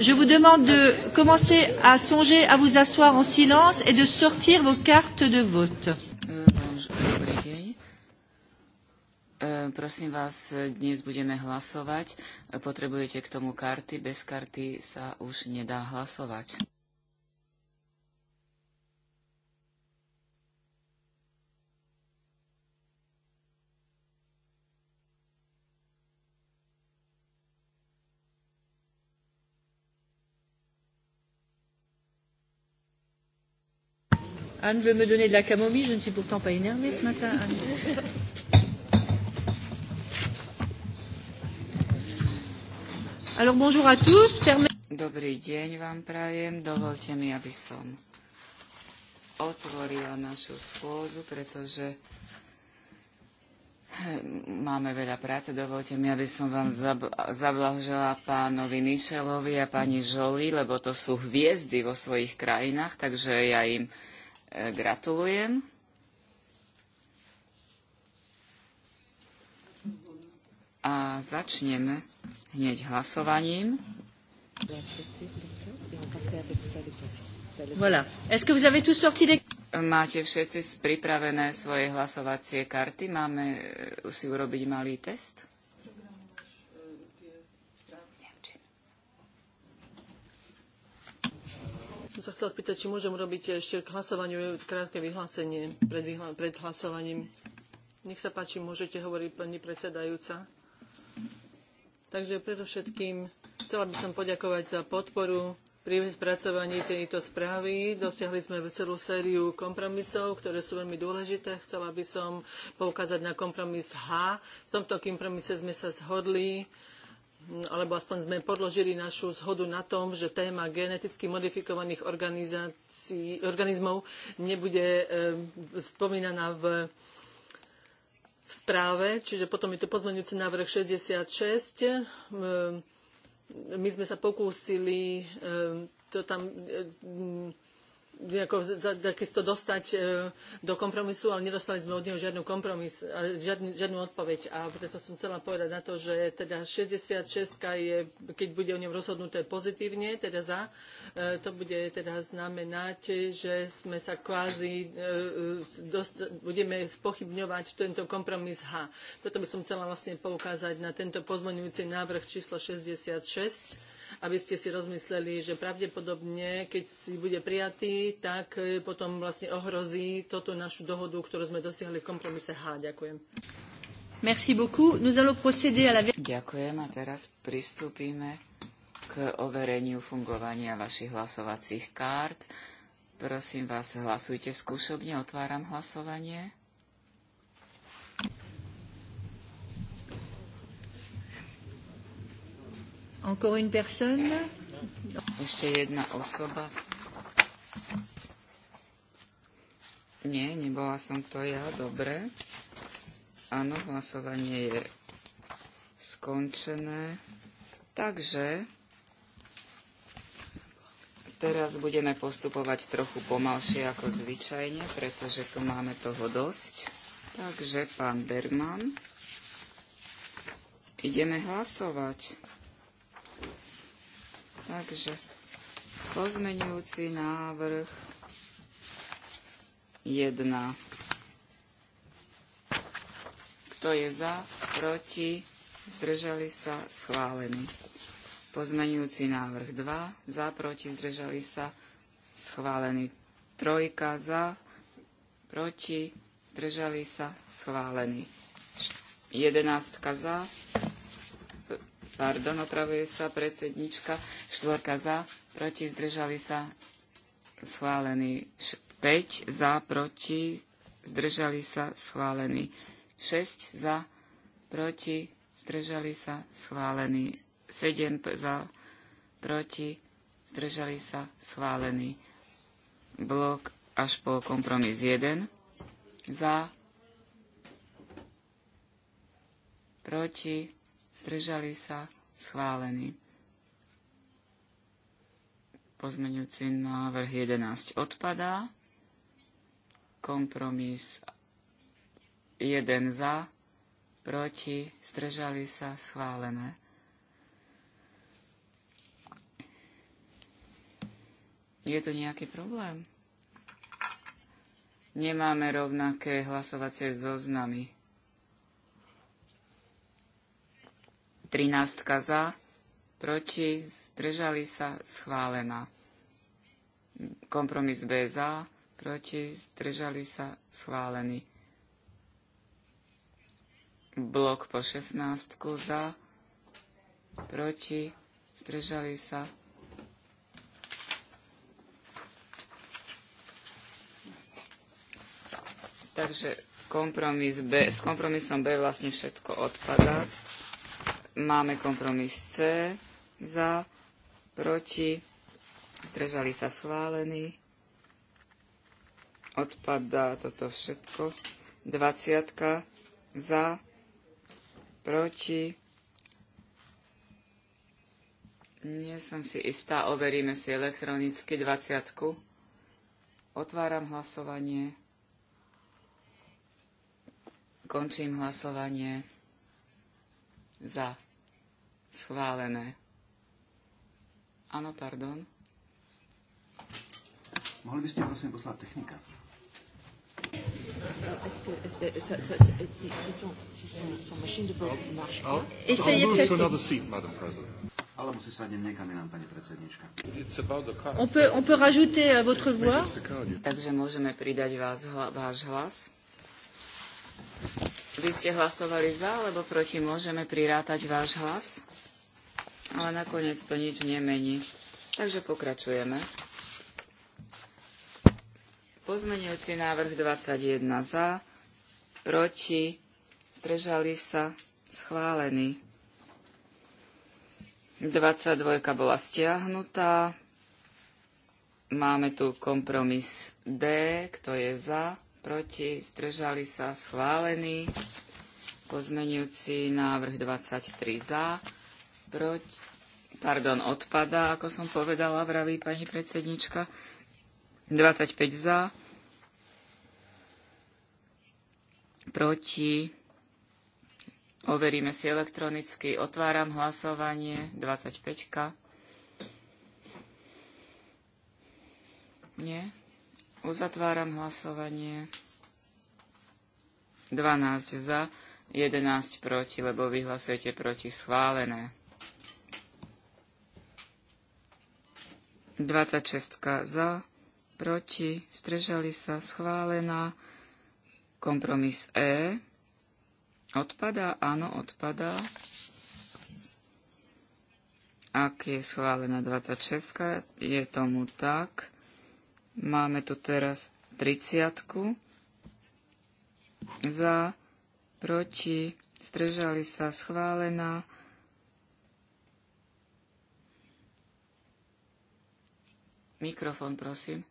Je vous demande de commencer à songer à vous asseoir en silence et de sortir vos cartes de vote. Euh, euh, prosím vás, dnes budeme hlasovať. Potrebujete k tomu karty. Bez karty sa už nedá hlasovať. Anne veut me donner de la camomille, je ne suis pourtant pas énervée ce matin, Anne. Alors bonjour à tous. Dobrý deň vám prajem. Dovolte mi, aby som otvorila našu schôzu, pretože máme veľa práce. Dovolte mi, aby som vám zablažila pánovi Mišelovi a pani Žoli, lebo to sú hviezdy vo svojich krajinách, takže ja im Gratulujem. A začneme hneď hlasovaním. Voilà. Est-ce que vous avez tous sorti des... Máte všetci pripravené svoje hlasovacie karty? Máme e, si urobiť malý test? som sa chcela spýtať, či môžem urobiť ešte k hlasovaniu krátke vyhlásenie pred, vyhla- pred hlasovaním. Nech sa páči, môžete hovoriť, pani predsedajúca. Takže predovšetkým chcela by som poďakovať za podporu pri spracovaní tejto správy. Dosiahli sme celú sériu kompromisov, ktoré sú veľmi dôležité. Chcela by som poukázať na kompromis H. V tomto kompromise sme sa zhodli alebo aspoň sme podložili našu zhodu na tom, že téma geneticky modifikovaných organizmov nebude eh, spomínaná v v správe, čiže potom je tu pozmeňujúci návrh 66. Eh, my sme sa pokúsili eh, to tam nejako, takisto dostať e, do kompromisu, ale nedostali sme od neho žiadnu kompromis, žiadnu, žiadnu odpoveď. A preto som chcela povedať na to, že teda 66 je, keď bude o ňom rozhodnuté pozitívne, teda za, e, to bude teda znamenať, že sme sa kvázi e, budeme spochybňovať tento kompromis H. Preto by som chcela vlastne poukázať na tento pozmenujúci návrh číslo 66 aby ste si rozmysleli, že pravdepodobne, keď si bude prijatý, tak e, potom vlastne ohrozí toto našu dohodu, ktorú sme dosiahli v kompromise H. Ďakujem. Merci beaucoup. Nous allons procéder à la... Ďakujem a teraz pristúpime k overeniu fungovania vašich hlasovacích kárt. Prosím vás, hlasujte skúšobne. Otváram hlasovanie. Encore une personne? Ešte jedna osoba. Nie, nebola som to ja, dobre. Áno, hlasovanie je skončené. Takže teraz budeme postupovať trochu pomalšie ako zvyčajne, pretože tu máme toho dosť. Takže pán Bergman, ideme hlasovať. Takže pozmeňujúci návrh 1. Kto je za, proti, zdržali sa, schválený. Pozmeňujúci návrh 2. Za, proti, zdržali sa, schválený. Trojka za, proti, zdržali sa, schválený. Jedenástka za, pardon, opravuje sa predsednička, štvorka za, proti, zdržali sa, schválený. 5 za, proti, zdržali sa, schválený. 6 za, proti, zdržali sa, schválený. 7 za, proti, zdržali sa, schválený. Blok až po kompromis 1 za, proti, zdržali sa, schválený. Pozmeňujúci návrh 11 odpadá. Kompromis 1 za, proti, zdržali sa, schválené. Je tu nejaký problém? Nemáme rovnaké hlasovacie zoznamy. 13 za, proti, zdržali sa, schválená. Kompromis B za, proti, zdržali sa, schválený. Blok po 16 za, proti, zdržali sa. Takže kompromis B, s kompromisom B vlastne všetko odpadá. Máme kompromis C za, proti, zdržali sa schválení. Odpadá toto všetko. 20 za, proti. Nie som si istá, overíme si elektronicky 20. -ku. Otváram hlasovanie. Končím hlasovanie za schválené. Áno, pardon. Mohli by ste prosím poslať technika? Ale musí sadnem niekam inám, pani predsednička. On peut, on peut rajouter votre voix. Takže môžeme pridať vás, váš hlas. Vy ste hlasovali za alebo proti, môžeme prirátať váš hlas, ale nakoniec to nič nemení. Takže pokračujeme. Pozmenujúci návrh 21 za, proti, zdržali sa, schválený. 22 bola stiahnutá. Máme tu kompromis D, kto je za, proti, zdržali sa schválený. Pozmenujúci návrh 23 za, proti, pardon, odpada, ako som povedala, vraví pani predsednička. 25 za, proti, overíme si elektronicky, otváram hlasovanie, 25. -ka. Nie, Uzatváram hlasovanie. 12 za, 11 proti, lebo vyhlasujete proti schválené. 26 za, proti, strežali sa, schválená. Kompromis E. Odpadá? Áno, odpadá. Ak je schválená 26, je tomu tak. Máme tu teraz 30 za, proti, zdržali sa schválená. Mikrofón, prosím.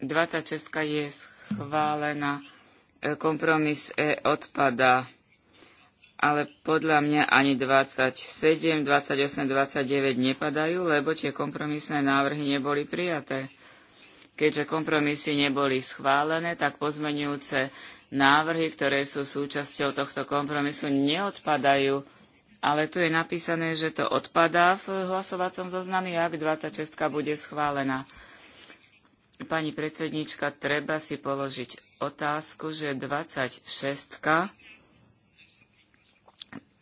26 je schválená. Kompromis E odpada ale podľa mňa ani 27, 28, 29 nepadajú, lebo tie kompromisné návrhy neboli prijaté. Keďže kompromisy neboli schválené, tak pozmenujúce návrhy, ktoré sú súčasťou tohto kompromisu, neodpadajú. Ale tu je napísané, že to odpadá v hlasovacom zoznami, ak 26 bude schválená. Pani predsednička, treba si položiť otázku, že 26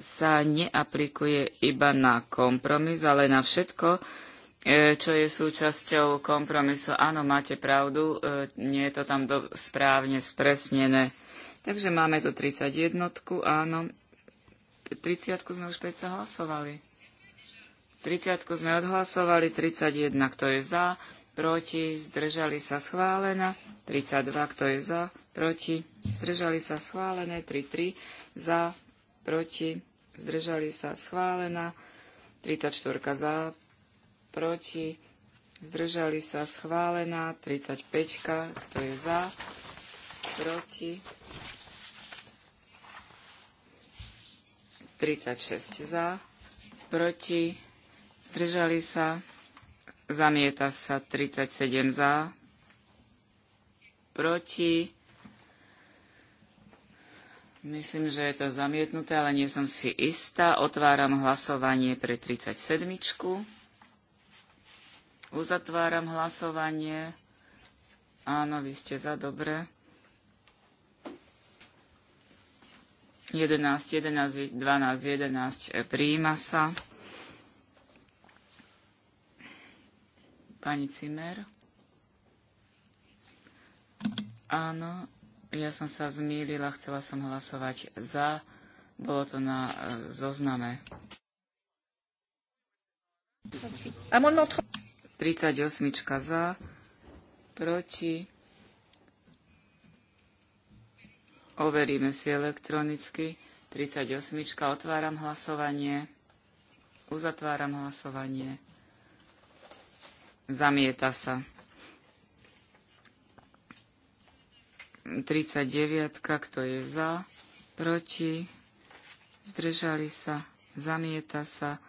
sa neaplikuje iba na kompromis, ale na všetko, e, čo je súčasťou kompromisu. Áno, máte pravdu, e, nie je to tam do, správne spresnené. Takže máme tu 31, áno. 30 sme už predsa hlasovali. 30 sme odhlasovali, 31, kto je za, proti, zdržali sa schválená, 32, kto je za, proti, zdržali sa schválené, 3, 3, za, proti, zdržali sa, schválená. 34 za, proti, zdržali sa, schválená. 35, kto je za, proti. 36 za, proti, zdržali sa, zamieta sa 37 za, proti, Myslím, že je to zamietnuté, ale nie som si istá. Otváram hlasovanie pre 37. Uzatváram hlasovanie. Áno, vy ste za dobre. 11, 11, 12, 11, príjima sa. Pani Cimer. Áno, ja som sa zmýlila, chcela som hlasovať za. Bolo to na e, zozname. 38 za, proti. Overíme si elektronicky. 38. Otváram hlasovanie. Uzatváram hlasovanie. Zamieta sa. 39, kto je za, proti, zdržali sa, zamieta sa.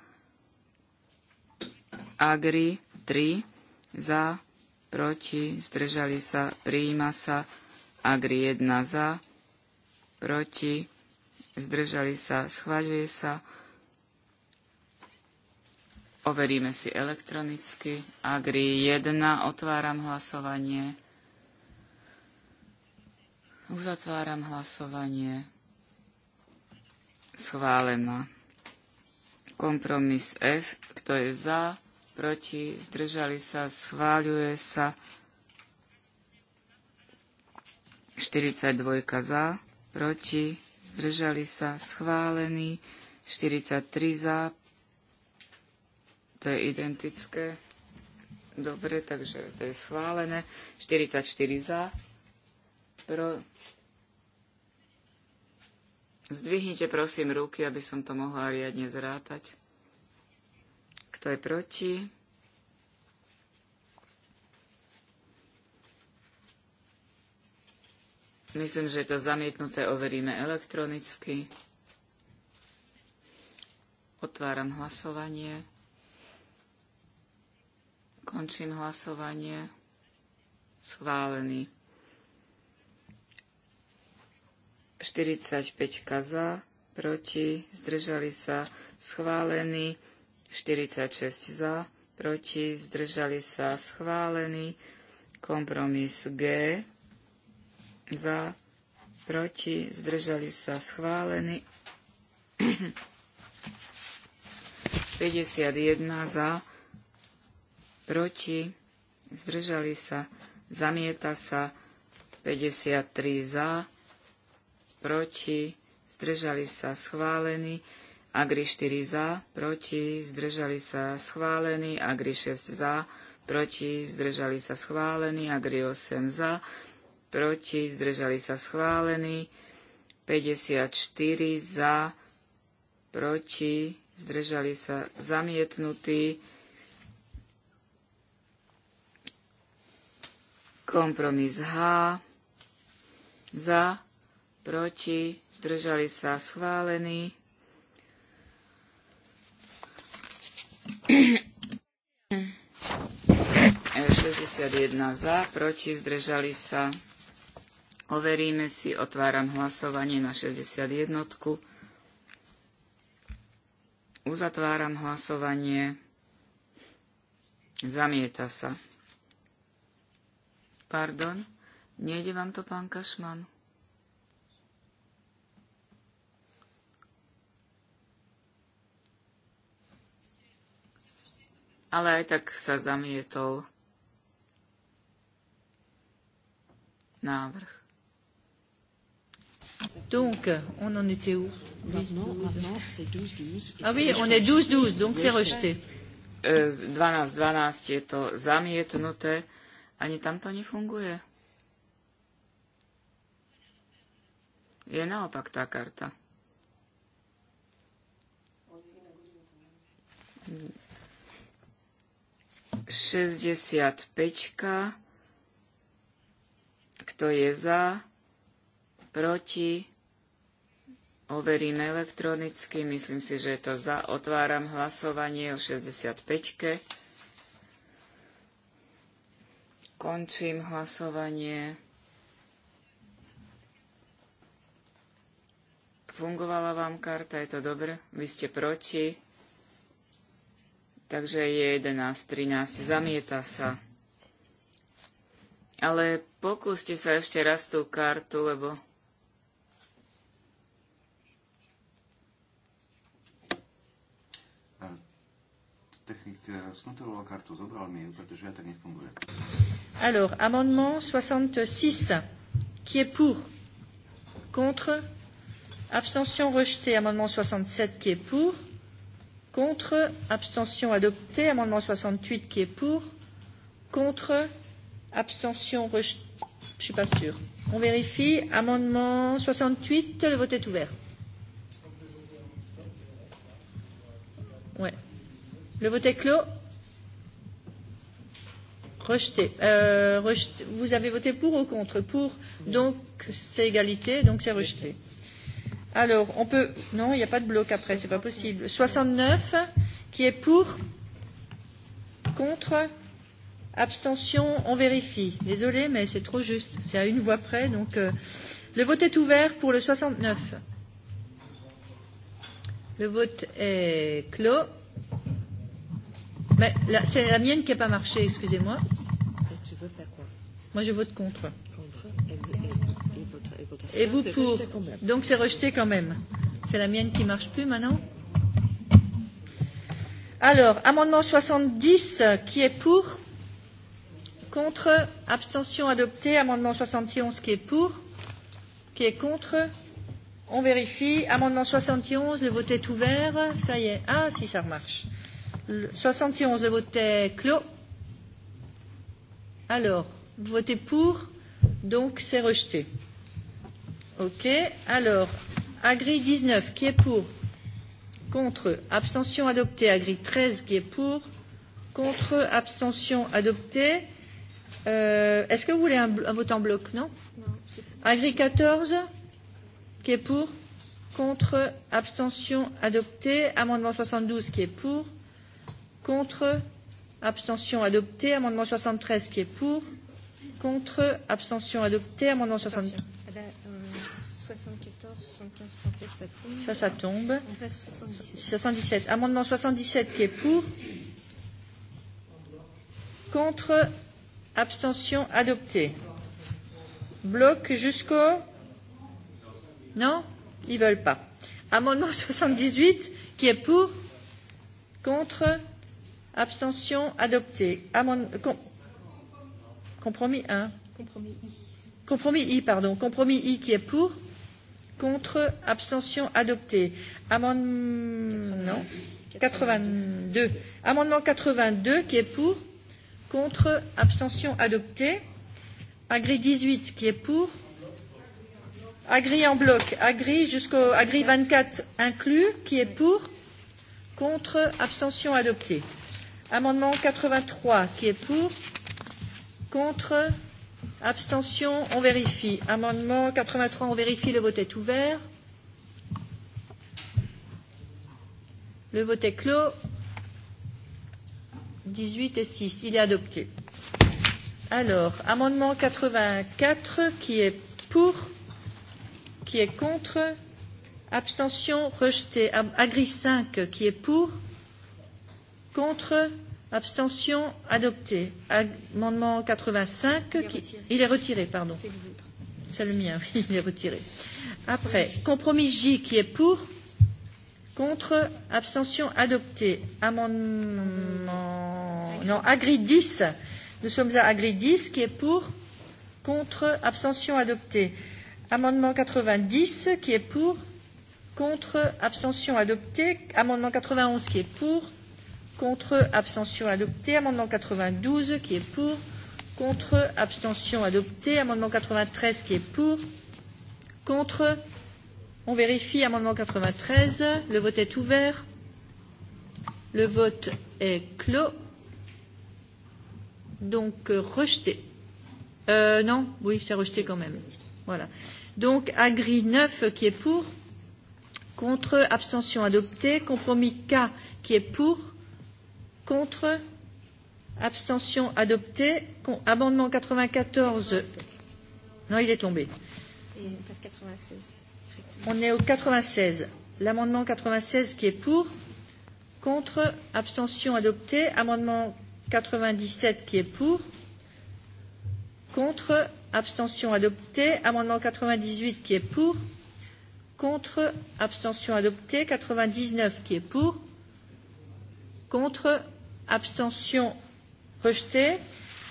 Agri 3, za, proti, zdržali sa, prijíma sa. Agri 1 za, proti, zdržali sa, schvaľuje sa. Overíme si elektronicky. Agri 1, otváram hlasovanie. Uzatváram hlasovanie. Schválená. Kompromis F. Kto je za? Proti? Zdržali sa? Schváľuje sa. 42 za, proti, zdržali sa, schválený, 43 za, to je identické, dobre, takže to je schválené, 44 za, pro, Zdvihnite prosím ruky, aby som to mohla riadne zrátať. Kto je proti? Myslím, že je to zamietnuté overíme elektronicky. Otváram hlasovanie. Končím hlasovanie. Schválený. 45 za, proti, zdržali sa, schválený, 46 za, proti, zdržali sa, schválený, kompromis G, za, proti, zdržali sa, schválený, 51 za, proti, zdržali sa, zamieta sa, 53 za, proti, zdržali sa schválení, Agri 4 za, proti, zdržali sa schválení, Agri 6 za, proti, zdržali sa schválení, Agri 8 za, proti, zdržali sa schválení, 54 za, proti, zdržali sa zamietnutí, kompromis H, za, proti, zdržali sa schválený. E 61 za, proti, zdržali sa. Overíme si, otváram hlasovanie na 61. Uzatváram hlasovanie. Zamieta sa. Pardon, nejde vám to, pán Kašman? ale aj tak sa zamietol návrh. Donc, on en était où Ah oui, on est 12-12, donc c'est rejeté. 12-12 euh, je to zamietnuté. Ani tam to nefunguje. Je naopak tá karta. 65. Kto je za? Proti? Overíme elektronicky. Myslím si, že je to za. Otváram hlasovanie o 65. Končím hlasovanie. Fungovala vám karta, je to dobre? Vy ste proti? Takže je 11.13. Zamieta sa. Ale pokúste sa ešte raz tú kartu, lebo... Technik eh, skontroloval kartu, zobral mi ju, pretože ja tak nefunguje. Alors, amendement 66. Qui est pour Contre Abstention rejetée. Amendement 67 qui est pour Contre, abstention adoptée. Amendement 68 qui est pour. Contre, abstention rejetée. Je ne suis pas sûre. On vérifie. Amendement 68, le vote est ouvert. Ouais. Le vote est clos. Rejeté. Euh, rejeté. Vous avez voté pour ou contre Pour. Donc c'est égalité, donc c'est rejeté. rejeté. Alors, on peut. Non, il n'y a pas de bloc après, c'est pas possible. 69, qui est pour Contre Abstention On vérifie. Désolé, mais c'est trop juste. C'est à une voix près. Donc, euh... le vote est ouvert pour le 69. Le vote est clos. Mais c'est la mienne qui n'a pas marché, excusez-moi. Tu veux faire quoi Moi, je vote contre. Contre Et vous pour Donc c'est rejeté quand même. C'est la mienne qui ne marche plus maintenant. Alors, amendement 70, qui est pour Contre Abstention adoptée. Amendement 71, qui est pour Qui est contre On vérifie. Amendement 71, le vote est ouvert. Ça y est. Ah, si ça remarche. Le 71, le vote est clos. Alors, votez pour. Donc, c'est rejeté. Ok. Alors, Agri 19, qui est pour Contre. Abstention adoptée. Agri 13, qui est pour Contre. Abstention adoptée. Euh, Est-ce que vous voulez un, un vote en bloc Non, non Agri 14, qui est pour Contre. Abstention adoptée. Amendement 72, qui est pour Contre. Abstention adoptée. Amendement 73, qui est pour Contre. Abstention adoptée. Amendement 73. 74, 75, 76, ça tombe. Ça, ça tombe. On passe 77. 77. Amendement 77 qui est pour. Contre. Abstention adoptée. Bloc jusqu'au. Non Ils ne veulent pas. Amendement 78 qui est pour. Contre. Abstention adoptée. Amend... Com... Compromis 1. Compromis I. Compromis I, pardon. Compromis I qui est pour Contre. Abstention adopté. Amendement. Non. 82. Amendement 82 qui est pour. Contre. Abstention adoptée. Agri 18 qui est pour. Agri en bloc. Agri jusqu'au Agri 24 inclus qui est pour. Contre. Abstention adoptée. Amendement 83 qui est pour. Contre. Abstention, on vérifie. Amendement 83, on vérifie. Le vote est ouvert. Le vote est clos. 18 et 6. Il est adopté. Alors, amendement 84, qui est pour, qui est contre, abstention rejeté. Agri 5, qui est pour, contre, Abstention adopté. Amendement 85. Il est qui... retiré. Il est retiré pardon. C'est le le mien, oui, il est retiré. Après, compromis J qui est pour, contre, abstention adoptée. Amendement. Non, Agri 10. Nous sommes à Agri 10 qui est pour, contre, abstention adoptée. Amendement 90 qui est pour, contre, abstention adoptée. Amendement 91 qui est pour, contre, abstention adoptée. Amendement 92 qui est pour, contre, abstention adoptée. Amendement 93 qui est pour, contre. On vérifie amendement 93. Le vote est ouvert. Le vote est clos. Donc rejeté. Euh, non, oui, c'est rejeté quand même. Voilà. Donc Agri 9 qui est pour, contre, abstention adoptée. Compromis K qui est pour, Contre Abstention adoptée. Con, amendement 94. Non, il est tombé. On est au 96. L'amendement 96 qui est pour. Contre Abstention adoptée. Amendement 97 qui est pour. Contre Abstention adoptée. Amendement 98 qui est pour. Contre Abstention adoptée. 99 qui est pour. Contre Abstention rejetée.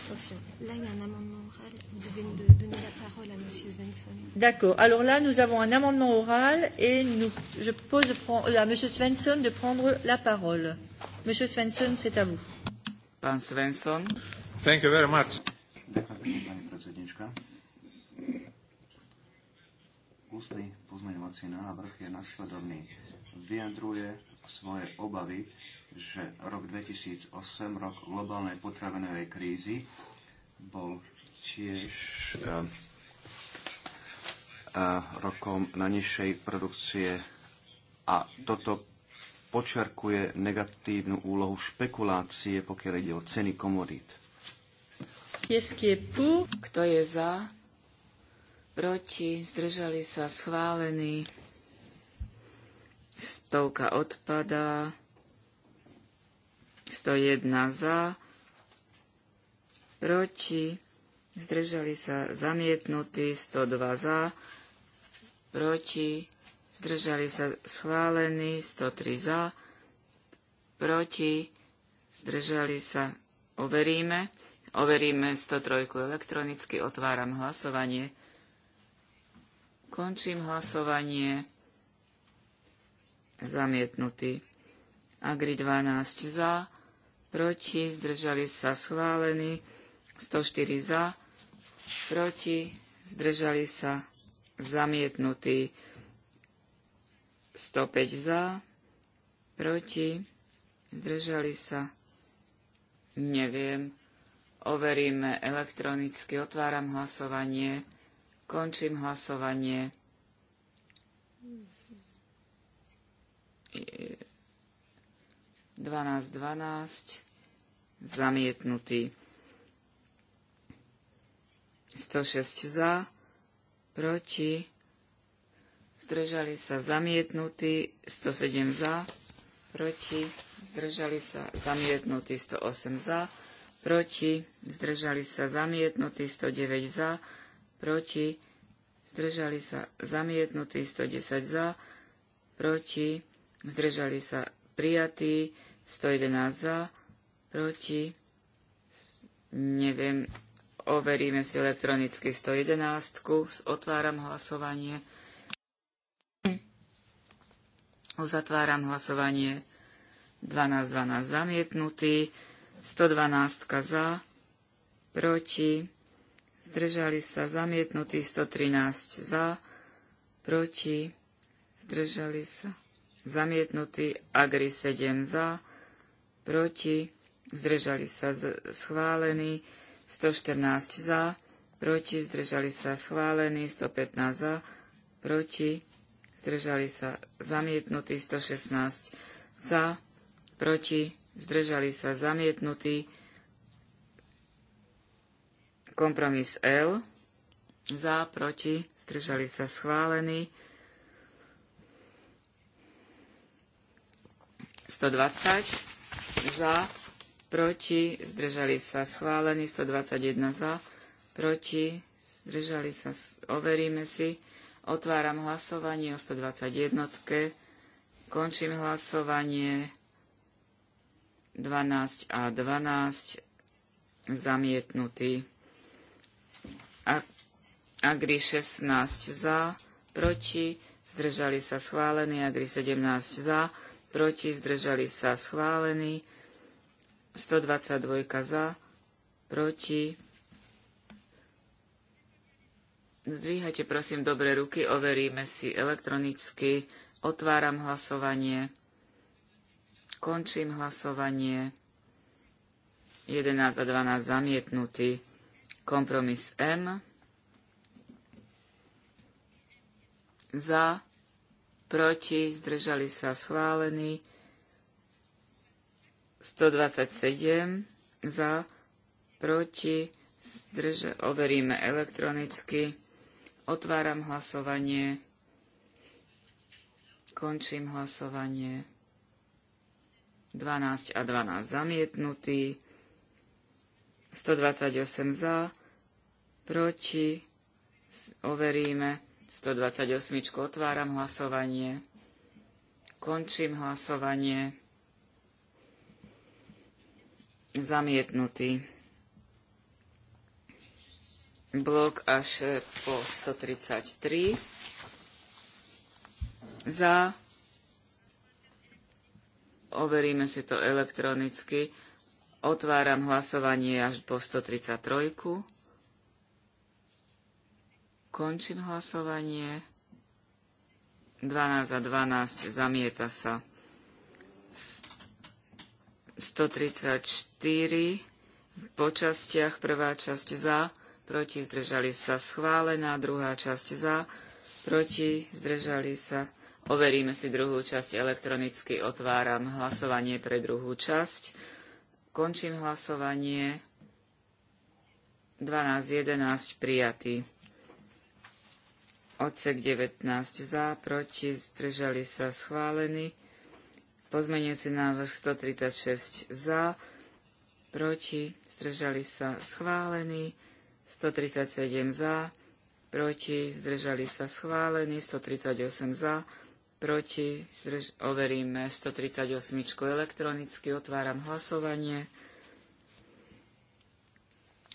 Attention, là il y a un amendement oral. Vous devez de, donner la parole à M. Svensson. D'accord. Alors là, nous avons un amendement oral et nous, je propose de prendre, euh, à M. Svensson de prendre la parole. M. Svensson, c'est à vous. Pan Svensson. Thank you very much. Ústny pozmeňovací návrh je nasledovný. Vyjadruje svoje obavy že rok 2008, rok globálnej potravinovej krízy, bol tiež a, e, a e, rokom na nižšej produkcie a toto počerkuje negatívnu úlohu špekulácie, pokiaľ ide o ceny komodít. Kto je za? Proti? Zdržali sa schválení? Stovka odpadá. 101 za, proti, zdržali sa zamietnutí, 102 za, proti, zdržali sa schválení, 103 za, proti, zdržali sa, overíme, overíme 103 elektronicky, otváram hlasovanie, končím hlasovanie, zamietnutý, Agri 12 za, proti, zdržali sa schválení, 104 za, proti, zdržali sa zamietnutí, 105 za, proti, zdržali sa, neviem, overíme elektronicky, otváram hlasovanie, končím hlasovanie. Z 12, zamietnutý. 106 za, proti, zdržali sa zamietnutí, 107 za, proti, zdržali sa zamietnutí, 108 za, proti, zdržali sa zamietnutí, 109 za, proti, zdržali sa zamietnutí, 110 za, proti, zdržali sa prijatí, 111 za, proti, neviem, overíme si elektronicky 111. Otváram hlasovanie. Uzatváram hlasovanie. 12, 12 zamietnutý. 112 za, proti, zdržali sa zamietnutí, 113 za, proti, zdržali sa zamietnutí, Agri 7 za, proti, zdržali sa schválení, 114 za, proti, zdržali sa schválení, 115 za, proti, zdržali sa zamietnutí, 116 za, proti, zdržali sa zamietnutí, kompromis L, za, proti, zdržali sa schválení, 120 za, proti, zdržali sa schválení, 121 za, proti, zdržali sa, overíme si, otváram hlasovanie o 121, končím hlasovanie 12 a 12 zamietnutý. Agri 16 za, proti, zdržali sa schválení, Agri 17 za, proti, zdržali sa schválení, 122 za, proti. Zdvíhajte prosím dobre ruky, overíme si elektronicky. Otváram hlasovanie. Končím hlasovanie. 11 a 12 zamietnutý. Kompromis M. Za proti, zdržali sa schválení, 127 za, proti, zdrž, overíme elektronicky, otváram hlasovanie, končím hlasovanie, 12 a 12 zamietnutý, 128 za, proti, overíme, 128. Otváram hlasovanie. Končím hlasovanie. Zamietnutý. Blok až e, po 133. Za. Overíme si to elektronicky. Otváram hlasovanie až po 133. Končím hlasovanie. 12 a 12 zamieta sa. 134 v počastiach prvá časť za, proti zdržali sa schválená, druhá časť za, proti zdržali sa. Overíme si druhú časť elektronicky, otváram hlasovanie pre druhú časť. Končím hlasovanie. 12.11 prijatý. Odsek 19 za, proti, zdržali sa schválení. Pozmeňujúci návrh 136 za, proti, zdržali sa schválení, 137 za, proti, zdržali sa schválení, 138 za, proti, zdrž- overíme 138 elektronicky, otváram hlasovanie.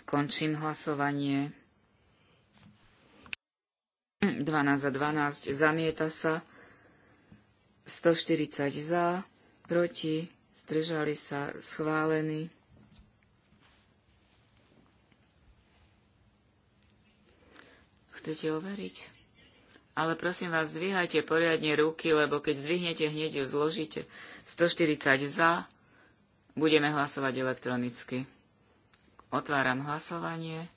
Končím hlasovanie. 12 a 12, zamieta sa, 140 za, proti, zdržali sa, schválený. Chcete overiť? Ale prosím vás, zdvíhajte poriadne ruky, lebo keď zdvihnete, hneď ju zložíte. 140 za, budeme hlasovať elektronicky. Otváram hlasovanie.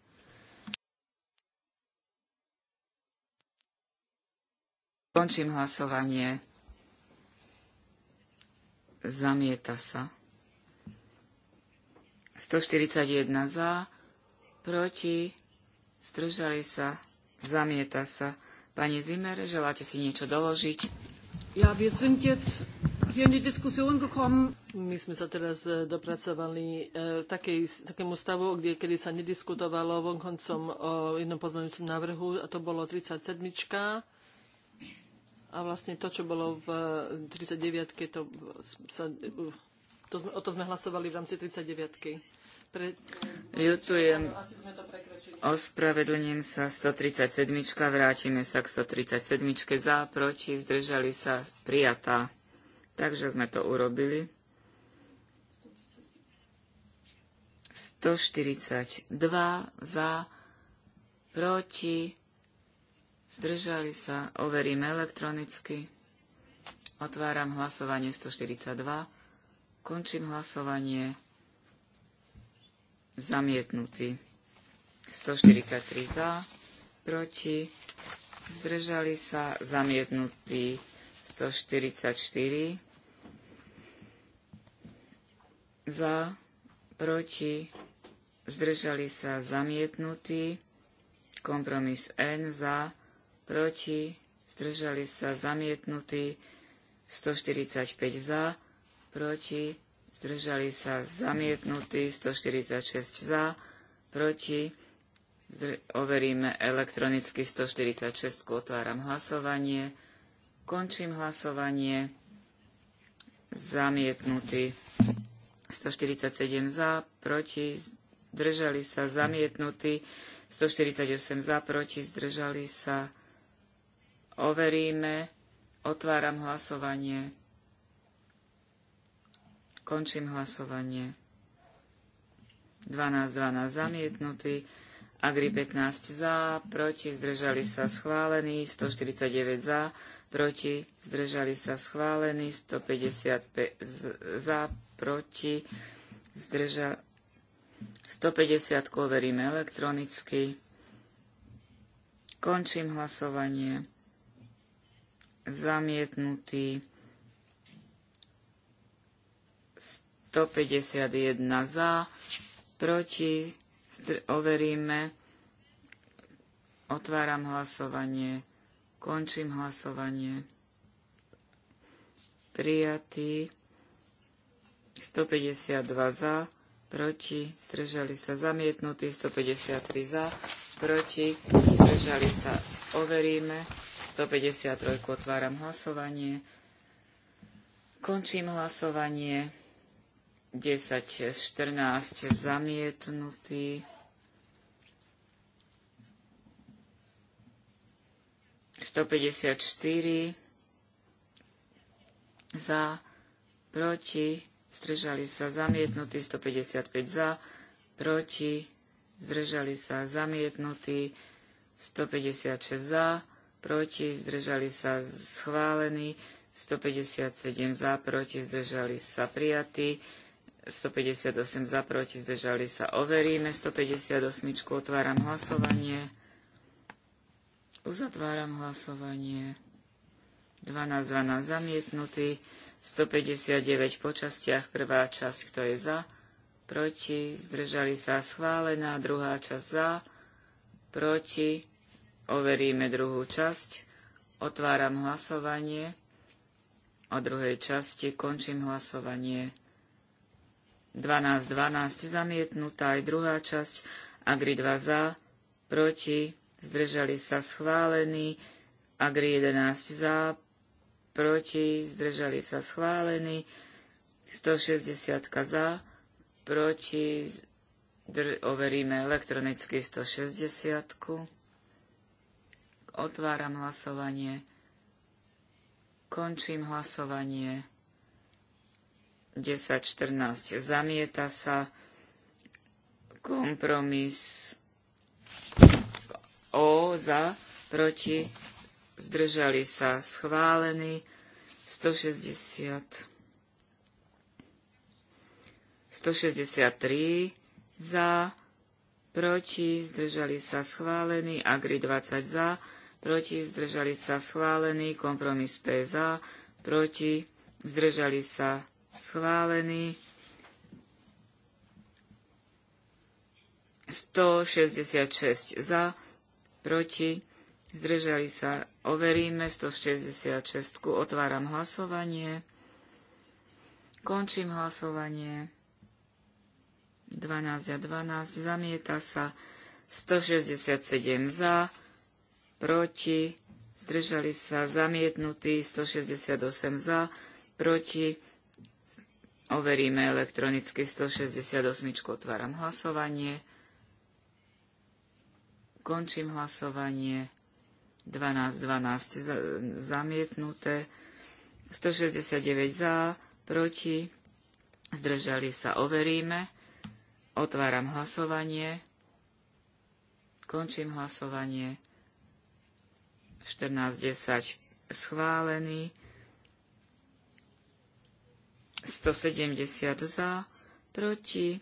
Končím hlasovanie. Zamieta sa. 141 za, proti, zdržali sa, zamieta sa. Pani Zimmer, želáte si niečo doložiť? Ja, wir sind jetzt hier in die Diskussion gekommen. My sme sa teraz e, dopracovali e, takému stavu, kde, kedy sa nediskutovalo vonkoncom o jednom pozmeňujúcom návrhu, a to bolo 37. A vlastne to, čo bolo v 39 eh, to, sa, eh, to sme, o to sme hlasovali v rámci 39 -ky. Pre... Jutujem. Ospravedlním sa 137. Vrátime sa k 137. Za, proti, zdržali sa, prijatá. Takže sme to urobili. 142 za, proti, Zdržali sa. Overíme elektronicky. Otváram hlasovanie 142. Končím hlasovanie. Zamietnutý. 143 za, proti, zdržali sa, zamietnutý 144 za, proti, zdržali sa, zamietnutý, kompromis N za, proti, zdržali sa zamietnutí, 145 za, proti, zdržali sa zamietnutí, 146 za, proti, overíme elektronicky 146, otváram hlasovanie, končím hlasovanie, zamietnutý. 147 za, proti, zdržali sa, zamietnutý 148 za, proti, zdržali sa, Overíme. Otváram hlasovanie. Končím hlasovanie. 12, 12 zamietnutý. Agri 15 za, proti, zdržali sa schválení, 149 za, proti, zdržali sa schválení, 155 za, proti, zdržali 150 overíme elektronicky. Končím hlasovanie zamietnutý 151 za, proti, overíme, otváram hlasovanie, končím hlasovanie, prijatý 152 za, proti, stržali sa zamietnutí, 153 za, proti, stržali sa, overíme, 153 otváram hlasovanie. Končím hlasovanie. 10, 14 zamietnutý. 154 za, proti, zdržali sa zamietnutí, 155 za, proti, zdržali sa zamietnutí, 156 za, proti, zdržali sa schválení, 157 za, proti, zdržali sa prijatí, 158 za, proti, zdržali sa overíme, 158 otváram hlasovanie, uzatváram hlasovanie, 12, 12 zamietnutý, 159 po častiach, prvá časť, kto je za, proti, zdržali sa schválená, druhá časť za, proti, Overíme druhú časť. Otváram hlasovanie. O druhej časti končím hlasovanie. 12.12 12, zamietnutá aj druhá časť. Agri 2 za, proti, zdržali sa schválení. Agri 11 za, proti, zdržali sa schválení. 160 za, proti, zdr- overíme elektronicky 160. Otváram hlasovanie. Končím hlasovanie. 10.14. Zamieta sa kompromis O za, proti, zdržali sa schválený 160. 163 za, proti, zdržali sa schválený, Agri 20 za, proti, zdržali sa schválený, kompromis P za, proti, zdržali sa schválený. 166 za, proti, zdržali sa, overíme 166, otváram hlasovanie, končím hlasovanie, 12 a 12, zamieta sa, 167 za, proti, zdržali sa zamietnutí, 168 za, proti, overíme elektronicky 168, otváram hlasovanie, končím hlasovanie, 12, 12 zamietnuté, 169 za, proti, zdržali sa, overíme, otváram hlasovanie, končím hlasovanie, 1410 schválený, 170 za, proti,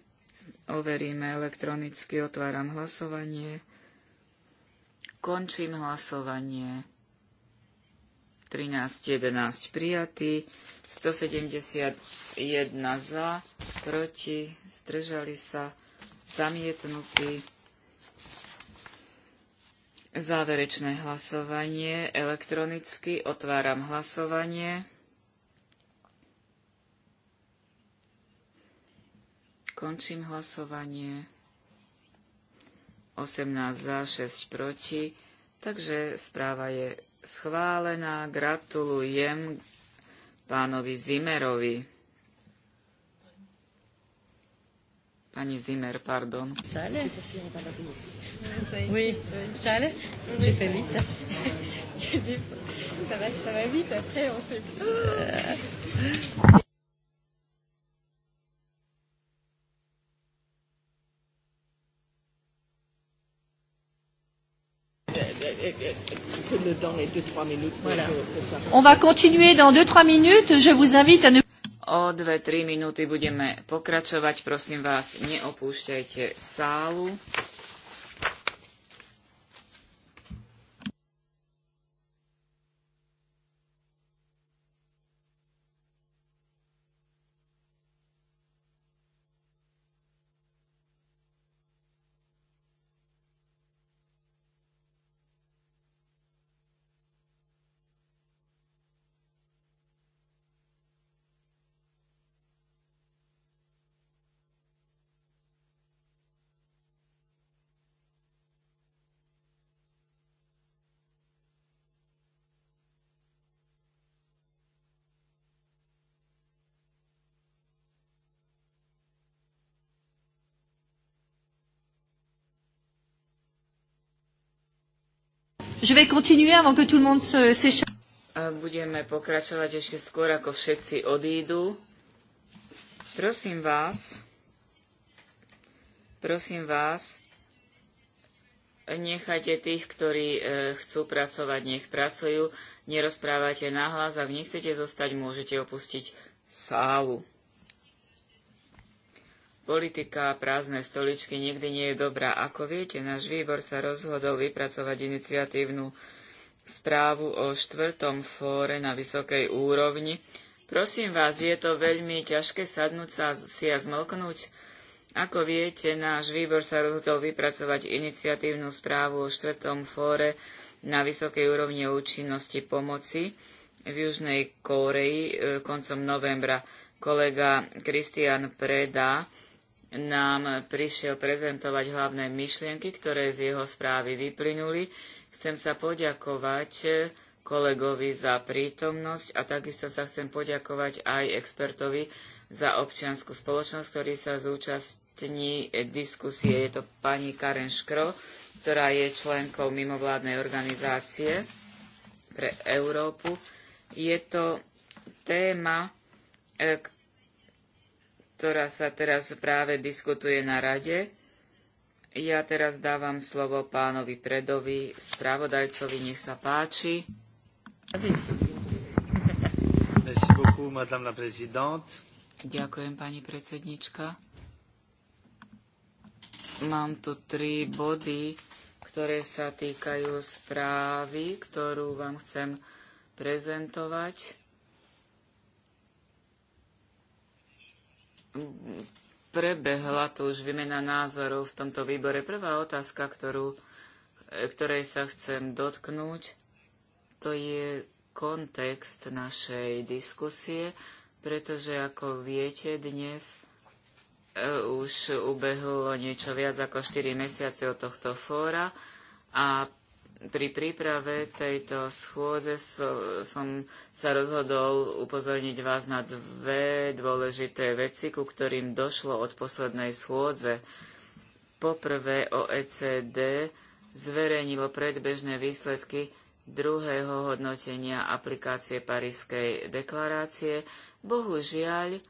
overíme elektronicky, otváram hlasovanie, končím hlasovanie, 1311 prijatý, 171 za, proti, zdržali sa, zamietnutý, Záverečné hlasovanie elektronicky. Otváram hlasovanie. Končím hlasovanie. 18 za, 6 proti. Takže správa je schválená. Gratulujem pánovi Zimerovi. Pani Zimmer, pardon. Oui, J'ai fait vite. ça, va, ça va vite, après on sait plus. le minutes. Voilà. On va continuer dans 2-3 minutes. Je vous invite à ne O dve tri minúty budeme pokračovať. Prosím vás, neopúšťajte sálu. Je vais continuer avant que tout le monde s'échappe. Budeme pokračovať ešte skôr, ako všetci odídu. Prosím vás, prosím vás, nechajte tých, ktorí e, chcú pracovať, nech pracujú, nerozprávajte nahlas, ak nechcete zostať, môžete opustiť sálu. Politika a prázdne stoličky nikdy nie je dobrá. Ako viete, náš výbor sa rozhodol vypracovať iniciatívnu správu o štvrtom fóre na vysokej úrovni. Prosím vás, je to veľmi ťažké sadnúť sa si a zmlknúť. Ako viete, náš výbor sa rozhodol vypracovať iniciatívnu správu o štvrtom fóre na vysokej úrovni o účinnosti pomoci v Južnej Kóreji eh, koncom novembra. Kolega Kristian Preda nám prišiel prezentovať hlavné myšlienky, ktoré z jeho správy vyplynuli. Chcem sa poďakovať eh, kolegovi za prítomnosť a takisto sa chcem poďakovať aj expertovi za občianskú spoločnosť, ktorý sa zúčastní eh, diskusie. Je to pani Karen Škro, ktorá je členkou mimovládnej organizácie pre Európu. Je to téma, eh, ktorá sa teraz práve diskutuje na rade. Ja teraz dávam slovo pánovi Predovi, spravodajcovi, nech sa páči. Beaucoup, Ďakujem, pani predsednička. Mám tu tri body, ktoré sa týkajú správy, ktorú vám chcem prezentovať. prebehla tu už výmena názorov v tomto výbore. Prvá otázka, ktorú, ktorej sa chcem dotknúť, to je kontext našej diskusie, pretože ako viete dnes e, už ubehlo niečo viac ako 4 mesiace od tohto fóra a pri príprave tejto schôdze som sa rozhodol upozorniť vás na dve dôležité veci, ku ktorým došlo od poslednej schôdze. Poprvé OECD zverejnilo predbežné výsledky druhého hodnotenia aplikácie Parískej deklarácie. Bohužiaľ,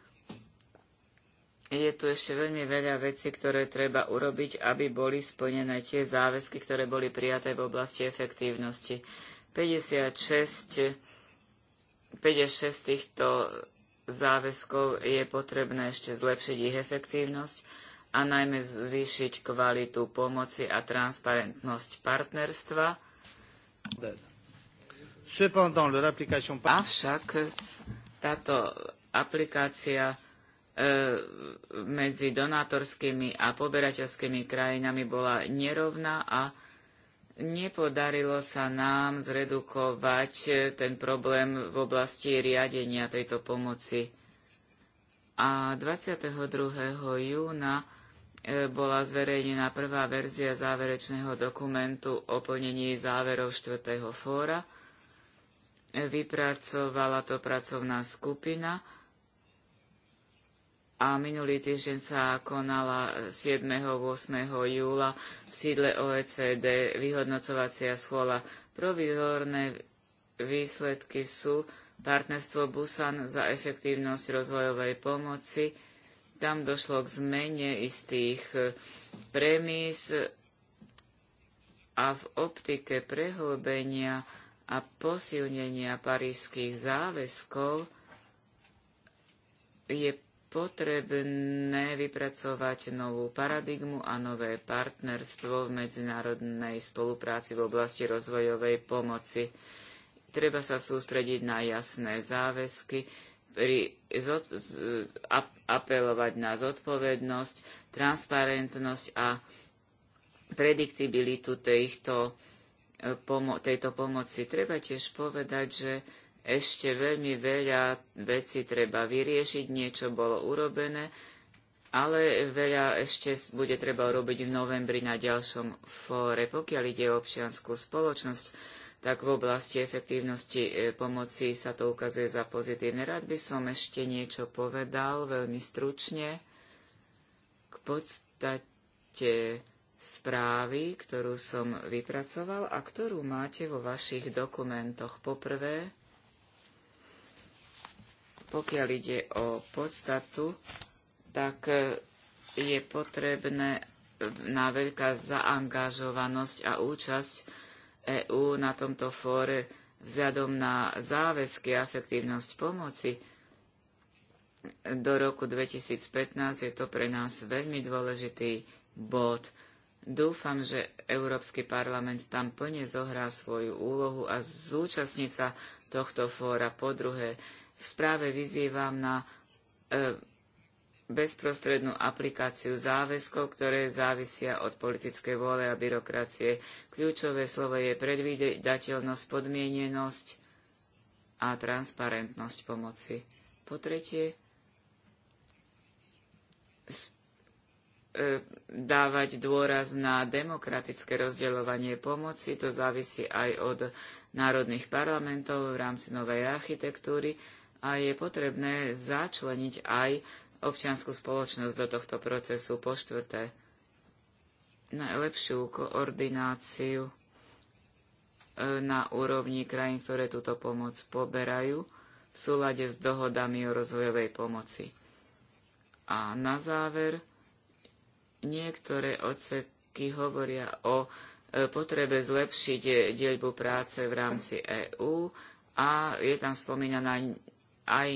je tu ešte veľmi veľa vecí, ktoré treba urobiť, aby boli splnené tie záväzky, ktoré boli prijaté v oblasti efektívnosti. 56, 56 týchto záväzkov je potrebné ešte zlepšiť ich efektívnosť a najmä zvýšiť kvalitu pomoci a transparentnosť partnerstva. Avšak táto aplikácia E, medzi donátorskými a poberateľskými krajinami bola nerovná a nepodarilo sa nám zredukovať ten problém v oblasti riadenia tejto pomoci. A 22. júna e, bola zverejnená prvá verzia záverečného dokumentu o plnení záverov 4. fóra. E, vypracovala to pracovná skupina a minulý týždeň sa konala 7. E, 8. júla v sídle OECD vyhodnocovacia schôla. Provizorné výsledky sú partnerstvo Busan za efektívnosť rozvojovej pomoci. Tam došlo k zmene istých e, premis e, a v optike prehlbenia a posilnenia parížských záväzkov je potrebné vypracovať novú paradigmu a nové partnerstvo v medzinárodnej spolupráci v oblasti rozvojovej pomoci. Treba sa sústrediť na jasné záväzky, pri, apelovať na zodpovednosť, transparentnosť a prediktibilitu tejto, eh, tejto pomoci. Treba tiež povedať, že ešte veľmi veľa vecí treba vyriešiť, niečo bolo urobené, ale veľa ešte bude treba urobiť v novembri na ďalšom fóre. Pokiaľ ide o občianskú spoločnosť, tak v oblasti efektívnosti e, pomoci sa to ukazuje za pozitívne. Rád by som ešte niečo povedal veľmi stručne k podstate správy, ktorú som vypracoval a ktorú máte vo vašich dokumentoch. Poprvé, pokiaľ ide o podstatu, tak e, je potrebné e, na veľká zaangažovanosť a účasť EÚ na tomto fóre vzhľadom na záväzky a efektívnosť pomoci. Do roku 2015 je to pre nás veľmi dôležitý bod. Dúfam, že Európsky parlament tam plne zohrá svoju úlohu a zúčastní sa tohto fóra. Po druhé, v správe vyzývam na e, bezprostrednú aplikáciu záväzkov, ktoré závisia od politickej vôle a byrokracie. Kľúčové slovo je predvídateľnosť, podmienenosť a transparentnosť pomoci. Po tretie, e, dávať dôraz na demokratické rozdeľovanie pomoci. To závisí aj od národných parlamentov v rámci novej architektúry a je potrebné začleniť aj občianskú spoločnosť do tohto procesu. Po štvrté, najlepšiu koordináciu e, na úrovni krajín, ktoré túto pomoc poberajú v súlade s dohodami o rozvojovej pomoci. A na záver, niektoré odseky hovoria o e, potrebe zlepšiť e, dieľbu práce v rámci EÚ a je tam spomínaná aj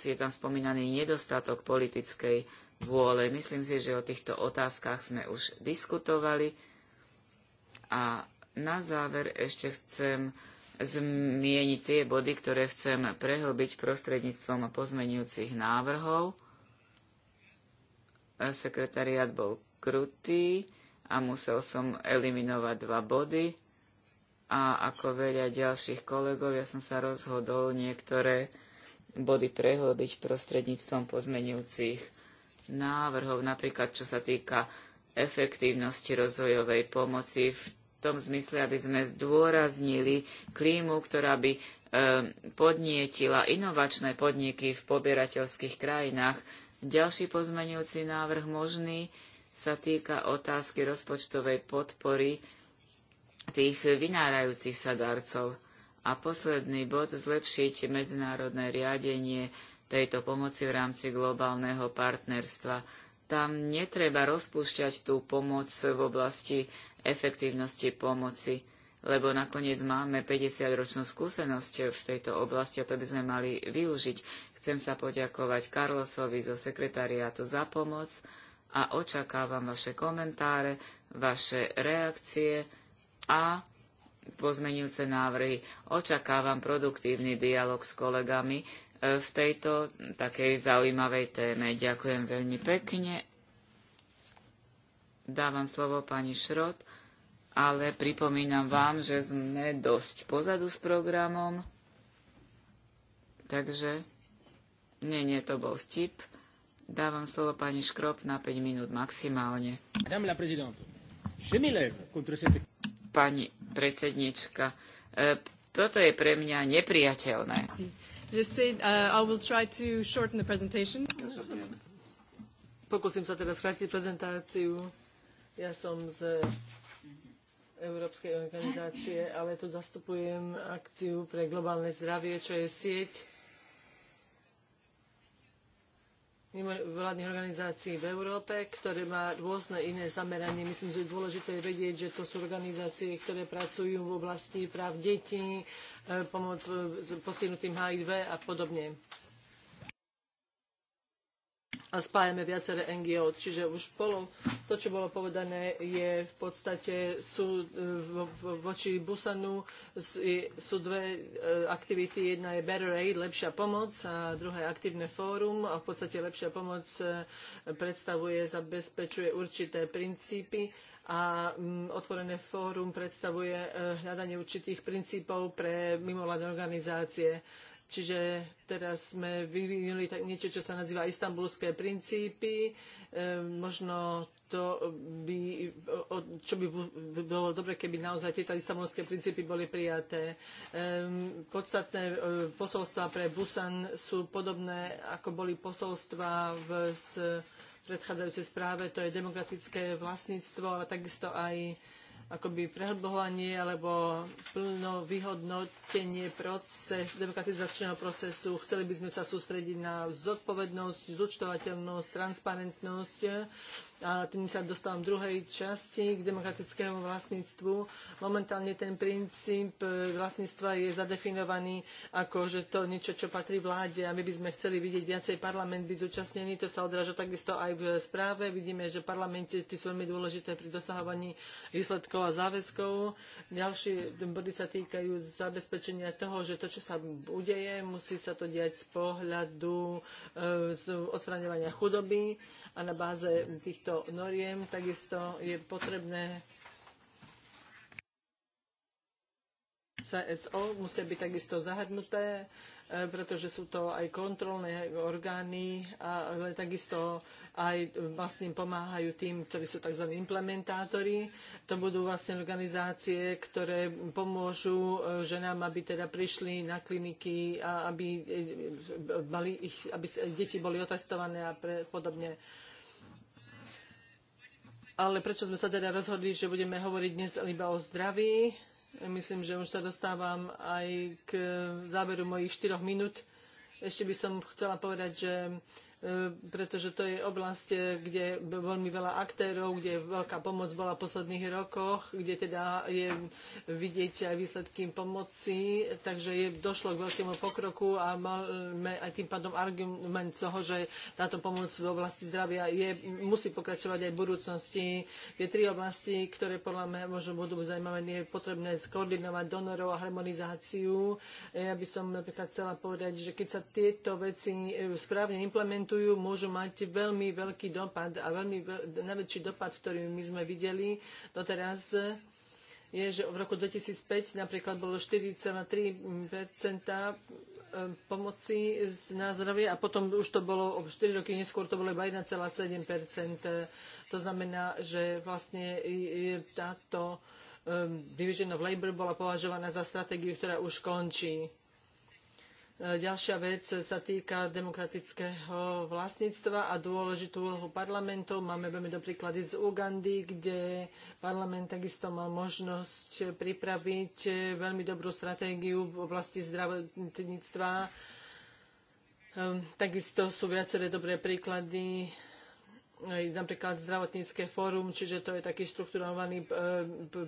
je tam spomínaný nedostatok politickej vôle. Myslím si, že o týchto otázkach sme už diskutovali. A na záver ešte chcem zmieniť tie body, ktoré chcem prehlbiť prostredníctvom pozmenujúcich návrhov. Sekretariat bol krutý a musel som eliminovať dva body. A ako veľa ďalších kolegov, ja som sa rozhodol niektoré body prehlbiť prostredníctvom pozmenujúcich návrhov, napríklad čo sa týka efektívnosti rozvojovej pomoci v tom zmysle, aby sme zdôraznili klímu, ktorá by e, podnietila inovačné podniky v pobierateľských krajinách. Ďalší pozmenujúci návrh možný sa týka otázky rozpočtovej podpory tých vynárajúcich sa darcov. A posledný bod, zlepšiť medzinárodné riadenie tejto pomoci v rámci globálneho partnerstva. Tam netreba rozpúšťať tú pomoc v oblasti efektívnosti pomoci, lebo nakoniec máme 50-ročnú skúsenosť v tejto oblasti a to by sme mali využiť. Chcem sa poďakovať Karlosovi zo sekretariátu za pomoc a očakávam vaše komentáre, vaše reakcie a pozmenujúce návrhy. Očakávam produktívny dialog s kolegami e, v tejto takej zaujímavej téme. Ďakujem veľmi pekne. Dávam slovo pani Šrot, ale pripomínam vám, že sme dosť pozadu s programom. Takže, nie, nie, to bol vtip. Dávam slovo pani Škrop na 5 minút maximálne. Pani predsednička. E, toto je pre mňa nepriateľné. Uh, Pokúsim sa teraz skrátiť prezentáciu. Ja som z Európskej organizácie, ale tu zastupujem akciu pre globálne zdravie, čo je sieť vládnych organizácií v Európe, ktoré má rôzne iné zameranie. Myslím, že je dôležité vedieť, že to sú organizácie, ktoré pracujú v oblasti práv detí, eh, pomoc eh, postihnutým HIV a podobne a spájame viaceré NGO. Čiže už bolo, to, čo bolo povedané, je v podstate sú e, voči Busanu sú dve e, aktivity. Jedna je Better Aid, lepšia pomoc a druhá je aktívne fórum. A v podstate lepšia pomoc e, predstavuje, zabezpečuje určité princípy a otvorené fórum predstavuje hľadanie určitých princípov pre mimovládne organizácie. Čiže teraz sme vyvinuli tak niečo, čo sa nazýva istambulské princípy. Ehm, možno to by, čo by bolo dobre, keby naozaj tieto istambulské princípy boli prijaté. Ehm, podstatné e, posolstva pre Busan sú podobné, ako boli posolstva v predchádzajúcej správe, to je demokratické vlastníctvo, ale takisto aj akoby prehodbovanie alebo plno vyhodnotenie proces, demokratizačného procesu. Chceli by sme sa sústrediť na zodpovednosť, zúčtovateľnosť, transparentnosť a tým sa dostávam druhej časti k demokratickému vlastníctvu. Momentálne ten princíp e, vlastníctva je zadefinovaný ako, že to niečo, čo patrí vláde a my by sme chceli vidieť viacej parlament byť zúčastnený. To sa odráža takisto aj v správe. Vidíme, že parlamente sú veľmi dôležité pri dosahovaní výsledkov a záväzkov. Ďalšie body sa týkajú zabezpečenia toho, že to, čo sa udeje, musí sa to diať z pohľadu e, z odstraňovania chudoby a na báze týchto noriem takisto je potrebné CSO musia byť takisto zahrnuté E, pretože sú to aj kontrolné orgány, ale takisto aj e, vlastne pomáhajú tým, ktorí sú tzv. implementátori. To budú vlastne organizácie, ktoré pomôžu e, ženám, aby teda prišli na kliniky a aby, mali ich, aby deti boli otestované a pre, podobne. Ale prečo sme sa teda rozhodli, že budeme hovoriť dnes iba o zdraví? Myslím, že už sa dostávam aj k záveru mojich 4 minút. Ešte by som chcela povedať, že E, pretože to je oblasť, e, kde je veľmi veľa aktérov, kde veľká pomoc bola v posledných rokoch, kde teda je vidieť aj výsledky pomoci, takže je, došlo k veľkému pokroku a máme aj tým pádom argument toho, že táto pomoc v oblasti zdravia je, musí pokračovať aj v budúcnosti. Je tri oblasti, ktoré podľa mňa možno budú zaujímavé, je potrebné skoordinovať donorov a harmonizáciu. E, ja by som napríklad chcela povedať, že keď sa tieto veci správne implementujú, implementujú, môžu mať veľmi veľký dopad a veľmi najväčší dopad, ktorý my sme videli doteraz je, že v roku 2005 napríklad bolo 4,3 e, pomoci z zdravie a potom už to bolo, o 4 roky neskôr to bolo iba 1,7 To znamená, že vlastne táto e, Division of Labor bola považovaná za stratégiu, ktorá už končí. E, ďalšia vec sa týka demokratického vlastníctva a dôležitú úlohu parlamentov. Máme veľmi dobrý príklady z Ugandy, kde parlament takisto mal možnosť pripraviť e, veľmi dobrú stratégiu v oblasti zdravotníctva. Ehm, takisto sú viaceré dobré príklady napríklad zdravotnícke fórum, čiže to je taký štrukturovaný e,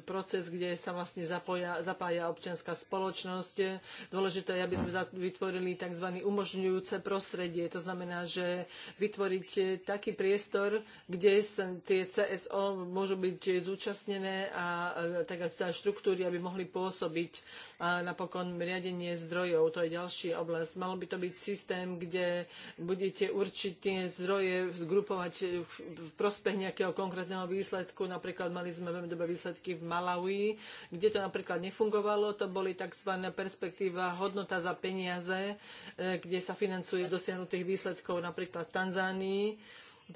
proces, kde sa vlastne zapoja, zapája občianská spoločnosť. Dôležité je, aby sme vytvorili tzv. umožňujúce prostredie. To znamená, že vytvoriť taký priestor, kde sa tie CSO môžu byť zúčastnené a e, tak štruktúry, aby mohli pôsobiť. A napokon riadenie zdrojov, to je ďalší oblasť. Malo by to byť systém, kde budete určite zdroje zgrupovať v prospech nejakého konkrétneho výsledku. Napríklad mali sme veľmi dobré výsledky v Malawi, kde to napríklad nefungovalo. To boli tzv. perspektíva hodnota za peniaze, e, kde sa financuje dosiahnutých výsledkov napríklad v Tanzánii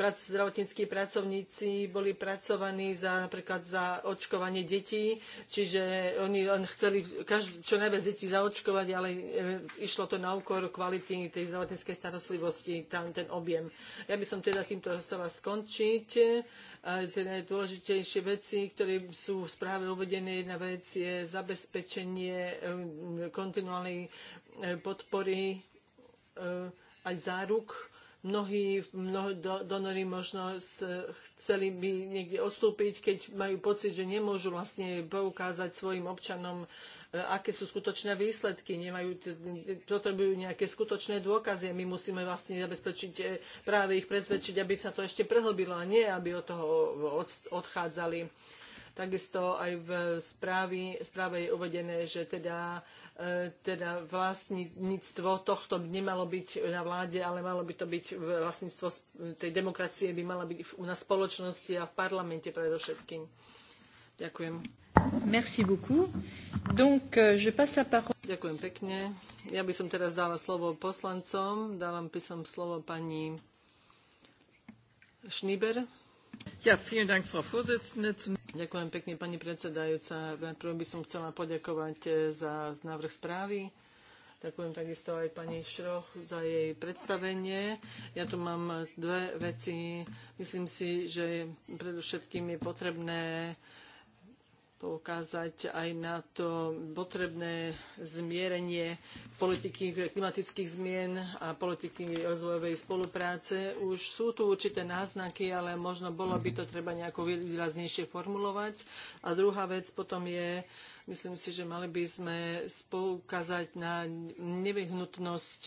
zdravotníckí pracovníci boli pracovaní za, napríklad za očkovanie detí, čiže oni len chceli čo najviac detí zaočkovať, ale e, išlo to na úkor kvality tej zdravotníckej starostlivosti, tam ten objem. Ja by som teda týmto chcela skončiť. E, A teda tie najdôležitejšie veci, ktoré sú v správe uvedené, jedna vec je zabezpečenie e, kontinuálnej e, podpory aj záruk mnohí mnoho do, donory možno chceli by niekde odstúpiť, keď majú pocit, že nemôžu vlastne poukázať svojim občanom, e, aké sú skutočné výsledky, nemajú, potrebujú nejaké skutočné dôkazy a my musíme vlastne zabezpečiť, e, práve ich presvedčiť, aby sa to ešte prehlbilo a nie, aby od toho od, odchádzali. Takisto aj v správe je uvedené, že teda E, teda vlastníctvo tohto by nemalo byť na vláde, ale malo by to byť vlastníctvo tej demokracie by mala byť na spoločnosti a v parlamente predovšetkým. Ďakujem. Merci beaucoup. Donc, euh, je passe la parole. Ďakujem pekne. Ja by som teraz dala slovo poslancom. Dala by som slovo pani Schnieber. Ja, Dank, Ďakujem pekne, pani predsedajúca. Najprv by som chcela poďakovať e, za návrh správy. Ďakujem takisto aj pani Šroch za jej predstavenie. Ja tu mám dve veci. Myslím si, že predovšetkým je potrebné poukázať aj na to potrebné zmierenie politiky klimatických zmien a politiky rozvojovej spolupráce. Už sú tu určité náznaky, ale možno bolo by to treba nejako výraznejšie formulovať. A druhá vec potom je, myslím si, že mali by sme spoukázať na nevyhnutnosť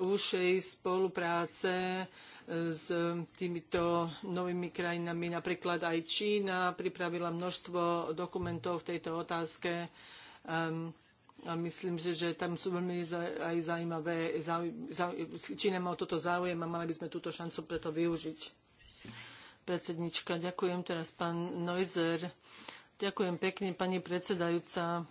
úšej spolupráce s e, týmito novými krajinami. Napríklad aj Čína pripravila množstvo dokumentov v tejto otázke. A myslím si, že tam sú veľmi aj zaujímavé. Čína má o toto záujem a mali by sme túto šancu preto využiť. Predsednička, ďakujem teraz pán Neuser. Ďakujem pekne, pani predsedajúca.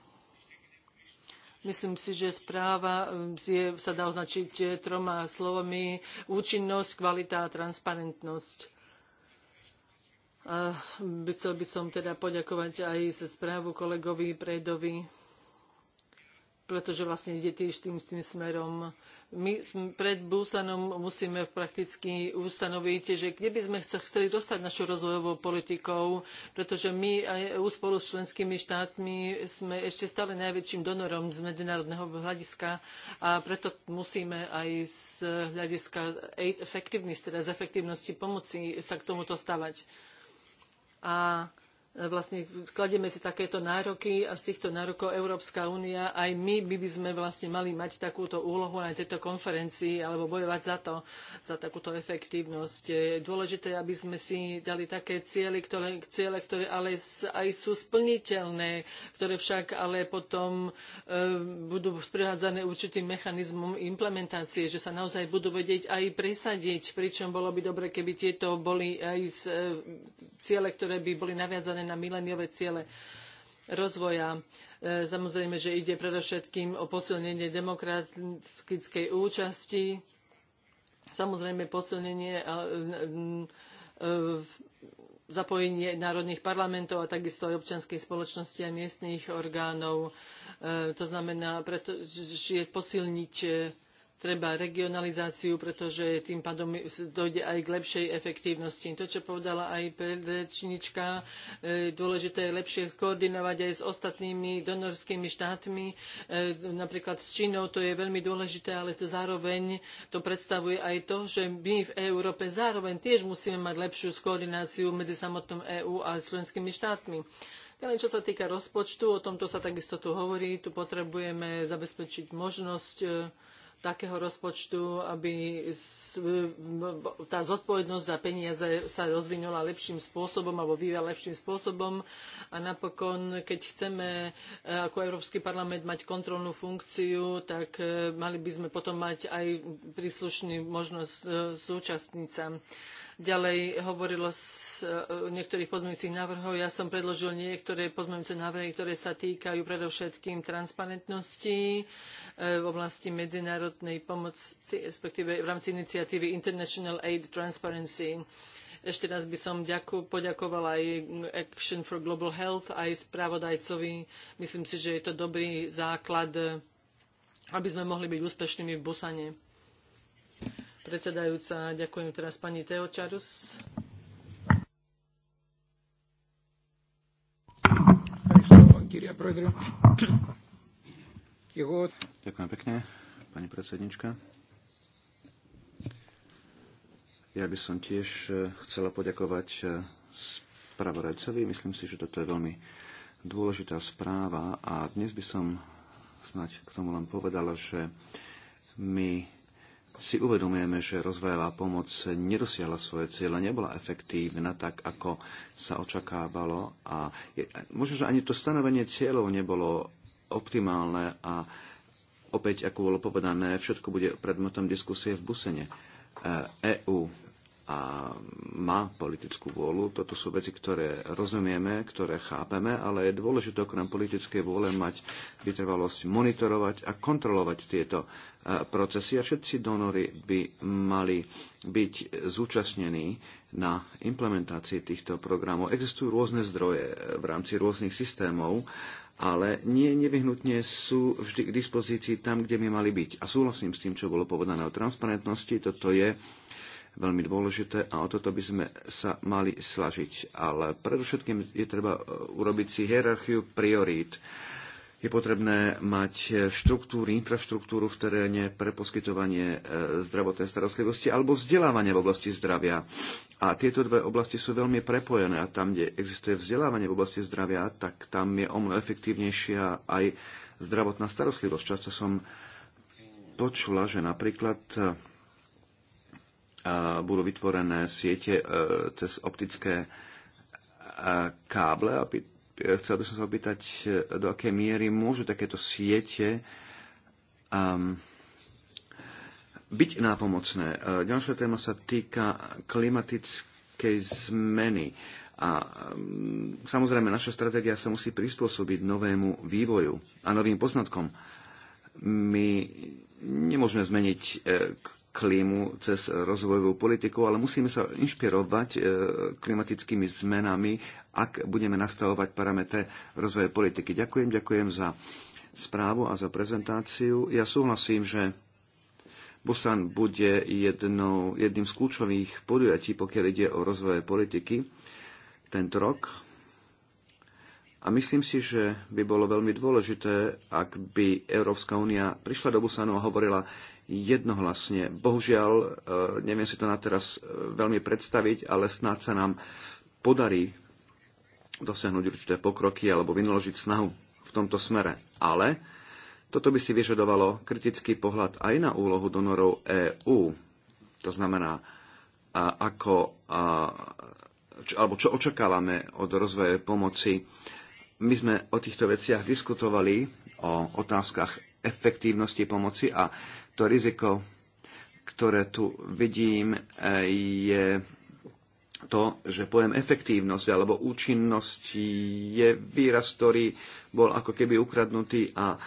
Myslím si, že správa um, je, sa dá označiť eh, troma slovami účinnosť, kvalita a transparentnosť. A chcel by som teda poďakovať aj za správu kolegovi Predovi, pretože vlastne ide tým, tým, tým smerom, my pred Busanom musíme prakticky ustanoviť, že kde by sme chceli dostať našu rozvojovou politikou, pretože my aj spolu s členskými štátmi sme ešte stále najväčším donorom z medzinárodného hľadiska a preto musíme aj z hľadiska aid effectiveness, teda z efektívnosti pomoci sa k tomuto stavať. A E, vlastne kladieme si takéto nároky a z týchto nárokov Európska únia aj my by, by sme vlastne mali mať takúto úlohu na tejto konferencii alebo bojovať za to, za takúto efektívnosť. Je dôležité, aby sme si dali také ciele, ktoré, ciele, ktoré ale aj sú splniteľné, ktoré však ale potom e, budú sprehádzané určitým mechanizmom implementácie, že sa naozaj budú vedieť aj presadiť, pričom bolo by dobre, keby tieto boli aj z, e, ciele, ktoré by boli naviazané na mileniové ciele rozvoja. E, samozrejme, že ide predovšetkým o posilnenie demokratickej účasti, samozrejme posilnenie e, e, zapojenie národných parlamentov a takisto aj občianskej spoločnosti a miestnych orgánov. To znamená, pretože posilniť treba regionalizáciu, pretože tým pádom dojde aj k lepšej efektívnosti. To, čo povedala aj predrečnička, e, dôležité je lepšie koordinovať aj s ostatnými donorskými štátmi, e, napríklad s Čínou, to je veľmi dôležité, ale to zároveň to predstavuje aj to, že my v Európe zároveň tiež musíme mať lepšiu koordináciu medzi samotnou EÚ a členskými štátmi. Len teda čo sa týka rozpočtu, o tomto sa takisto tu hovorí, tu potrebujeme zabezpečiť možnosť e, takého rozpočtu, aby tá zodpovednosť za peniaze sa rozvinula lepším spôsobom alebo vyvíja lepším spôsobom. A napokon, keď chceme e, ako Európsky parlament mať kontrolnú funkciu, tak e, mali by sme potom mať aj príslušný možnosť súčasniť e, sa. Ďalej hovorilo s, e, o niektorých pozmeňujúcich návrhov. Ja som predložil niektoré pozmeňujúce návrhy, ktoré sa týkajú predovšetkým transparentnosti e, v oblasti medzinárodnej pomoci, respektíve v rámci iniciatívy International Aid Transparency. Ešte raz by som ďaku, poďakovala aj Action for Global Health, aj spravodajcovi. Myslím si, že je to dobrý základ, aby sme mohli byť úspešnými v Busane predsedajúca. Ďakujem teraz pani Teočarus. Ďakujem pekne, pani predsednička. Ja by som tiež e, chcela poďakovať e, spravodajcovi. Myslím si, že toto je veľmi dôležitá správa a dnes by som snať k tomu len povedala, že my si uvedomujeme, že rozvojová pomoc nedosiahla svoje cieľe, nebola efektívna tak, ako sa očakávalo a je, možno, že ani to stanovenie cieľov nebolo optimálne a opäť, ako bolo povedané, všetko bude predmetom diskusie v Busene. EÚ e a má politickú vôľu. Toto sú veci, ktoré rozumieme, ktoré chápeme, ale je dôležité okrem politickej vôle mať vytrvalosť monitorovať a kontrolovať tieto procesy a všetci donory by mali byť zúčastnení na implementácii týchto programov. Existujú rôzne zdroje v rámci rôznych systémov, ale nie nevyhnutne sú vždy k dispozícii tam, kde by mali byť. A súhlasím s tým, čo bolo povedané o transparentnosti. Toto je veľmi dôležité a o toto by sme sa mali slažiť. Ale predovšetkým je treba uh, urobiť si hierarchiu priorít je potrebné mať e, štruktúry, infraštruktúru v teréne pre poskytovanie e, zdravotnej starostlivosti alebo vzdelávanie v oblasti zdravia. A tieto dve oblasti sú veľmi prepojené a tam, kde existuje vzdelávanie v oblasti zdravia, tak tam je o mnoho efektívnejšia aj zdravotná starostlivosť. Často som počula, že napríklad e, budú vytvorené siete cez optické káble, aby chcel by som sa opýtať, e, do akej miery môžu takéto siete um, byť nápomocné. E, ďalšia téma sa týka klimatickej zmeny. A um, samozrejme, naša stratégia sa musí prispôsobiť novému vývoju a novým poznatkom. My nemôžeme zmeniť e, klímu cez rozvojovú politiku, ale musíme sa inšpirovať e, klimatickými zmenami, ak budeme nastavovať parametre rozvoje politiky. Ďakujem, ďakujem za správu a za prezentáciu. Ja súhlasím, že Busan bude jednou, jedným z kľúčových podujatí, pokiaľ ide o rozvoje politiky tento rok. A myslím si, že by bolo veľmi dôležité, ak by Európska únia prišla do Busanu a hovorila, jednohlasne. Bohužiaľ, e, neviem si to na teraz e, veľmi predstaviť, ale snáď sa nám podarí dosiahnuť určité pokroky alebo vynaložiť snahu v tomto smere. Ale toto by si vyžadovalo kritický pohľad aj na úlohu donorov EÚ. To znamená, ako, čo, alebo čo očakávame od rozvoje pomoci. My sme o týchto veciach diskutovali, o otázkach efektívnosti pomoci a to riziko, ktoré tu vidím, e, je to, že pojem efektívnosť alebo účinnosť je výraz, ktorý bol ako keby ukradnutý a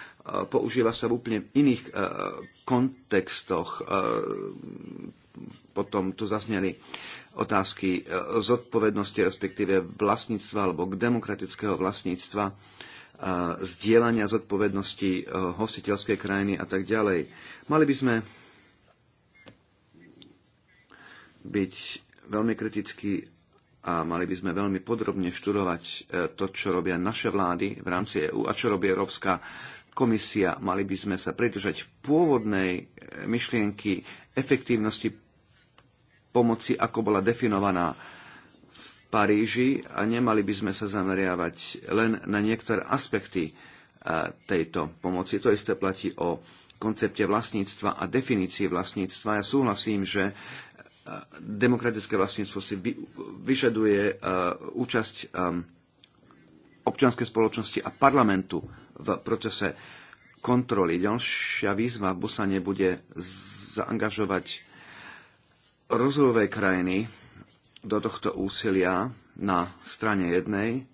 používa sa v úplne iných e, kontextoch. E, potom tu zazneli otázky zodpovednosti, respektíve vlastníctva alebo k demokratického vlastníctva zdieľania zodpovednosti e, hostiteľskej krajiny a tak ďalej. Mali by sme byť veľmi kritickí a mali by sme veľmi podrobne študovať e, to, čo robia naše vlády v rámci EÚ a čo robí Európska komisia. Mali by sme sa pridržať pôvodnej e, myšlienky efektívnosti pomoci, ako bola definovaná Paríži a nemali by sme sa zameriavať len na niektoré aspekty e, tejto pomoci. To isté platí o koncepte vlastníctva a definícii vlastníctva. Ja súhlasím, že e, demokratické vlastníctvo si vyžaduje e, účasť občianskej spoločnosti a parlamentu v procese kontroly. Ďalšia výzva v Busane bude zaangažovať rozvojové krajiny do tohto úsilia na strane jednej,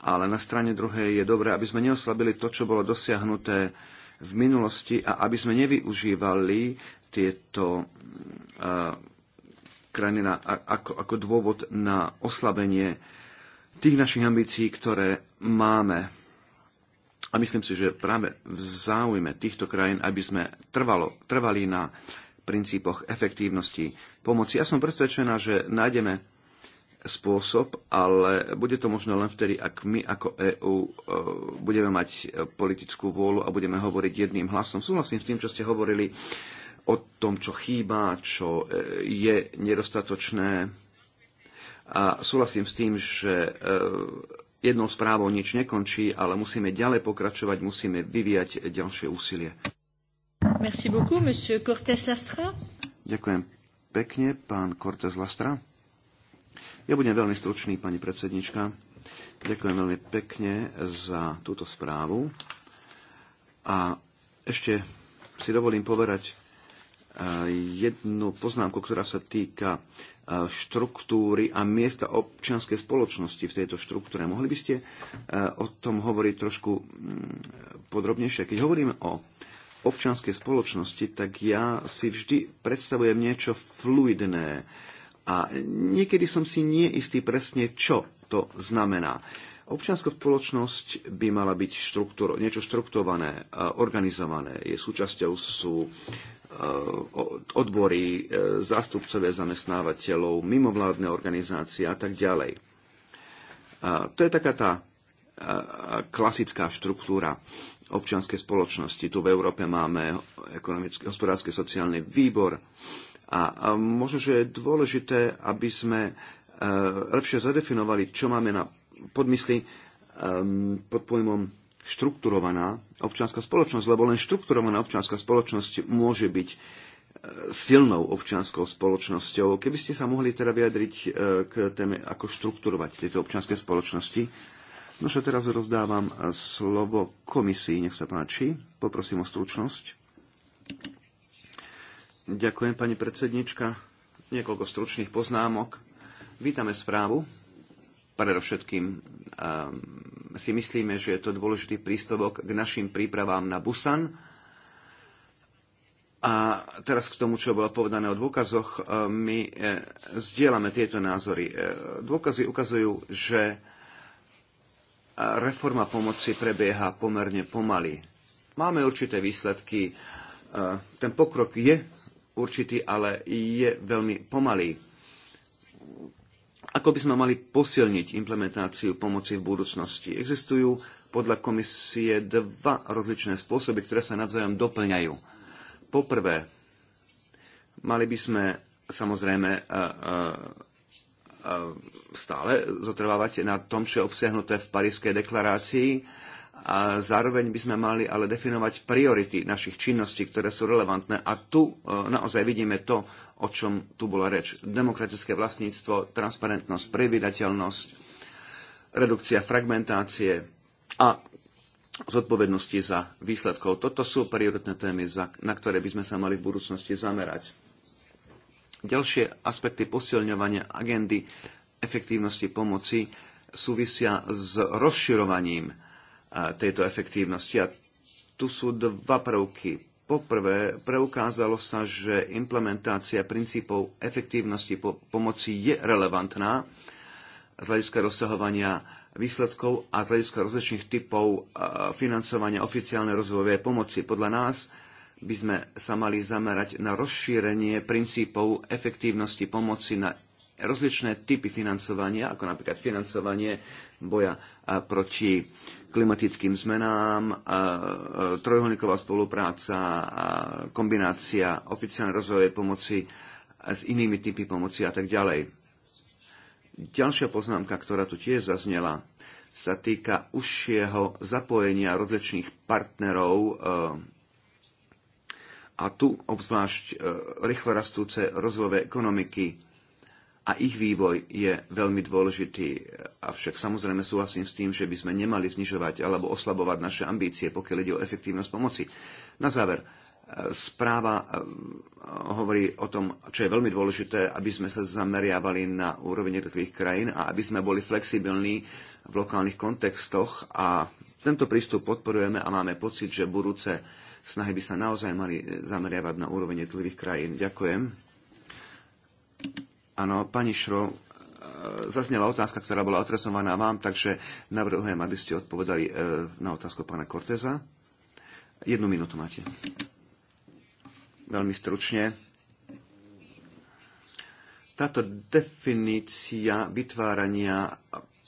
ale na strane druhej je dobré, aby sme neoslabili to, čo bolo dosiahnuté v minulosti a aby sme nevyužívali tieto uh, krajiny na, ako, ako dôvod na oslabenie tých našich ambícií, ktoré máme. A myslím si, že práve v záujme týchto krajín, aby sme trvalo, trvali na princípoch efektívnosti pomoci. Ja som presvedčená, že nájdeme spôsob, ale bude to možno len vtedy, ak my ako EÚ e, budeme mať e, politickú vôľu a budeme hovoriť jedným hlasom. Súhlasím s tým, čo ste hovorili o tom, čo chýba, čo e, je nedostatočné. A súhlasím s tým, že jednou správou nič nekončí, ale musíme ďalej pokračovať, musíme vyvíjať ďalšie úsilie. Merci beaucoup, monsieur Cortés Lastra. Ďakujem pekne, pán Cortés Lastra. Ja budem veľmi stručný, pani predsednička. Ďakujem veľmi pekne za túto správu. A ešte si dovolím povedať eh, jednu poznámku, ktorá sa týka eh, štruktúry a miesta občianskej spoločnosti v tejto štruktúre. Mohli by ste eh, o tom hovoriť trošku mm, podrobnejšie? Keď hovoríme o občianskej spoločnosti, tak ja si vždy predstavujem niečo fluidné. A niekedy som si neistý presne, čo to znamená. Občianská spoločnosť by mala byť štruktúro, niečo štruktované, e, organizované. Je súčasťou sú e, odbory, e, zástupcovia zamestnávateľov, mimovládne organizácie a tak ďalej. To je taká tá klasická štruktúra občianskej spoločnosti. Tu v Európe máme ekonomický, hospodársky, sociálny výbor a, a možno, že je dôležité, aby sme e, lepšie zadefinovali, čo máme na podmysli e, pod pojmom štrukturovaná občianská spoločnosť, lebo len štrukturovaná občianská spoločnosť môže byť e, silnou občianskou spoločnosťou. Keby ste sa mohli teda vyjadriť k téme, ako štrukturovať tieto občianske spoločnosti. No teraz rozdávam eh, slovo komisii, nech sa páči. Poprosím o stručnosť. Ďakujem, pani predsednička. Niekoľko stručných poznámok. Vítame správu. Predovšetkým ehm, si myslíme, že je to dôležitý prístavok k našim prípravám na Busan. A teraz k tomu, čo bolo povedané o dôkazoch. Ehm, my eh, zdieľame tieto názory. Eh, dôkazy ukazujú, že reforma pomoci prebieha pomerne pomaly. Máme určité výsledky, e, ten pokrok je určitý, ale je veľmi pomalý. Ako by sme mali posilniť implementáciu pomoci v budúcnosti? Existujú podľa komisie dva rozličné spôsoby, ktoré sa navzájom doplňajú. Poprvé, mali by sme samozrejme e, e, E, stále zotrvávate na tom, čo je obsiahnuté v Parískej deklarácii a zároveň by sme mali ale definovať priority našich činností, ktoré sú relevantné. A tu e, naozaj vidíme to, o čom tu bola reč. Demokratické vlastníctvo, transparentnosť, predvydateľnosť, redukcia fragmentácie a zodpovednosti za výsledkov. Toto sú prioritné témy, na ktoré by sme sa mali v budúcnosti zamerať. Ďalšie aspekty posilňovania agendy efektívnosti pomoci súvisia s rozširovaním e, tejto efektívnosti. A tu sú dva prvky. Poprvé, preukázalo sa, že implementácia princípov efektívnosti po- pomoci je relevantná z hľadiska dosahovania výsledkov a z hľadiska rozličných typov e, financovania oficiálnej rozvojovej pomoci. Podľa nás by sme sa mali zamerať na rozšírenie princípov efektívnosti pomoci na rozličné typy financovania, ako napríklad financovanie boja proti klimatickým zmenám, trojuholníková spolupráca, kombinácia oficiálnej rozvojovej pomoci s inými typy pomoci a tak ďalej. Ďalšia poznámka, ktorá tu tiež zaznela, sa týka užšieho zapojenia rozličných partnerov e, a tu obzvlášť e, rýchlo rastúce rozvojové ekonomiky a ich vývoj je veľmi dôležitý. E, avšak samozrejme súhlasím s tým, že by sme nemali znižovať alebo oslabovať naše ambície, pokiaľ ide o efektívnosť pomoci. Na záver, e, správa hovorí o tom, čo je veľmi dôležité, aby sme sa zameriavali na úroveň jednotlivých krajín a aby sme boli flexibilní v lokálnych kontextoch a tento prístup podporujeme a máme pocit, že budúce snahy by sa naozaj mali e, zameriavať na úroveň jednotlivých krajín. Ďakujem. Áno, pani Šro, e, zaznela otázka, ktorá bola adresovaná vám, takže navrhujem, aby ste odpovedali e, na otázku pána Korteza. Jednu minútu máte. Veľmi stručne. Táto definícia vytvárania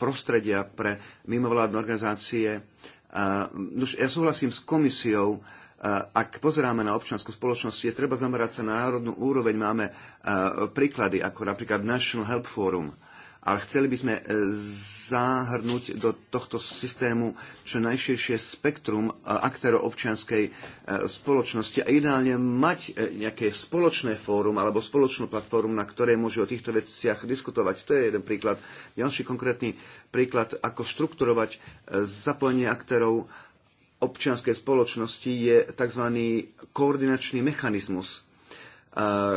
prostredia pre mimovládne organizácie. Uh, ja súhlasím s komisiou, Eh, ak pozeráme na občianskú spoločnosť, je treba zamerať sa na národnú úroveň. Máme eh, príklady, ako napríklad National Help Forum, ale chceli by sme eh, zahrnúť do tohto systému čo najširšie spektrum aktérov občianskej spoločnosti a ideálne mať nejaké spoločné fórum alebo spoločnú platformu, na ktorej môže o týchto veciach diskutovať. To je jeden príklad. Ďalší konkrétny príklad, ako štrukturovať zapojenie aktérov občianskej spoločnosti je tzv. koordinačný mechanizmus, e,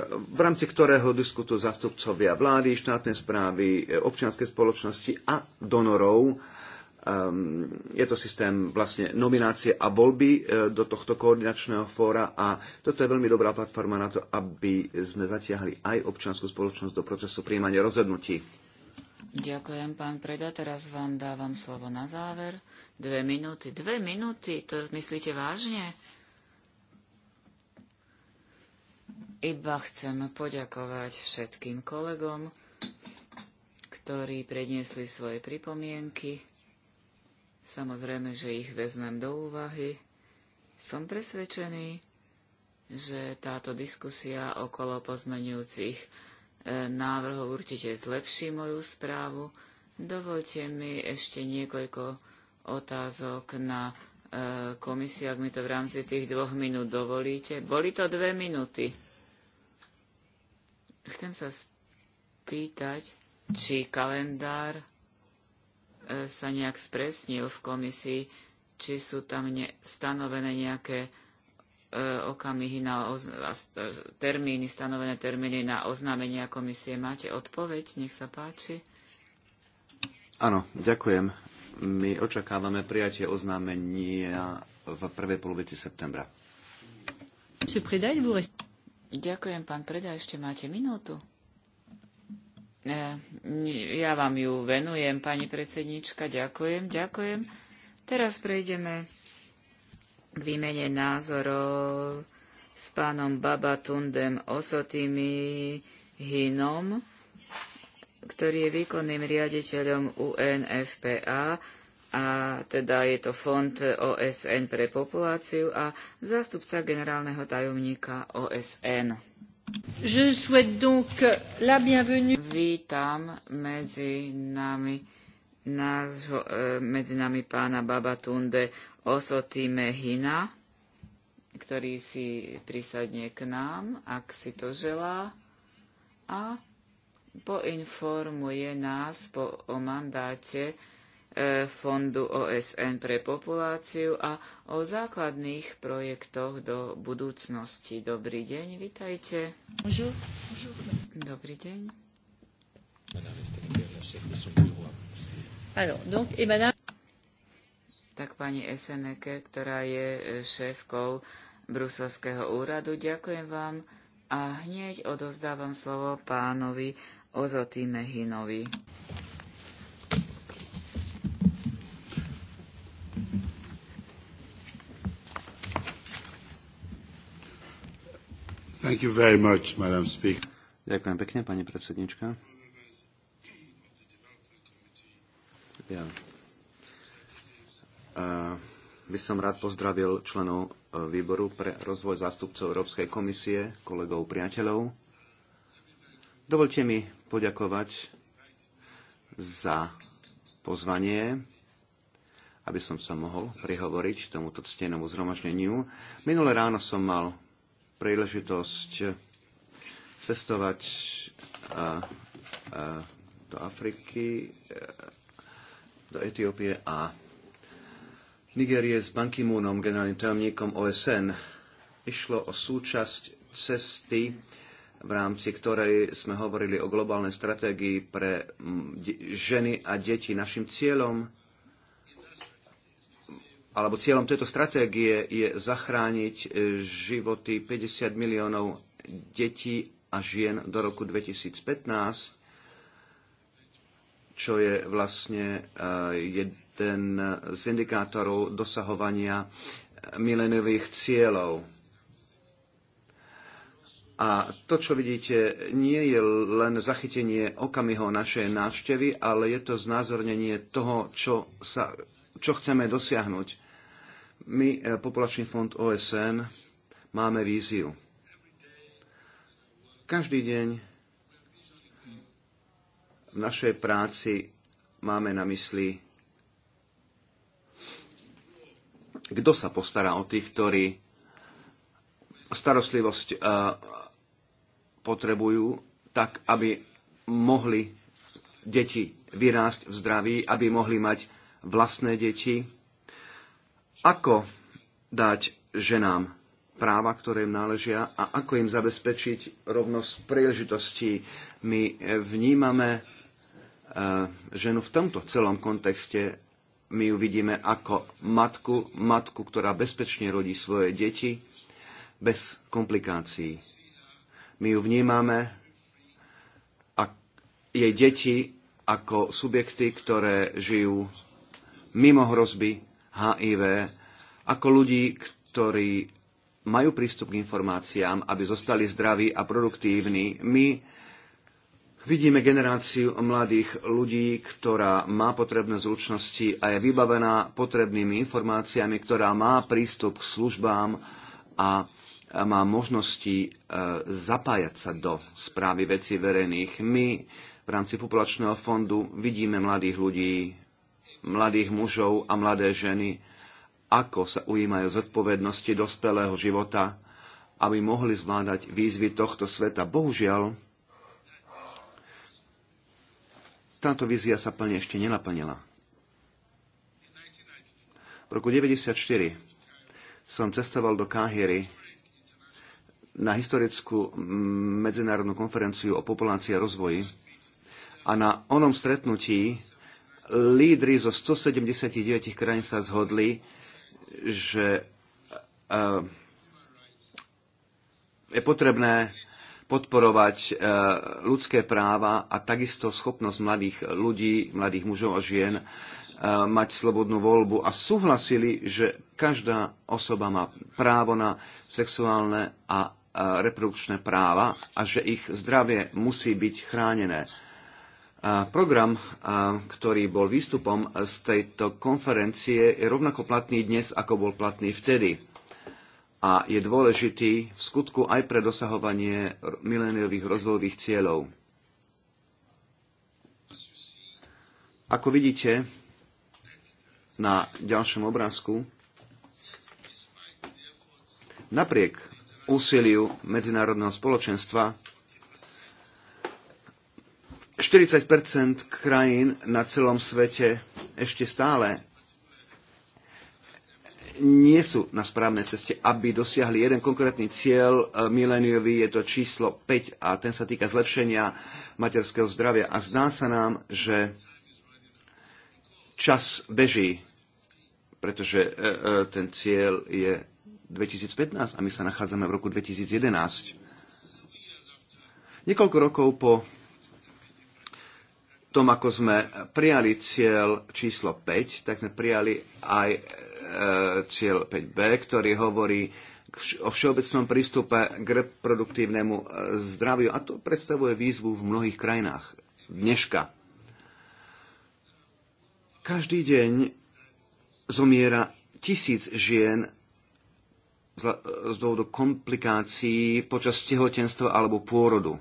v rámci ktorého diskutujú zastupcovia vlády, štátnej správy, e, občianskej spoločnosti a donorov. E, je to systém vlastne nominácie a voľby do tohto koordinačného fóra a toto je veľmi dobrá platforma na to, aby sme zatiahli aj občianskú spoločnosť do procesu príjmania rozhodnutí. Ďakujem, pán Preda. Teraz vám dávam slovo na záver. Dve minúty. Dve minúty? To myslíte vážne? Iba chcem poďakovať všetkým kolegom, ktorí predniesli svoje pripomienky. Samozrejme, že ich vezmem do úvahy. Som presvedčený, že táto diskusia okolo pozmenujúcich e, návrhov určite zlepší moju správu. Dovolte mi ešte niekoľko otázok na e, komisiu, ak mi to v rámci tých dvoch minút dovolíte. Boli to dve minúty. Chcem sa spýtať, či kalendár e, sa nejak spresnil v komisii, či sú tam stanovené nejaké e, okamihy na termíny, stanovené termíny na oznámenia komisie. Máte odpoveď? Nech sa páči. Áno, ďakujem my očakávame prijatie oznámenia v prvej polovici septembra. Ďakujem, pán Preda, ešte máte minútu. Eh, ja vám ju venujem, pani predsednička, ďakujem, ďakujem. Teraz prejdeme k výmene názorov s pánom Babatundem Osotými Hinom ktorý je výkonným riaditeľom UNFPA, a teda je to Fond OSN pre populáciu a zástupca generálneho tajomníka OSN. Je souhaite donc la bienvenue. Vítam medzi nami, nášho, e, medzi nami pána Babatunde Osoty Hina, ktorý si prisadne k nám, ak si to želá. A poinformuje nás po, o mandáte e, Fondu OSN pre populáciu a o základných projektoch do budúcnosti. Dobrý deň, vitajte. Dobrý deň. Tak pani Eseneke, ktorá je e, šéfkou Bruselského úradu, ďakujem vám. A hneď odozdávam slovo pánovi Thank you very much, Madam Speaker. Ďakujem pekne, pani predsednička. Ja. A by som rád pozdravil členov e, výboru pre rozvoj zástupcov Európskej komisie, kolegov, priateľov Dovolte mi poďakovať za pozvanie, aby som sa mohol prihovoriť tomuto ctenému zhromaždeniu. Minulé ráno som mal príležitosť cestovať do Afriky, e, do Etiópie a Nigérie s Ban Ki-moonom, generálnym tajomníkom OSN. Išlo o súčasť cesty v rámci ktorej sme hovorili o globálnej stratégii pre ženy a deti. Našim cieľom alebo cieľom tejto stratégie je zachrániť e, životy 50 miliónov detí a žien do roku 2015, čo je vlastne e, jeden z indikátorov dosahovania milenových cieľov a to, čo vidíte, nie je len zachytenie okamihov našej návštevy, ale je to znázornenie toho, čo, sa, čo chceme dosiahnuť. My, e, Populačný fond OSN, máme víziu. Každý deň v našej práci máme na mysli, kto sa postará o tých, ktorí starostlivosť uh, potrebujú, tak aby mohli deti vyrásť v zdraví, aby mohli mať vlastné deti. Ako dať ženám práva, ktoré im náležia a ako im zabezpečiť rovnosť príležitostí. My vnímame eh, ženu v tomto celom kontexte. My ju vidíme ako matku, matku, ktorá bezpečne rodí svoje deti bez komplikácií my ju vnímame a jej deti ako subjekty, ktoré žijú mimo hrozby HIV, ako ľudí, ktorí majú prístup k informáciám, aby zostali zdraví a produktívni. My vidíme generáciu mladých ľudí, ktorá má potrebné zručnosti a je vybavená potrebnými informáciami, ktorá má prístup k službám a má možnosti e, zapájať sa do správy vecí verejných. My v rámci populačného fondu vidíme mladých ľudí, mladých mužov a mladé ženy, ako sa ujímajú zodpovednosti dospelého života, aby mohli zvládať výzvy tohto sveta. Bohužiaľ, táto vízia sa plne ešte nenaplnila. V roku 1994 som cestoval do Káhiry na historickú mm, medzinárodnú konferenciu o populácii a rozvoji a na onom stretnutí lídry zo 179 krajín sa zhodli, že e, je potrebné podporovať e, ľudské práva a takisto schopnosť mladých ľudí, mladých mužov a žien e, mať slobodnú voľbu a súhlasili, že každá osoba má právo na sexuálne a reprodukčné práva a že ich zdravie musí byť chránené. Program, ktorý bol výstupom z tejto konferencie, je rovnako platný dnes, ako bol platný vtedy. A je dôležitý v skutku aj pre dosahovanie miléniových rozvojových cieľov. Ako vidíte na ďalšom obrázku, napriek úsiliu medzinárodného spoločenstva 40 krajín na celom svete ešte stále nie sú na správnej ceste, aby dosiahli jeden konkrétny cieľ e, mileniový, je to číslo 5 a ten sa týka zlepšenia materského zdravia. A zdá sa nám, že čas beží, pretože e, e, ten cieľ je 2015 a my sa nachádzame v roku 2011. Niekoľko rokov po tom, ako sme prijali cieľ číslo 5, tak sme prijali aj e, cieľ 5b, ktorý hovorí o všeobecnom prístupe k reproduktívnemu e, zdraviu a to predstavuje výzvu v mnohých krajinách dneška. Každý deň zomiera tisíc žien z dôvodu komplikácií počas tehotenstva alebo pôrodu.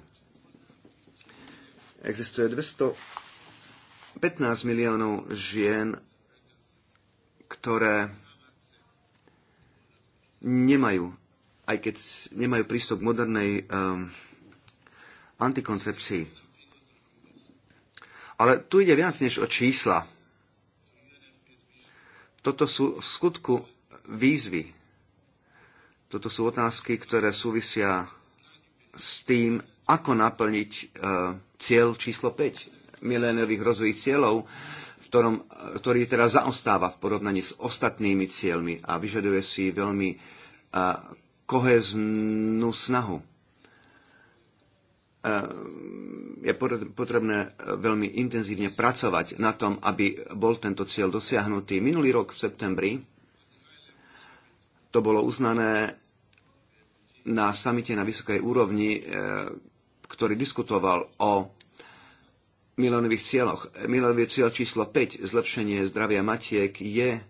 Existuje 215 miliónov žien, ktoré nemajú, aj keď nemajú prístup k modernej um, antikoncepcii. Ale tu ide viac než o čísla. Toto sú v skutku výzvy toto sú otázky, ktoré súvisia s tým, ako naplniť e, cieľ číslo 5 miléniových rozvojových cieľov, v ktorom, e, ktorý teraz zaostáva v porovnaní s ostatnými cieľmi a vyžaduje si veľmi e, koheznú snahu. E, je potrebné e, veľmi intenzívne pracovať na tom, aby bol tento cieľ dosiahnutý. Minulý rok v septembri to bolo uznané na samite na vysokej úrovni, e, ktorý diskutoval o milénových cieľoch. Milénový cieľ číslo 5, zlepšenie zdravia matiek, je e,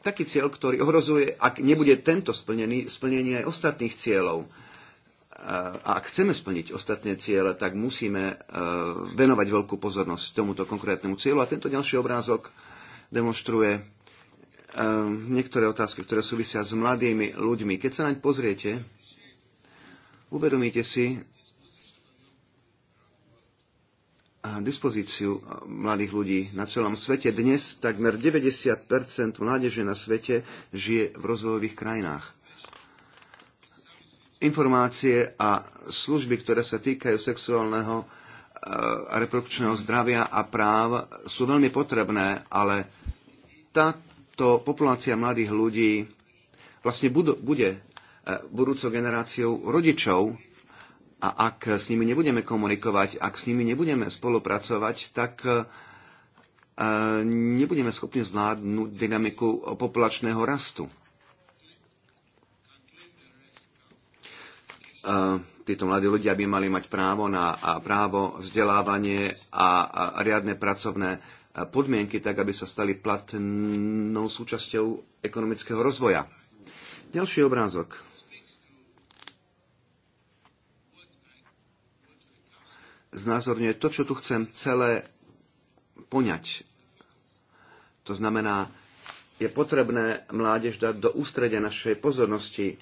taký cieľ, ktorý ohrozuje, ak nebude tento splnený, splnenie aj ostatných cieľov. E, a ak chceme splniť ostatné ciele, tak musíme venovať veľkú pozornosť tomuto konkrétnemu cieľu. A tento ďalší obrázok demonstruje Ehm, niektoré otázky, ktoré súvisia s mladými ľuďmi. Keď sa naň pozriete, uvedomíte si dispozíciu mladých ľudí na celom svete. Dnes takmer 90 mládeže na svete žije v rozvojových krajinách informácie a služby, ktoré sa týkajú sexuálneho e, a reprodukčného zdravia a práv sú veľmi potrebné, ale tá, to populácia mladých ľudí vlastne budu, bude e, budúcou generáciou rodičov a ak s nimi nebudeme komunikovať, ak s nimi nebudeme spolupracovať, tak e, e, nebudeme schopni zvládnuť dynamiku populačného rastu. Títo mladí ľudia by mali mať právo na právo vzdelávanie a riadne pracovné podmienky tak, aby sa stali platnou súčasťou ekonomického rozvoja. Ďalší obrázok. Znázorňuje to, čo tu chcem celé poňať. To znamená, je potrebné mládež dať do ústredia našej pozornosti.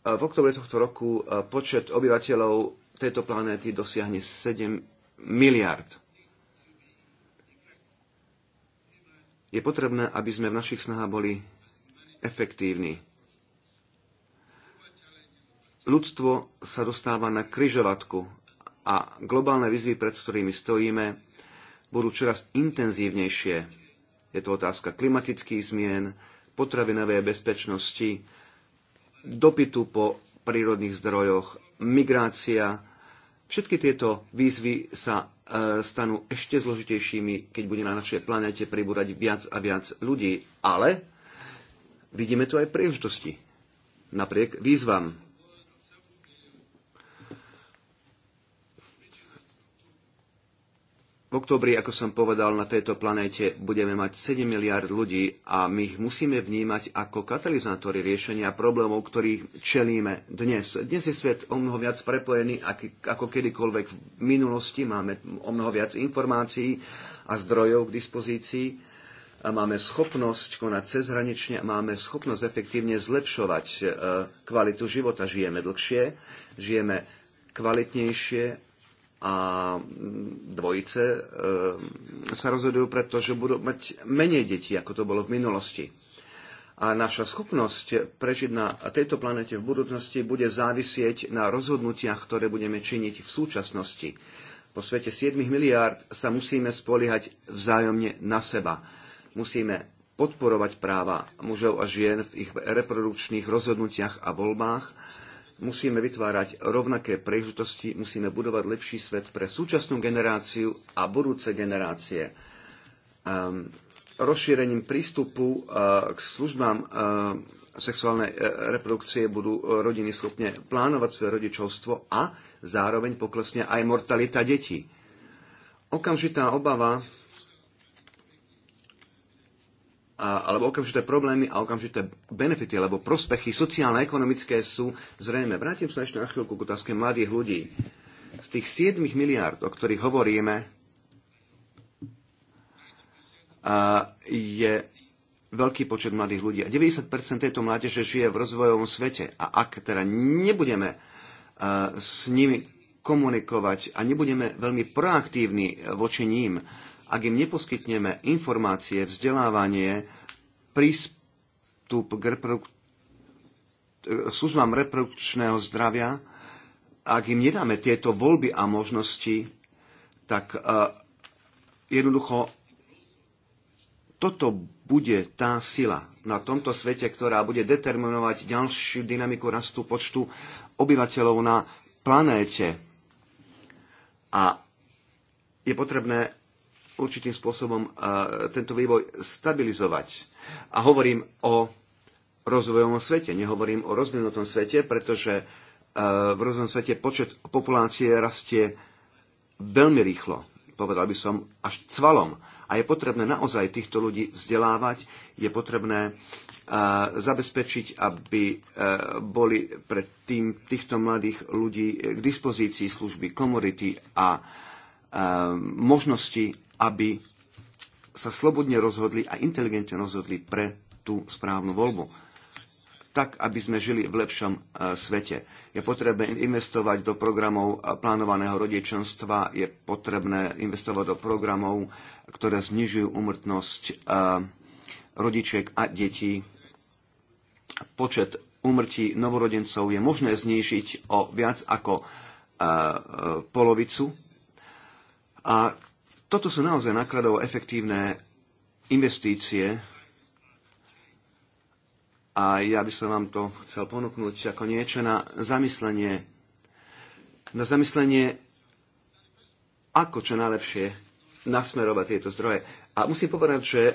V oktobre tohto roku počet obyvateľov tejto planéty dosiahne 7 miliard. Je potrebné, aby sme v našich snahách boli efektívni. Ľudstvo sa dostáva na kryžovatku a globálne výzvy, pred ktorými stojíme, budú čoraz intenzívnejšie. Je to otázka klimatických zmien, potravinovej bezpečnosti, dopytu po prírodných zdrojoch, migrácia. Všetky tieto výzvy sa E, stanú ešte zložitejšími, keď bude na našej planete pribúrať viac a viac ľudí. Ale vidíme tu aj príležitosti. Napriek výzvam V oktobri, ako som povedal, na tejto planéte budeme mať 7 miliard ľudí a my ich musíme vnímať ako katalizátory riešenia problémov, ktorých čelíme dnes. Dnes je svet o mnoho viac prepojený ako kedykoľvek v minulosti. Máme o mnoho viac informácií a zdrojov k dispozícii. A máme schopnosť konať cezhranične, máme schopnosť efektívne zlepšovať e, kvalitu života. Žijeme dlhšie, žijeme kvalitnejšie a dvojice eh, sa rozhodujú, pretože budú mať menej detí, ako to bolo v minulosti. A naša schopnosť prežiť na tejto planete v budúcnosti bude závisieť na rozhodnutiach, ktoré budeme činiť v súčasnosti. Po svete 7 miliárd sa musíme spoliehať vzájomne na seba. Musíme podporovať práva mužov a žien v ich reprodukčných rozhodnutiach a voľbách Musíme vytvárať rovnaké príležitosti, musíme budovať lepší svet pre súčasnú generáciu a budúce generácie. Um, rozšírením prístupu uh, k službám uh, sexuálnej uh, reprodukcie budú rodiny schopne plánovať svoje rodičovstvo a zároveň poklesne aj mortalita detí. Okamžitá obava a, alebo okamžité problémy a okamžité benefity alebo prospechy sociálne ekonomické sú zrejme. Vrátim sa ešte na chvíľku k otázke mladých ľudí. Z tých 7 miliárd, o ktorých hovoríme, a je veľký počet mladých ľudí. A 90% tejto mládeže žije v rozvojovom svete. A ak teda nebudeme s nimi komunikovať a nebudeme veľmi proaktívni voči ním, ak im neposkytneme informácie, vzdelávanie, prístup k e, službám reprodukčného zdravia, ak im nedáme tieto voľby a možnosti, tak uh, jednoducho toto bude tá sila na tomto svete, ktorá bude determinovať ďalšiu dynamiku rastu počtu obyvateľov na planéte. A je potrebné určitým spôsobom tento vývoj stabilizovať. A hovorím o rozvojovom svete, nehovorím o rozvinutom svete, pretože e, v rozvojom svete počet populácie rastie veľmi rýchlo, povedal by som až cvalom. A je potrebné naozaj týchto ľudí vzdelávať, je potrebné e, zabezpečiť, aby e, boli pre tým, týchto mladých ľudí k dispozícii služby, komodity a možnosti aby sa slobodne rozhodli a inteligentne rozhodli pre tú správnu voľbu. Tak, aby sme žili v lepšom e, svete. Je potrebné investovať do programov e, plánovaného rodičenstva, je potrebné investovať do programov, ktoré znižujú umrtnosť e, rodičiek a detí. Počet úmrtí novorodencov je možné znížiť o viac ako polovicu. A toto sú naozaj nákladovo efektívne investície a ja by som vám to chcel ponúknuť ako niečo na zamyslenie, na zamyslenie, ako čo najlepšie nasmerovať tieto zdroje. A musím povedať, že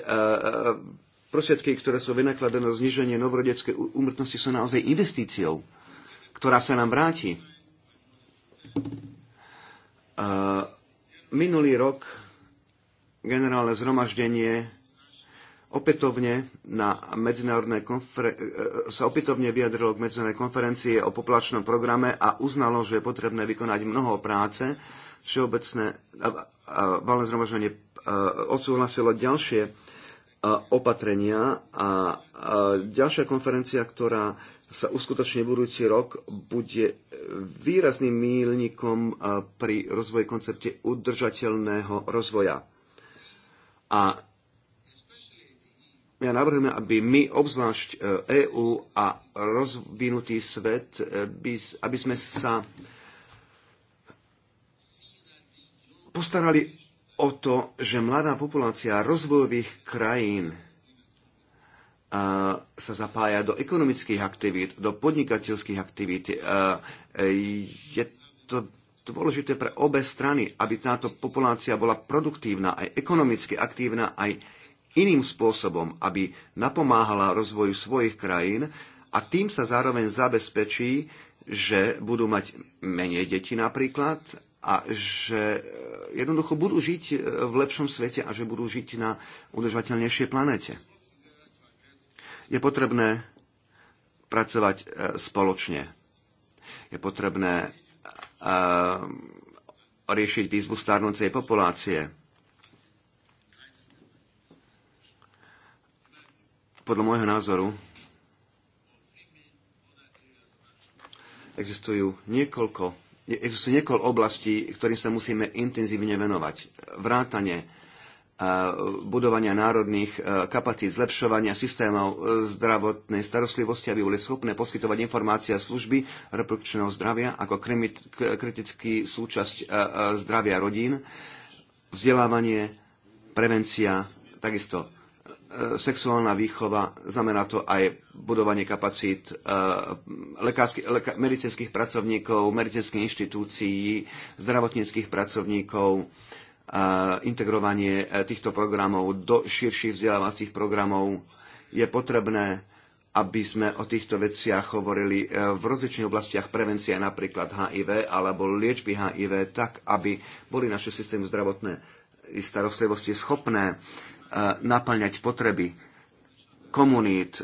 e, e, prostriedky, ktoré sú vynakladené na zniženie novorodeckej úmrtnosti, sú naozaj investíciou, ktorá sa nám vráti. E, minulý rok generálne zhromaždenie opätovne na medzinárodné konfer- e, e, sa opätovne vyjadrilo k medzinárodnej konferencii o populačnom programe a uznalo, že je potrebné vykonať mnoho práce. Všeobecné valné zhromaždenie e, odsúhlasilo ďalšie opatrenia a ďalšia konferencia, ktorá sa uskutoční budúci rok, bude výrazným mílnikom pri rozvoji koncepte udržateľného rozvoja. A ja navrhujem, aby my, obzvlášť EÚ e a rozvinutý svet, e, aby sme sa postarali o to, že mladá populácia rozvojových krajín e, sa zapája do ekonomických aktivít, do podnikateľských aktivít. Je to dôležité pre obe strany, aby táto populácia bola produktívna, aj ekonomicky aktívna, aj iným spôsobom, aby napomáhala rozvoju svojich krajín a tým sa zároveň zabezpečí, že budú mať menej detí napríklad a že eh, jednoducho budú žiť eh, v lepšom svete a že budú žiť na udržateľnejšej planete. Je potrebné pracovať eh, spoločne. Je potrebné riešiť výzvu starnúcej populácie. Podľa môjho názoru existujú niekoľko, existujú niekoľko oblastí, ktorým sa musíme intenzívne venovať. Vrátanie E, budovania národných e, kapacít, zlepšovania systémov e, zdravotnej starostlivosti, aby boli schopné poskytovať informácie a služby reprodukčného zdravia ako kritický súčasť zdravia rodín, vzdelávanie, prevencia, takisto sexuálna výchova, znamená to aj budovanie kapacít leka, medicínskych pracovníkov, medicínskych inštitúcií, zdravotníckých pracovníkov, integrovanie e, týchto programov do širších vzdelávacích programov. Je potrebné, aby sme o týchto veciach hovorili e, v rozličných oblastiach prevencie, napríklad HIV alebo liečby HIV, tak aby boli naše systémy zdravotné starostlivosti schopné e, naplňať potreby komunít.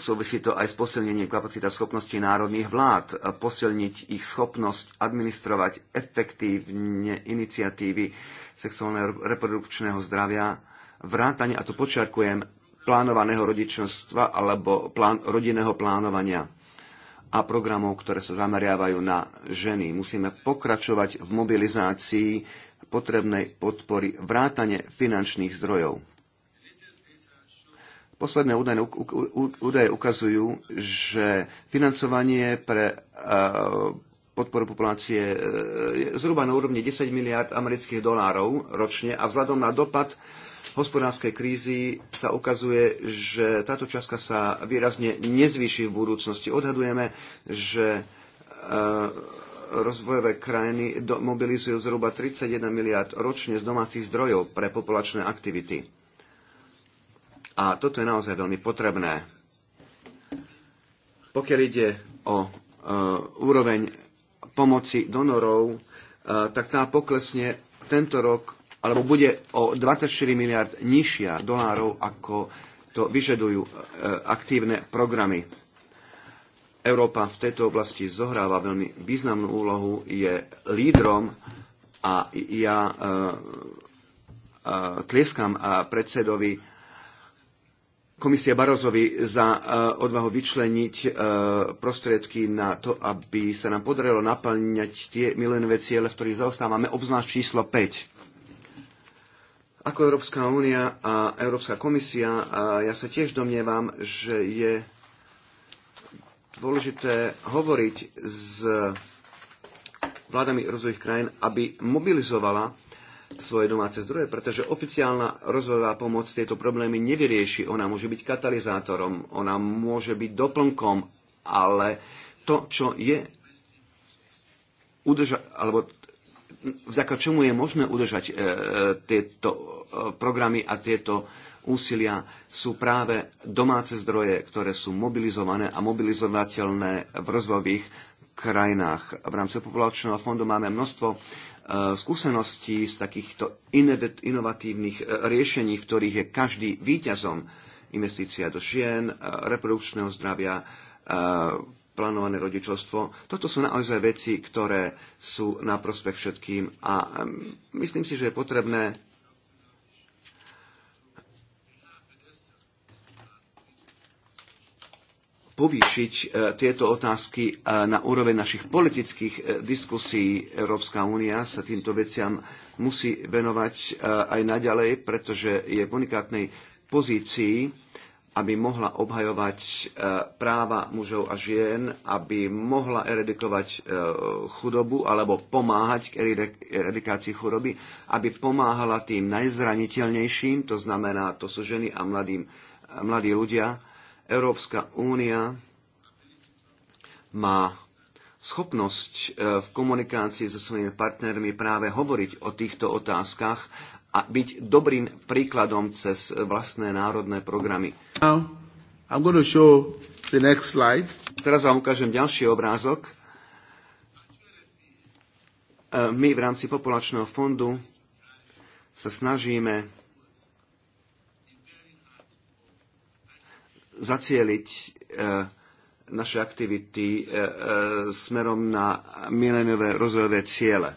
Súvisí to aj s posilnením kapacita schopností národných vlád, posilniť ich schopnosť administrovať efektívne iniciatívy sexuálneho reprodukčného zdravia, vrátanie, a to počiarkujem, plánovaného rodičenstva alebo plán, rodinného plánovania a programov, ktoré sa zameriavajú na ženy. Musíme pokračovať v mobilizácii potrebnej podpory vrátane finančných zdrojov. Posledné údaje ukazujú, že financovanie pre eh, podporu populácie e, e, zhruba na úrovni 10 miliard amerických dolárov ročne a vzhľadom na dopad hospodárskej krízy sa ukazuje, že táto časka sa výrazne nezvýši v budúcnosti. Odhadujeme, že e, rozvojové krajiny mobilizujú zhruba 31 miliard ročne z domácich zdrojov pre populačné aktivity. A toto je naozaj veľmi potrebné. Pokiaľ ide o úroveň pomoci donorov, e, tak tá poklesne tento rok, alebo bude o 24 miliard nižšia dolárov, ako to vyžadujú e, aktívne programy. Európa v tejto oblasti zohráva veľmi významnú úlohu, je lídrom a ja e, tlieskam predsedovi komisie Barozovi za e, odvahu vyčleniť e, prostriedky na to, aby sa nám podarilo naplňať tie milenové ciele, v ktorých zaostávame, obzvlášť číslo 5. Ako Európska únia a Európska komisia, a ja sa tiež domnievam, že je dôležité hovoriť s vládami rozvojových krajín, aby mobilizovala svoje domáce zdroje, pretože oficiálna rozvojová pomoc tieto problémy nevyrieši. Ona môže byť katalizátorom, ona môže byť doplnkom, ale to, čo je udrža- alebo vďaka čomu je možné udržať e, e tieto e, programy a tieto úsilia sú práve domáce zdroje, ktoré sú mobilizované a mobilizovateľné v rozvojových krajinách. V rámci populačného fondu máme množstvo E, skúseností, z takýchto inovatívnych e, riešení, v ktorých je každý výťazom investícia do šien, e, reprodukčného zdravia, plánované rodičovstvo. Toto sú naozaj veci, ktoré sú na prospech všetkým a myslím si, že je potrebné povýšiť e, tieto otázky e, na úroveň našich politických e, diskusí. Európska únia sa týmto veciam musí venovať aj naďalej, pretože je v unikátnej pozícii, aby mohla obhajovať práva mužov a žien, aby mohla eredikovať chudobu alebo pomáhať k eredikácii chudoby, aby pomáhala tým najzraniteľnejším, to znamená, to sú ženy a mladým, mladí ľudia, Európska únia má schopnosť e, v komunikácii so svojimi partnermi práve hovoriť o týchto otázkach a byť dobrým príkladom cez vlastné národné programy. Now, Teraz vám ukážem ďalší obrázok. E, my v rámci populačného fondu sa snažíme zacieliť e, naše aktivity e, e, smerom na milenové rozvojové ciele.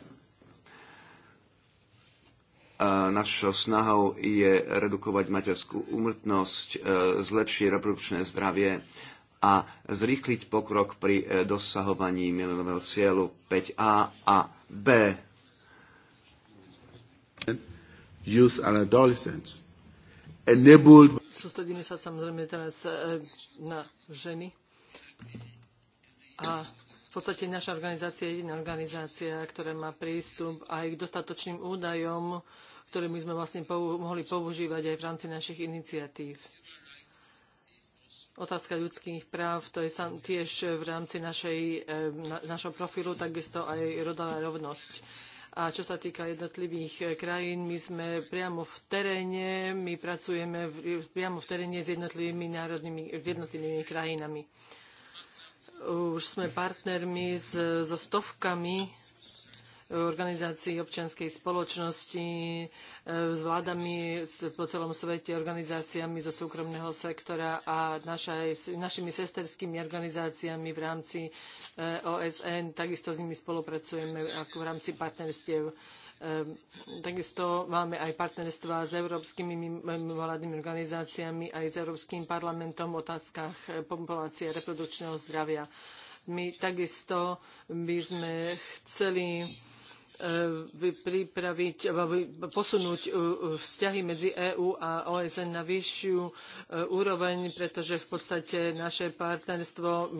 Našou snahou je redukovať materskú úmrtnosť, zlepšiť reprodukčné zdravie a zrýchliť pokrok pri dosahovaní milenového cieľu 5a a b. Youth and adolescents enabled sústredíme sa samozrejme teraz e, na ženy. A v podstate naša organizácia je jediná organizácia, ktorá má prístup aj k dostatočným údajom, ktoré my sme vlastne mohli používať aj v rámci našich iniciatív. Otázka ľudských práv, to je tiež v rámci našej, e, na, našho profilu, takisto aj rodová rovnosť a čo sa týka jednotlivých e, krajín, my sme priamo v teréne, my pracujeme v, e, priamo v teréne s jednotlivými národnými, jednotlivými krajinami. Už sme partnermi so stovkami organizácií občianskej spoločnosti, e, s vládami po celom svete, organizáciami zo súkromného sektora a našimi sesterskými organizáciami v rámci e, OSN. Takisto s nimi spolupracujeme ako v rámci partnerstiev. E, takisto máme aj partnerstva s európskymi mimovládnymi organizáciami, aj s Európskym parlamentom v otázkach populácie reprodukčného zdravia. My takisto by sme chceli E, pripraviť, posunúť e, e, vzťahy medzi EÚ a OSN na vyššiu úroveň, pretože v podstate naše partnerstvo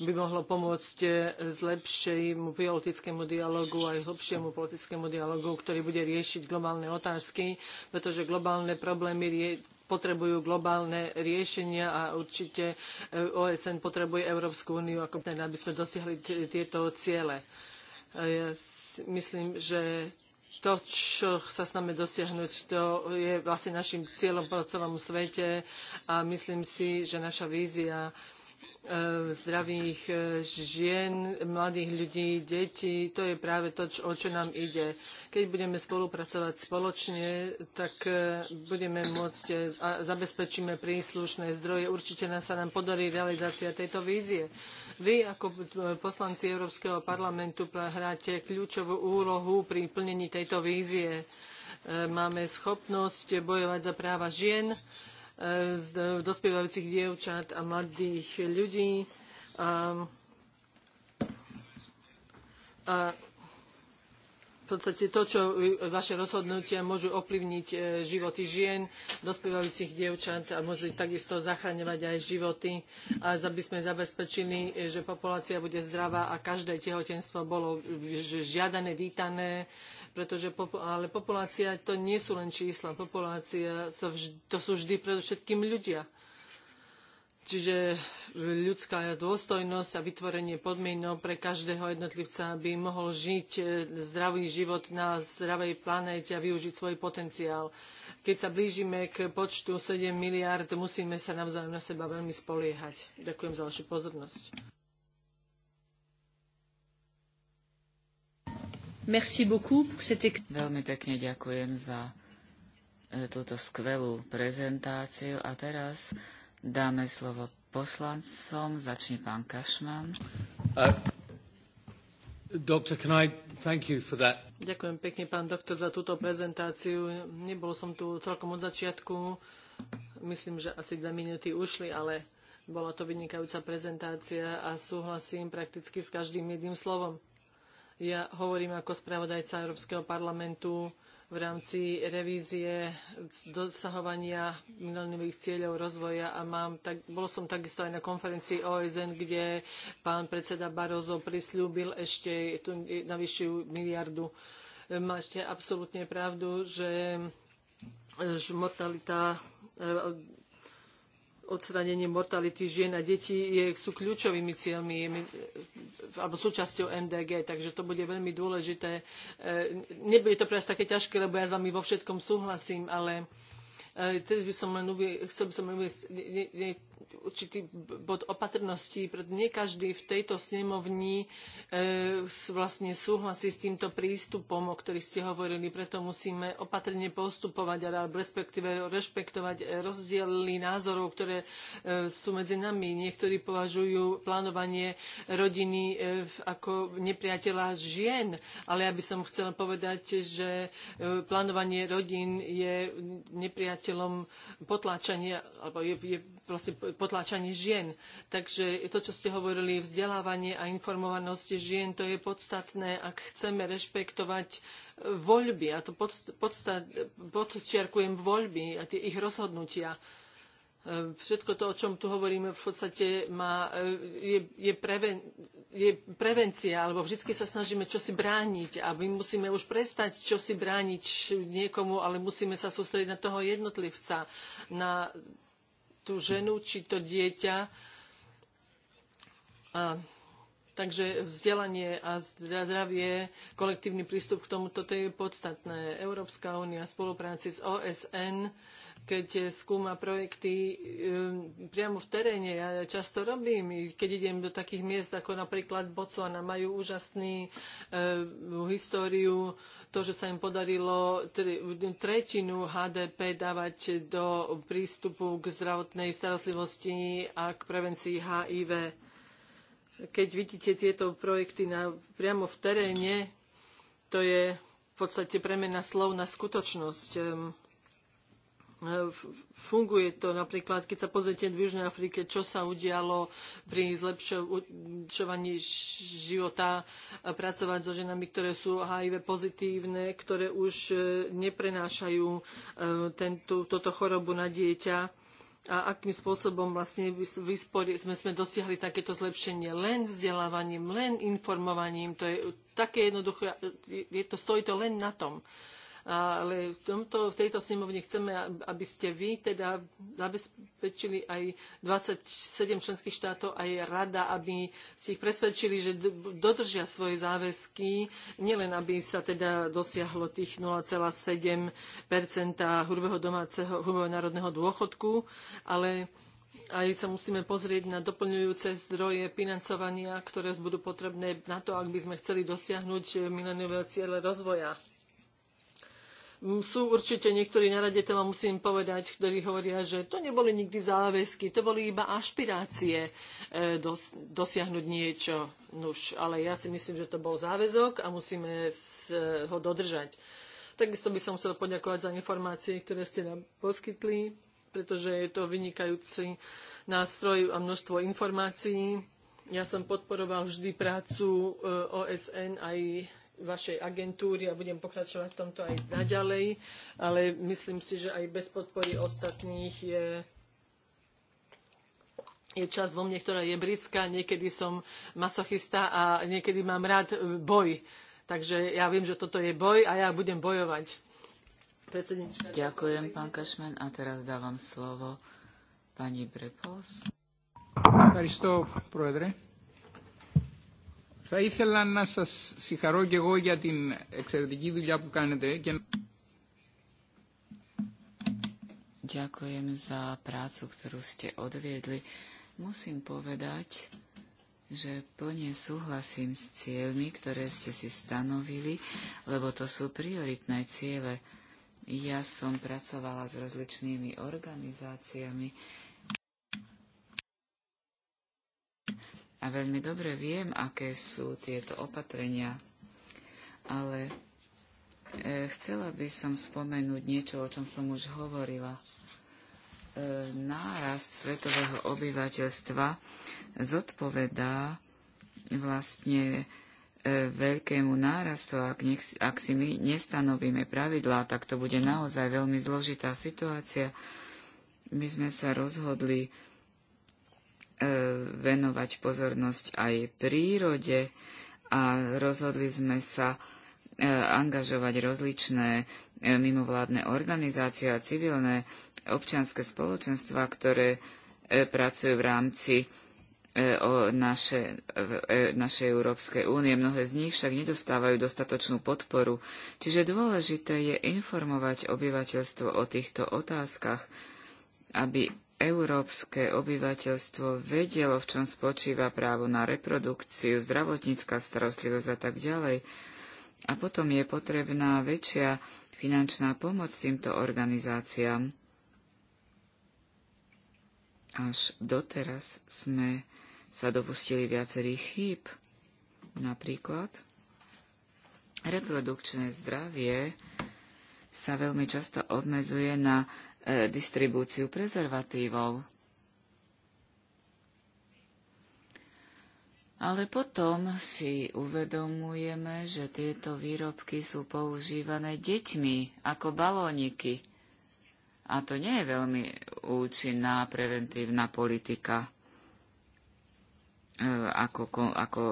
by mohlo pomôcť zlepšejmu politickému dialogu aj hlbšiemu politickému dialogu, ktorý bude riešiť globálne otázky, pretože globálne problémy rie potrebujú globálne riešenia a určite OSN potrebuje Európsku úniu, ako ten, aby sme dosiahli tieto ciele. Ja si myslím, že to, čo sa snažíme dosiahnuť, to je vlastne našim cieľom po celom svete a myslím si, že naša vízia e, zdravých e, žien, mladých ľudí, detí. To je práve to, o čo nám ide. Keď budeme spolupracovať spoločne, tak e, budeme môcť a zabezpečíme príslušné zdroje. Určite nás sa nám podarí realizácia tejto vízie. Vy ako poslanci Európskeho parlamentu hráte kľúčovú úlohu pri plnení tejto vízie. E, máme schopnosť bojovať za práva žien, e, dospievajúcich dievčat a mladých ľudí. A, a podstate to, čo vaše rozhodnutia môžu ovplyvniť e, životy žien, dospievajúcich dievčat a môžu takisto zachraňovať aj životy, aby sme zabezpečili, e, že populácia bude zdravá a každé tehotenstvo bolo žiadané, vítané, pretože ale populácia to nie sú len čísla, populácia to sú vždy predovšetkým ľudia. Čiže e, ľudská dôstojnosť a vytvorenie podmienok pre každého jednotlivca, aby mohol žiť e, zdravý život na zdravej planéte a využiť svoj potenciál. Keď sa blížime k počtu 7 miliárd, musíme sa navzájom na seba veľmi spoliehať. Ďakujem za vašu pozornosť. Merci beaucoup pour cette... Veľmi pekne ďakujem za e, túto skvelú prezentáciu a teraz Dáme slovo poslancom. Začne pán Kašman. Uh, Ďakujem pekne, pán doktor, za túto prezentáciu. Nebol som tu celkom od začiatku. Myslím, že asi dve minúty ušli, ale bola to vynikajúca prezentácia a súhlasím prakticky s každým jedným slovom. Ja hovorím ako spravodajca Európskeho parlamentu v rámci revízie dosahovania mileniových cieľov rozvoja a mám, tak, bol som takisto aj na konferencii OSN, kde pán predseda Barozo prislúbil ešte tú navyššiu miliardu. Ehm, máte absolútne pravdu, že mortalita odstránenie mortality žien a detí je, sú kľúčovými cieľmi alebo súčasťou MDG, takže to bude veľmi dôležité. E, nebude to pre vás také ťažké, lebo ja s vami vo všetkom súhlasím, ale e, teraz by som len uvie, chcel by som určitý bod opatrnosti, pretože nie každý v tejto snemovni e, vlastne súhlasí s týmto prístupom, o ktorých ste hovorili, preto musíme opatrne postupovať, alebo respektíve rešpektovať e, rozdiely názorov, ktoré e, sú medzi nami. Niektorí považujú plánovanie rodiny e, ako nepriateľa žien, ale ja by som chcela povedať, že e, plánovanie rodín je nepriateľom potláčania, alebo je, je proste potláčanie žien. Takže to, čo ste hovorili, vzdelávanie a informovanosť žien, to je podstatné, ak chceme rešpektovať e, voľby, a to podst- podstat- podčiarkujem voľby a tie ich rozhodnutia e, všetko to, o čom tu hovoríme, v podstate má, e, je, je, preven, je prevencia, alebo vždy sa snažíme čosi brániť a my musíme už prestať čosi brániť niekomu, ale musíme sa sústrediť na toho jednotlivca, na tú ženu či to dieťa. A Takže vzdelanie a zdravie, kolektívny prístup k tomuto to je podstatné. Európska únia v spolupráci s OSN, keď skúma projekty um, priamo v teréne, ja často robím, keď idem do takých miest ako napríklad Botswana, majú úžasnú e, um, históriu to, že sa im podarilo tretinu HDP dávať do prístupu k zdravotnej starostlivosti a k prevencii HIV. Keď vidíte tieto projekty na, priamo v teréne, to je v podstate premena slov na skutočnosť E, funguje to napríklad, keď sa pozrite v Južnej Afrike, čo sa udialo pri zlepšovaní života e, pracovať so ženami, ktoré sú HIV pozitívne, ktoré už e, neprenášajú tento, toto chorobu na dieťa a akým spôsobom vlastne vyspori, sme, sme dosiahli takéto zlepšenie. Len vzdelávaním, len informovaním. To je také jednoduché, je to, stojí to len na tom ale v, tomto, v tejto snemovni chceme, aby ste vy teda zabezpečili aj 27 členských štátov, aj rada, aby si ich presvedčili, že dodržia svoje záväzky, nielen aby sa teda dosiahlo tých 0,7 hrubého domáceho, hrubého národného dôchodku, ale aj sa musíme pozrieť na doplňujúce zdroje financovania, ktoré budú potrebné na to, ak by sme chceli dosiahnuť mileniové ciele rozvoja sú určite niektorí na rade, to vám musím povedať, ktorí hovoria, že to neboli nikdy záväzky, to boli iba ašpirácie e, dos, dosiahnuť niečo. Nuž, ale ja si myslím, že to bol záväzok a musíme e, ho dodržať. Takisto by som chcel poďakovať za informácie, ktoré ste nám poskytli, pretože je to vynikajúci nástroj a množstvo informácií. Ja som podporoval vždy prácu e, OSN aj vašej agentúry a budem pokračovať v tomto aj naďalej, ale myslím si, že aj bez podpory ostatných je je časť vo mne, ktorá je britská, niekedy som masochista a niekedy mám rád e, boj. Takže ja viem, že toto je boj a ja budem bojovať. Ďakujem, pán Kašmen. A teraz dávam slovo pani Brepos. Aristo, provedre. Θα ήθελα να σας συγχαρώ και εγώ για την εξαιρετική δουλειά που κάνετε. Και... Ďakujem za prácu, ktorú ste odviedli. Musím povedať, že plne súhlasím s cieľmi, ktoré ste si stanovili, lebo to sú prioritné ciele. Ja som pracovala s rozličnými organizáciami, a veľmi dobre viem, aké sú tieto opatrenia, ale e, chcela by som spomenúť niečo, o čom som už hovorila. E, nárast svetového obyvateľstva zodpovedá vlastne e, veľkému nárastu, ak, nech, ak si my nestanovíme pravidlá, tak to bude naozaj veľmi zložitá situácia. My sme sa rozhodli E, venovať pozornosť aj prírode a rozhodli sme sa e, angažovať rozličné e, mimovládne organizácie a civilné občianske spoločenstva, ktoré pracujú v rámci o naše, našej Európskej únie. Mnohé z nich však nedostávajú dostatočnú podporu, čiže dôležité je informovať obyvateľstvo o týchto otázkach, aby európske obyvateľstvo vedelo, v čom spočíva právo na reprodukciu, zdravotnícka starostlivosť a tak ďalej. A potom je potrebná väčšia finančná pomoc týmto organizáciám. Až doteraz sme sa dopustili viacerých chýb. Napríklad reprodukčné zdravie sa veľmi často obmedzuje na E, distribúciu prezervatívov. Ale potom si uvedomujeme, že tieto výrobky sú používané deťmi ako balóniky. A to nie je veľmi účinná preventívna politika e, ako, ako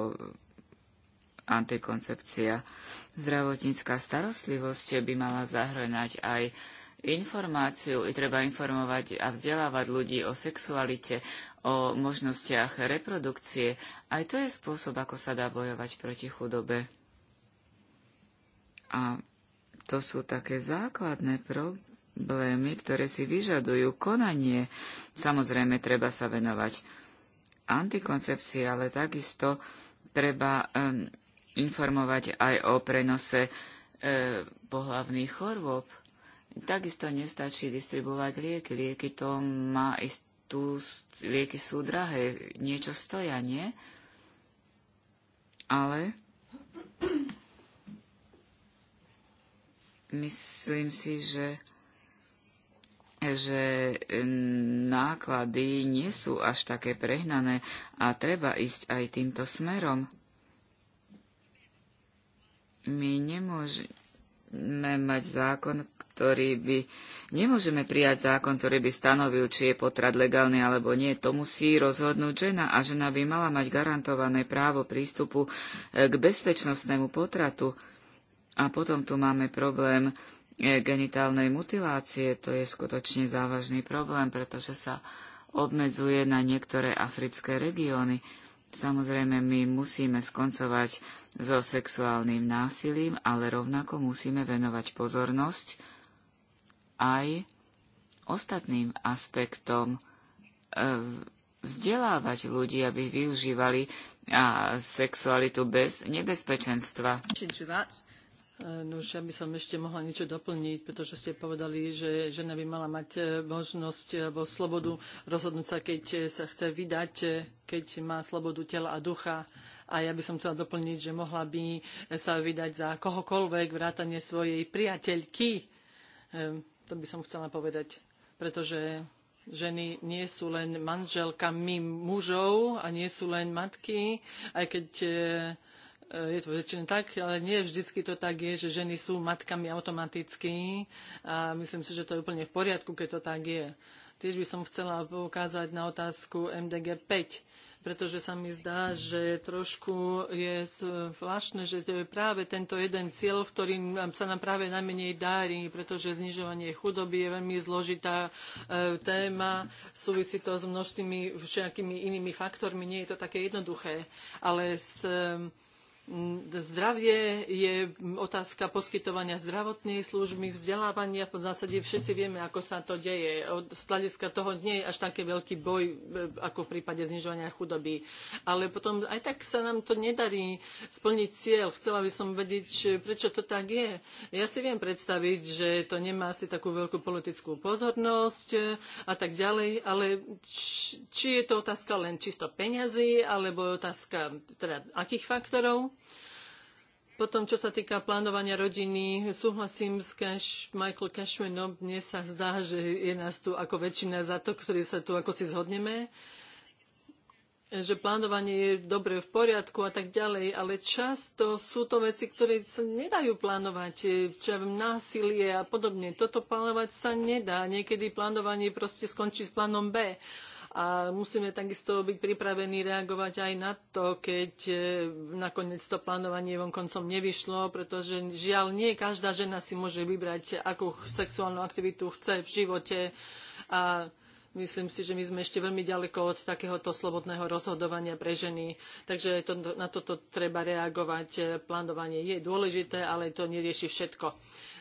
antikoncepcia. Zdravotnícká starostlivosť by mala zahrňať aj informáciu, treba informovať a vzdelávať ľudí o sexualite, o možnostiach reprodukcie. Aj to je spôsob, ako sa dá bojovať proti chudobe. A to sú také základné problémy, ktoré si vyžadujú konanie. Samozrejme, treba sa venovať antikoncepcii, ale takisto treba um, informovať aj o prenose e, pohlavných chorôb. Takisto nestačí distribuovať lieky. Lieky to má istú... Lieky sú drahé, niečo stoja, nie? Ale myslím si, že že náklady nie sú až také prehnané a treba ísť aj týmto smerom. My nemôžeme mať zákon, ktorý by... Nemôžeme prijať zákon, ktorý by stanovil, či je potrat legálny alebo nie. To musí rozhodnúť žena a žena by mala mať garantované právo prístupu e, k bezpečnostnému potratu. A potom tu máme problém e, genitálnej mutilácie. To je skutočne závažný problém, pretože sa obmedzuje na niektoré africké regióny. Samozrejme, my musíme skoncovať so sexuálnym násilím, ale rovnako musíme venovať pozornosť aj ostatným aspektom e, vzdelávať ľudí, aby využívali sexualitu bez nebezpečenstva. E, no už ja by som ešte mohla niečo doplniť, pretože ste povedali, že žena by mala mať e, možnosť alebo slobodu rozhodnúť sa, keď e, sa chce vydať, keď má slobodu tela a ducha. A ja by som chcela doplniť, že mohla by sa vydať za kohokoľvek vrátane svojej priateľky. To by som chcela povedať, pretože ženy nie sú len manželkami mužov a nie sú len matky, aj keď Eh, je to väčšinou tak, ale nie vždycky to tak je, že ženy sú matkami automaticky a myslím si, že to je úplne v poriadku, keď to tak je. Tiež by som chcela poukázať na otázku MDG 5, pretože sa mi zdá, že trošku je zvláštne, že to je práve tento jeden cieľ, v ktorým sa nám práve najmenej dári, pretože znižovanie chudoby je veľmi zložitá eh, téma, súvisí to s množstvými všetkými inými faktormi, nie je to také jednoduché, ale s Mm, zdravie je otázka poskytovania zdravotnej služby, vzdelávania. V zásade všetci vieme, ako sa to deje. Od hľadiska toho nie je až taký veľký boj, e, ako v prípade znižovania chudoby. Ale potom aj tak sa nám to nedarí splniť cieľ. Chcela by som vedieť, prečo to tak je. Ja si viem predstaviť, že to nemá asi takú veľkú politickú pozornosť e, a tak ďalej, ale či je to otázka len čisto peňazí, alebo otázka teda akých faktorov? Potom, čo sa týka plánovania rodiny, súhlasím s Cash, Michael Cashmanom. Mne sa zdá, že je nás tu ako väčšina za to, ktorý sa tu ako si zhodneme že plánovanie je dobre v poriadku a tak ďalej, ale často sú to veci, ktoré sa nedajú plánovať, čo ja viem, násilie a podobne. Toto plánovať sa nedá. Niekedy plánovanie proste skončí s plánom B a musíme takisto byť pripravení reagovať aj na to, keď e, nakoniec to plánovanie vonkoncom nevyšlo, pretože žiaľ nie každá žena si môže vybrať, akú sexuálnu aktivitu chce v živote a Myslím si, že my sme ešte veľmi ďaleko od takéhoto slobodného rozhodovania pre ženy, takže to, na toto treba reagovať. E, plánovanie je dôležité, ale to nerieši všetko.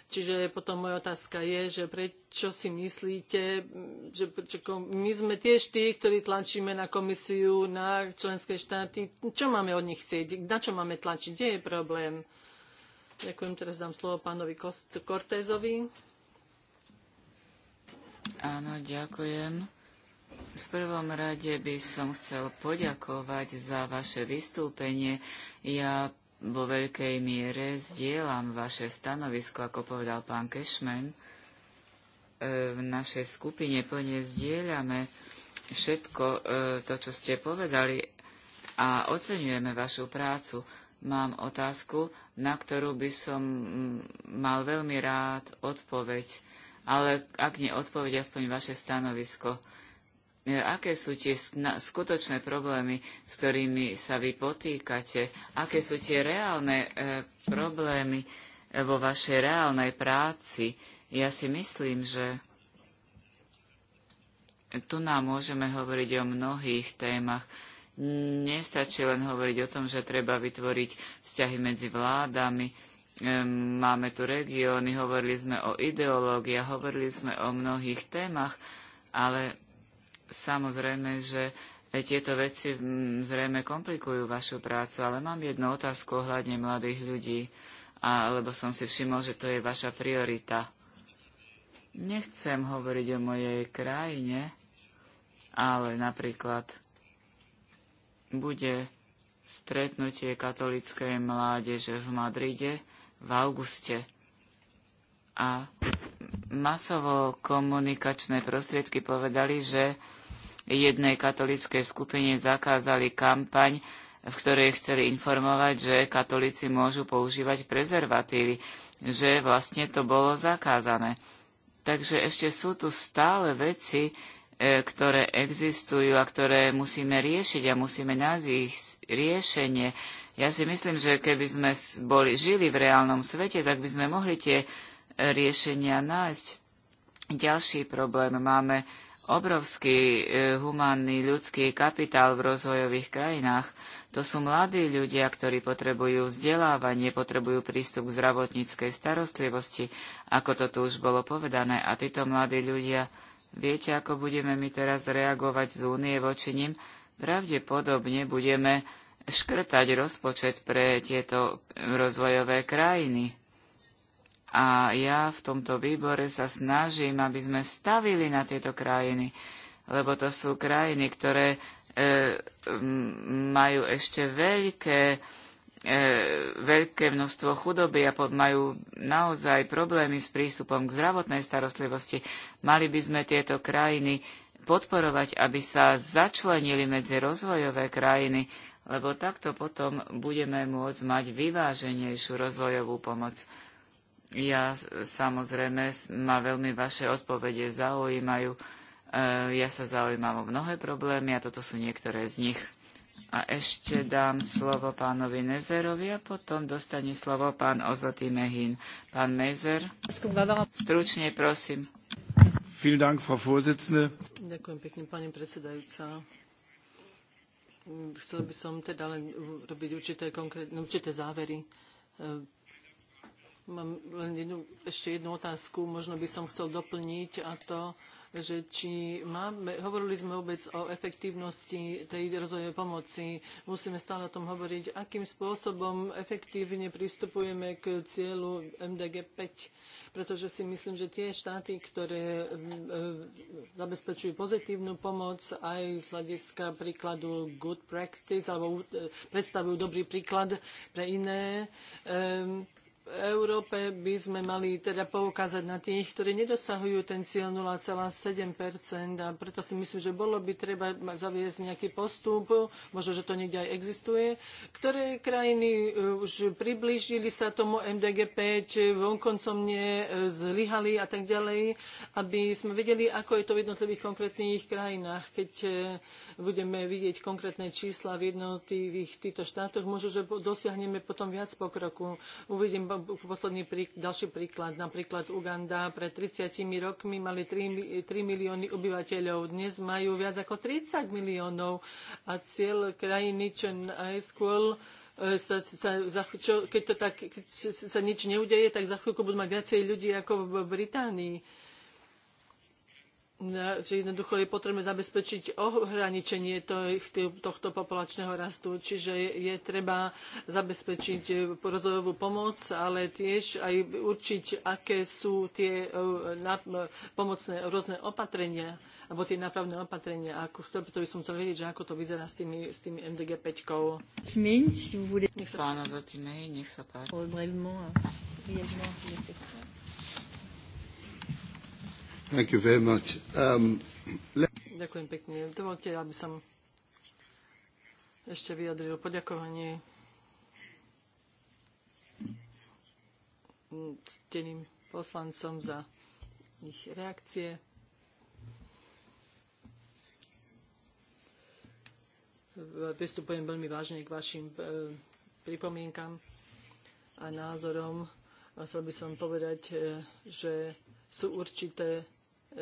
Čiže potom moja otázka je, že prečo si myslíte, že prečo, my sme tiež tí, ktorí tlačíme na komisiu, na členské štáty. Čo máme od nich chcieť? Na čo máme tlačiť? Kde je problém? Ďakujem, teraz dám slovo pánovi Kortézovi. Áno, ďakujem. V prvom rade by som chcel poďakovať za vaše vystúpenie. Ja vo veľkej miere zdieľam vaše stanovisko, ako povedal pán Kešmen. E, v našej skupine plne zdieľame všetko e, to, čo ste povedali a oceňujeme vašu prácu. Mám otázku, na ktorú by som mm, mal veľmi rád odpoveď, ale ak nie odpoveď, aspoň vaše stanovisko. E, aké sú tie skutočné problémy, s ktorými sa vy potýkate, aké sú tie reálne e, problémy e, vo vašej reálnej práci. Ja si myslím, že tu nám môžeme hovoriť o mnohých témach. Nestačí len hovoriť o tom, že treba vytvoriť vzťahy medzi vládami. Máme tu regióny, hovorili sme o ideológii, hovorili sme o mnohých témach, ale Samozrejme, že tieto veci mm, zrejme komplikujú vašu prácu, ale mám jednu otázku ohľadne mladých ľudí, a, lebo som si všimol, že to je vaša priorita. Nechcem hovoriť o mojej krajine, ale napríklad bude stretnutie katolíckej mládeže v Madride v auguste. A masovo komunikačné prostriedky povedali, že jednej katolíckej skupine zakázali kampaň, v ktorej chceli informovať, že katolíci môžu používať prezervatívy, že vlastne to bolo zakázané. Takže ešte sú tu stále veci, e, ktoré existujú a ktoré musíme riešiť a musíme nájsť ich riešenie. Ja si myslím, že keby sme boli, žili v reálnom svete, tak by sme mohli tie e, riešenia nájsť. Ďalší problém máme obrovský e, humánny ľudský kapitál v rozvojových krajinách. To sú mladí ľudia, ktorí potrebujú vzdelávanie, potrebujú prístup k zdravotníckej starostlivosti, ako to tu už bolo povedané. A títo mladí ľudia, viete, ako budeme my teraz reagovať z únie voči nim? Pravdepodobne budeme škrtať rozpočet pre tieto rozvojové krajiny. A ja v tomto výbore sa snažím, aby sme stavili na tieto krajiny, lebo to sú krajiny, ktoré e, majú ešte veľké, e, veľké množstvo chudoby a pod, majú naozaj problémy s prístupom k zdravotnej starostlivosti. Mali by sme tieto krajiny podporovať, aby sa začlenili medzi rozvojové krajiny, lebo takto potom budeme môcť mať vyváženejšiu rozvojovú pomoc. Ja samozrejme ma veľmi vaše odpovede zaujímajú. E, ja sa zaujímam o mnohé problémy a toto sú niektoré z nich. A ešte dám slovo pánovi Nezerovi a potom dostane slovo pán Ozoty Mehin. Pán Nezer, stručne prosím. Ďakujem pekne, pani predsedajúca. Chcel by som teda len robiť určité, konkrétne, určité závery e, Mám len jednu, ešte jednu otázku, možno by som chcel doplniť a to, že či máme, hovorili sme vôbec o efektívnosti tej rozvojovej pomoci. Musíme stále o tom hovoriť, akým spôsobom efektívne pristupujeme k cieľu MDG 5 pretože si myslím, že tie štáty, ktoré e, zabezpečujú pozitívnu pomoc aj z hľadiska príkladu good practice alebo e, predstavujú dobrý príklad pre iné, e, Európe by sme mali teda poukázať na tých, ktorí nedosahujú ten cieľ 0,7 a preto si myslím, že bolo by treba zaviesť nejaký postup, možno, že to niekde aj existuje, ktoré krajiny e, už priblížili sa tomu MDG 5, vonkoncom nie, e, zlyhali a tak ďalej, aby sme vedeli, ako je to v jednotlivých konkrétnych krajinách. Keď e, budeme vidieť konkrétne čísla v jednotlivých týchto štátoch, možno, že dosiahneme potom viac pokroku. Uvediem posledný ďalší príklad. Napríklad Uganda pred 30 rokmi mali 3, 3 milióny obyvateľov. Dnes majú viac ako 30 miliónov a cieľ krajiny čo najskôr e, sa, sa, za, čo, keď, to tak, keď sa nič neudeje, tak za chvíľku budú mať viacej ľudí ako v Británii že jednoducho je potrebné zabezpečiť ohraničenie tohto populačného rastu, čiže je treba zabezpečiť eh, rozvojovú pomoc, ale tiež aj určiť, aké sú tie eh, pomocné rôzne opatrenia, alebo tie napravné opatrenia. Ako chcel, to by som chcel vedieť, že ako to vyzerá s tými, s tými MDG 5. Nech sa pána Zatinej, nech sa páči. Um, Ďakujem pekne. Dovolte, aby som ešte vyjadril poďakovanie cteným poslancom za ich reakcie. Pristupujem veľmi vážne k vašim e, pripomienkam a názorom. Chcel by som povedať, e, že sú určité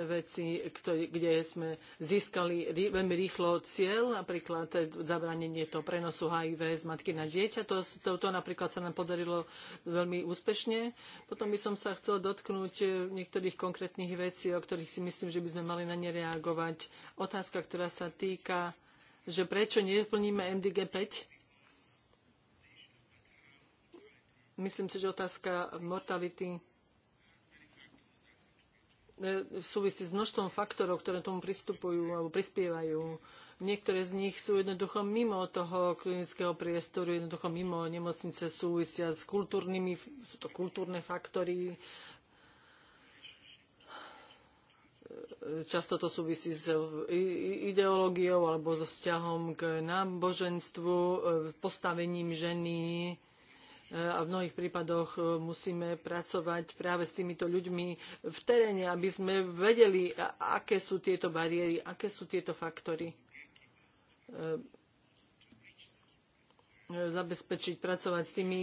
veci, kde sme získali veľmi rýchlo cieľ, napríklad zabranenie toho prenosu HIV z matky na dieťa. To, to, to napríklad sa nám podarilo veľmi úspešne. Potom by som sa chcel dotknúť e, niektorých konkrétnych vecí, o ktorých si myslím, že by sme mali na ne reagovať. Otázka, ktorá sa týka, že prečo neplníme MDG 5, Myslím si, že otázka mortality E, súvisí s množstvom faktorov, ktoré tomu pristupujú alebo prispievajú. Niektoré z nich sú jednoducho mimo toho klinického priestoru, jednoducho mimo nemocnice súvisia s kultúrnymi, sú to kultúrne faktory. E, často to súvisí s ideológiou alebo so vzťahom k náboženstvu, e, postavením ženy, a v mnohých prípadoch e, musíme pracovať práve s týmito ľuďmi v teréne, aby sme vedeli, aké sú tieto bariéry, aké sú tieto faktory e, e, zabezpečiť, pracovať s tými,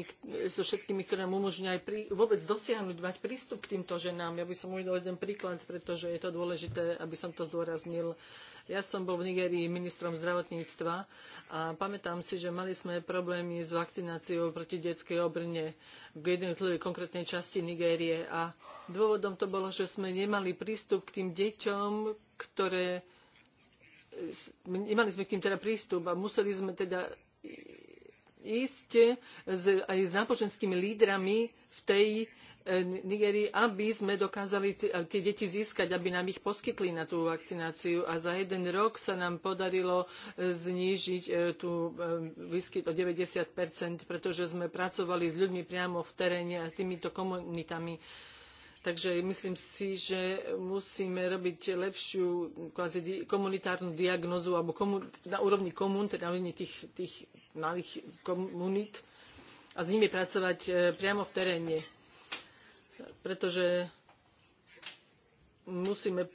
so všetkými, ktoré nám umožňujú aj vôbec dosiahnuť, mať prístup k týmto ženám. Ja by som uvedol jeden príklad, pretože je to dôležité, aby som to zdôraznil. Uh, ja som bol v Nigerii ministrom zdravotníctva a pamätám si, že mali sme problémy s vakcináciou proti detskej obrne v jednotlivej konkrétnej časti Nigérie a dôvodom to bolo, že sme nemali prístup k tým deťom, ktoré nemali sme k tým teda prístup a museli sme teda ísť aj s náboženskými lídrami v tej E, Nigerii, aby sme dokázali e, tie deti získať, aby nám ich poskytli na tú vakcináciu. A za jeden rok sa nám podarilo e, znížiť tú výskyt o 90 pretože sme pracovali s ľuďmi priamo v teréne a s týmito komunitami. Takže myslím si, že musíme robiť lepšiu kvázi komunitárnu diagnozu alebo komun, na úrovni komún, teda na úrovni tých, tých malých komunít a s nimi pracovať priamo v teréne pretože musíme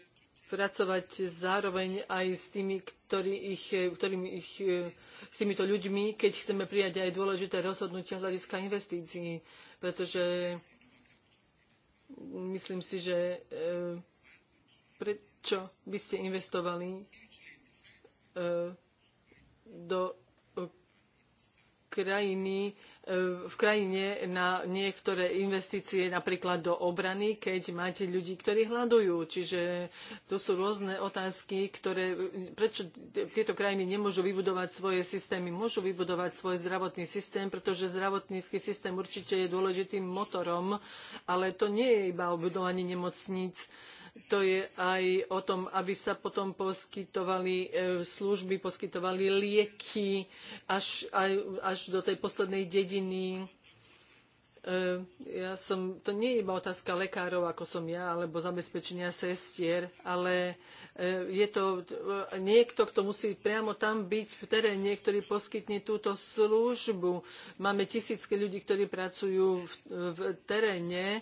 pracovať zároveň aj s tými, ktorí ich, ktorým ich, e, s týmito ľuďmi, keď chceme prijať aj dôležité rozhodnutia hľadiska investícií. Pretože myslím si, že e, prečo by ste investovali e, do krajiny, v krajine na niektoré investície, napríklad do obrany, keď máte ľudí, ktorí hľadujú. Čiže to sú rôzne otázky, ktoré, prečo tieto krajiny nemôžu vybudovať svoje systémy. Môžu vybudovať svoj zdravotný systém, pretože zdravotnícky systém určite je dôležitým motorom, ale to nie je iba o budovaní nemocníc to je aj o tom, aby sa potom poskytovali e, služby, poskytovali lieky až, až do tej poslednej dediny. E, ja som, to nie je iba otázka lekárov, ako som ja, alebo zabezpečenia sestier, ale e, je to, niekto, kto musí priamo tam byť v teréne, ktorý poskytne túto službu. Máme tisícky ľudí, ktorí pracujú v, v teréne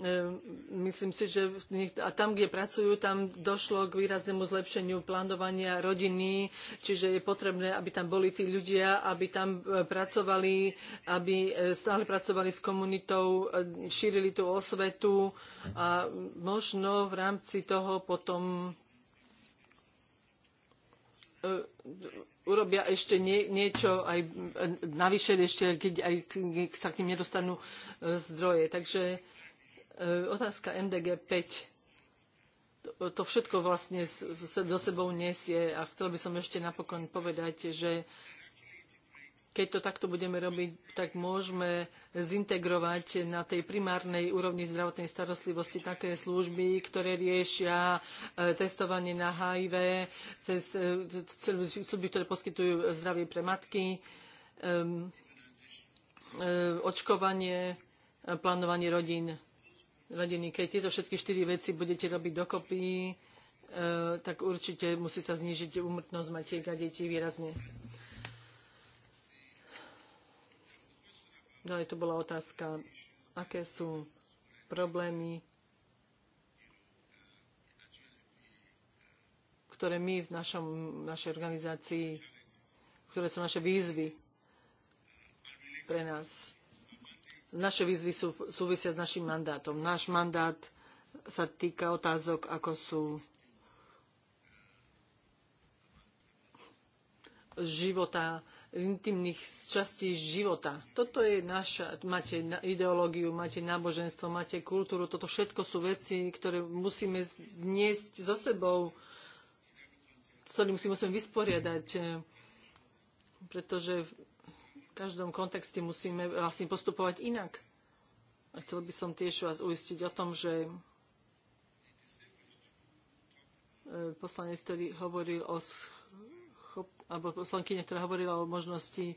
Ehm, myslím si, že a tam, kde pracujú, tam došlo k výraznému zlepšeniu plánovania rodiny, čiže je potrebné, aby tam boli tí ľudia, aby tam e, pracovali, aby e, stále pracovali s komunitou, e, šírili tú osvetu a možno v rámci toho potom urobia ešte nie, niečo aj navyše, ešte keď aj sa k ním nedostanú zdroje. Takže E, otázka MDG 5 to všetko vlastne do sebou nesie a chcel by som ešte napokon povedať, že keď to takto budeme robiť, tak môžeme zintegrovať na tej primárnej úrovni zdravotnej starostlivosti také služby, ktoré riešia e, testovanie na HIV, e, služby, ktoré poskytujú zdravie pre matky, očkovanie, plánovanie rodín zradený. Keď tieto všetky štyri veci budete robiť dokopy, e, tak určite musí sa znížiť úmrtnosť matiek a detí výrazne. Ďalej no, tu bola otázka, aké sú problémy, ktoré my v našom, našej organizácii, ktoré sú naše výzvy pre nás. Naše výzvy sú, súvisia s našim mandátom. Náš mandát sa týka otázok, ako sú života, intimných častí života. Toto je naša, máte ideológiu, máte náboženstvo, máte kultúru, toto všetko sú veci, ktoré musíme niesť so sebou, s ktorým si musíme vysporiadať, pretože každom kontexte musíme vlastne postupovať inak. A chcel by som tiež vás uistiť o tom, že e, poslanec, ktorý hovoril o schop, alebo poslankyne, ktorá hovorila o možnosti e,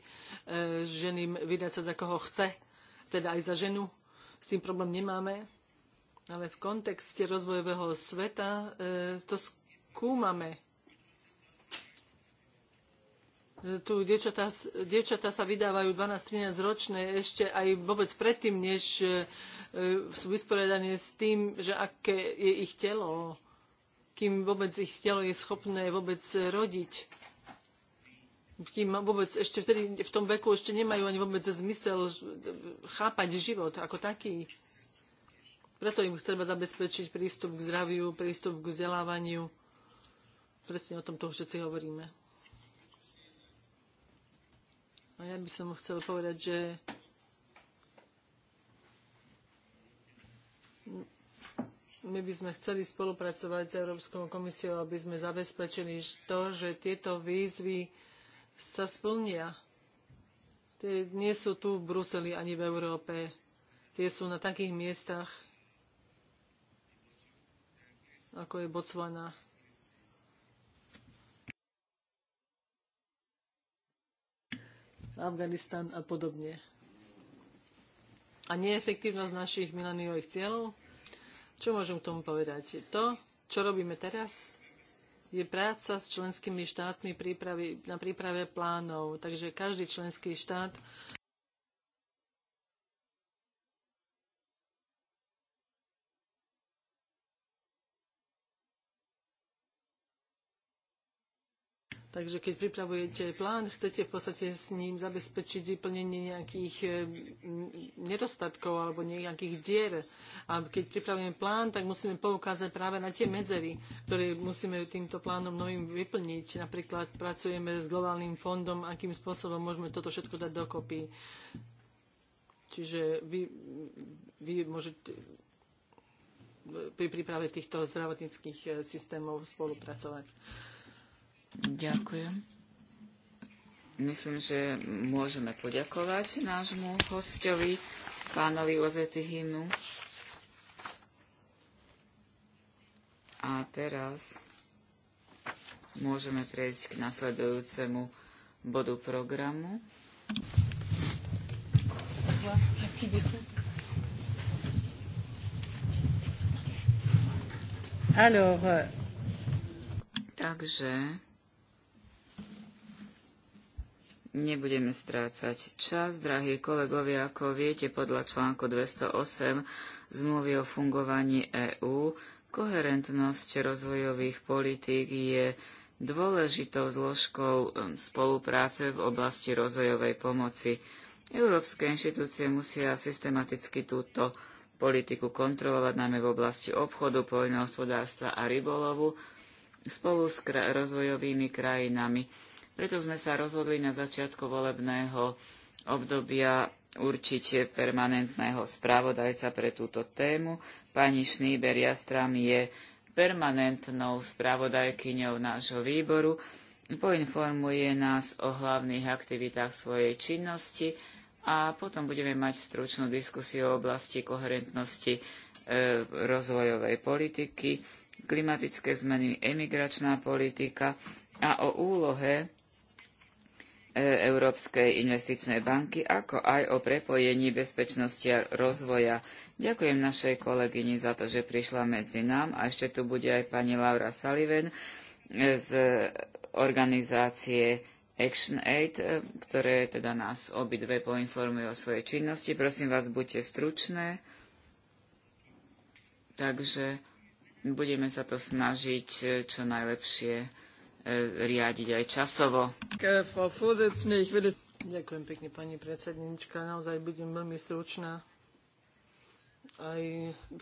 ženy vydať sa za koho chce, teda aj za ženu. S tým problém nemáme, ale v kontexte rozvojového sveta e, to skúmame tu dievčatá, sa vydávajú 12-13 ročné ešte aj vôbec predtým, než e, e, sú vysporiadané s tým, že aké je ich telo, kým vôbec ich telo je schopné vôbec e, rodiť. Kým vôbec ešte vtedy, v tom veku ešte nemajú ani vôbec zmysel chápať život ako taký. Preto im treba zabezpečiť prístup k zdraviu, prístup k vzdelávaniu. Presne o tom to všetci hovoríme. A ja by som chcel povedať, že my by sme chceli spolupracovať s Európskou komisiou, aby sme zabezpečili to, že tieto výzvy sa splnia. Tie nie sú tu v Bruseli ani v Európe. Tie sú na takých miestach, ako je Botswana, Afganistan a podobne. A neefektívnosť našich mileniových cieľov? Čo môžem k tomu povedať? To, čo robíme teraz, je práca s členskými štátmi prípravy, na príprave plánov. Takže každý členský štát Takže keď pripravujete plán, chcete v podstate s ním zabezpečiť vyplnenie nejakých eh, nedostatkov alebo nejakých dier. A keď pripravujeme plán, tak musíme poukázať práve na tie medzery, ktoré musíme týmto plánom novým vyplniť. Napríklad pracujeme s globálnym fondom, akým spôsobom môžeme toto všetko dať dokopy. Čiže vy, vy môžete pri príprave týchto zdravotníckých eh, systémov spolupracovať. Ďakujem. Myslím, že môžeme poďakovať nášmu hostovi, pánovi Ozety Hinu. A teraz môžeme prejsť k nasledujúcemu bodu programu. Alors, euh, Takže Nebudeme strácať čas, drahí kolegovia, ako viete podľa článku 208 zmluvy o fungovaní EÚ, koherentnosť rozvojových politík je dôležitou zložkou um, spolupráce v oblasti rozvojovej pomoci. Európske inštitúcie musia systematicky túto politiku kontrolovať, najmä v oblasti obchodu, poľnohospodárstva a rybolovu spolu s rozvojovými krajinami. Preto sme sa rozhodli na začiatku volebného obdobia určiť permanentného správodajca pre túto tému. Pani Šníber Jastram je permanentnou spravodajkyňou nášho výboru, poinformuje nás o hlavných aktivitách svojej činnosti a potom budeme mať stručnú diskusiu o oblasti koherentnosti e, rozvojovej politiky, klimatické zmeny, emigračná politika a o úlohe E, Európskej investičnej banky, ako aj o prepojení bezpečnosti a rozvoja. Ďakujem našej kolegyni za to, že prišla medzi nám a ešte tu bude aj pani Laura Sullivan e, z organizácie Action Aid, e, ktoré teda nás obidve poinformujú o svojej činnosti. Prosím vás, buďte stručné. Takže budeme sa to snažiť čo najlepšie E, riadiť aj časovo. Ďakujem pekne, pani predsednička. Naozaj budem veľmi stručná. Aj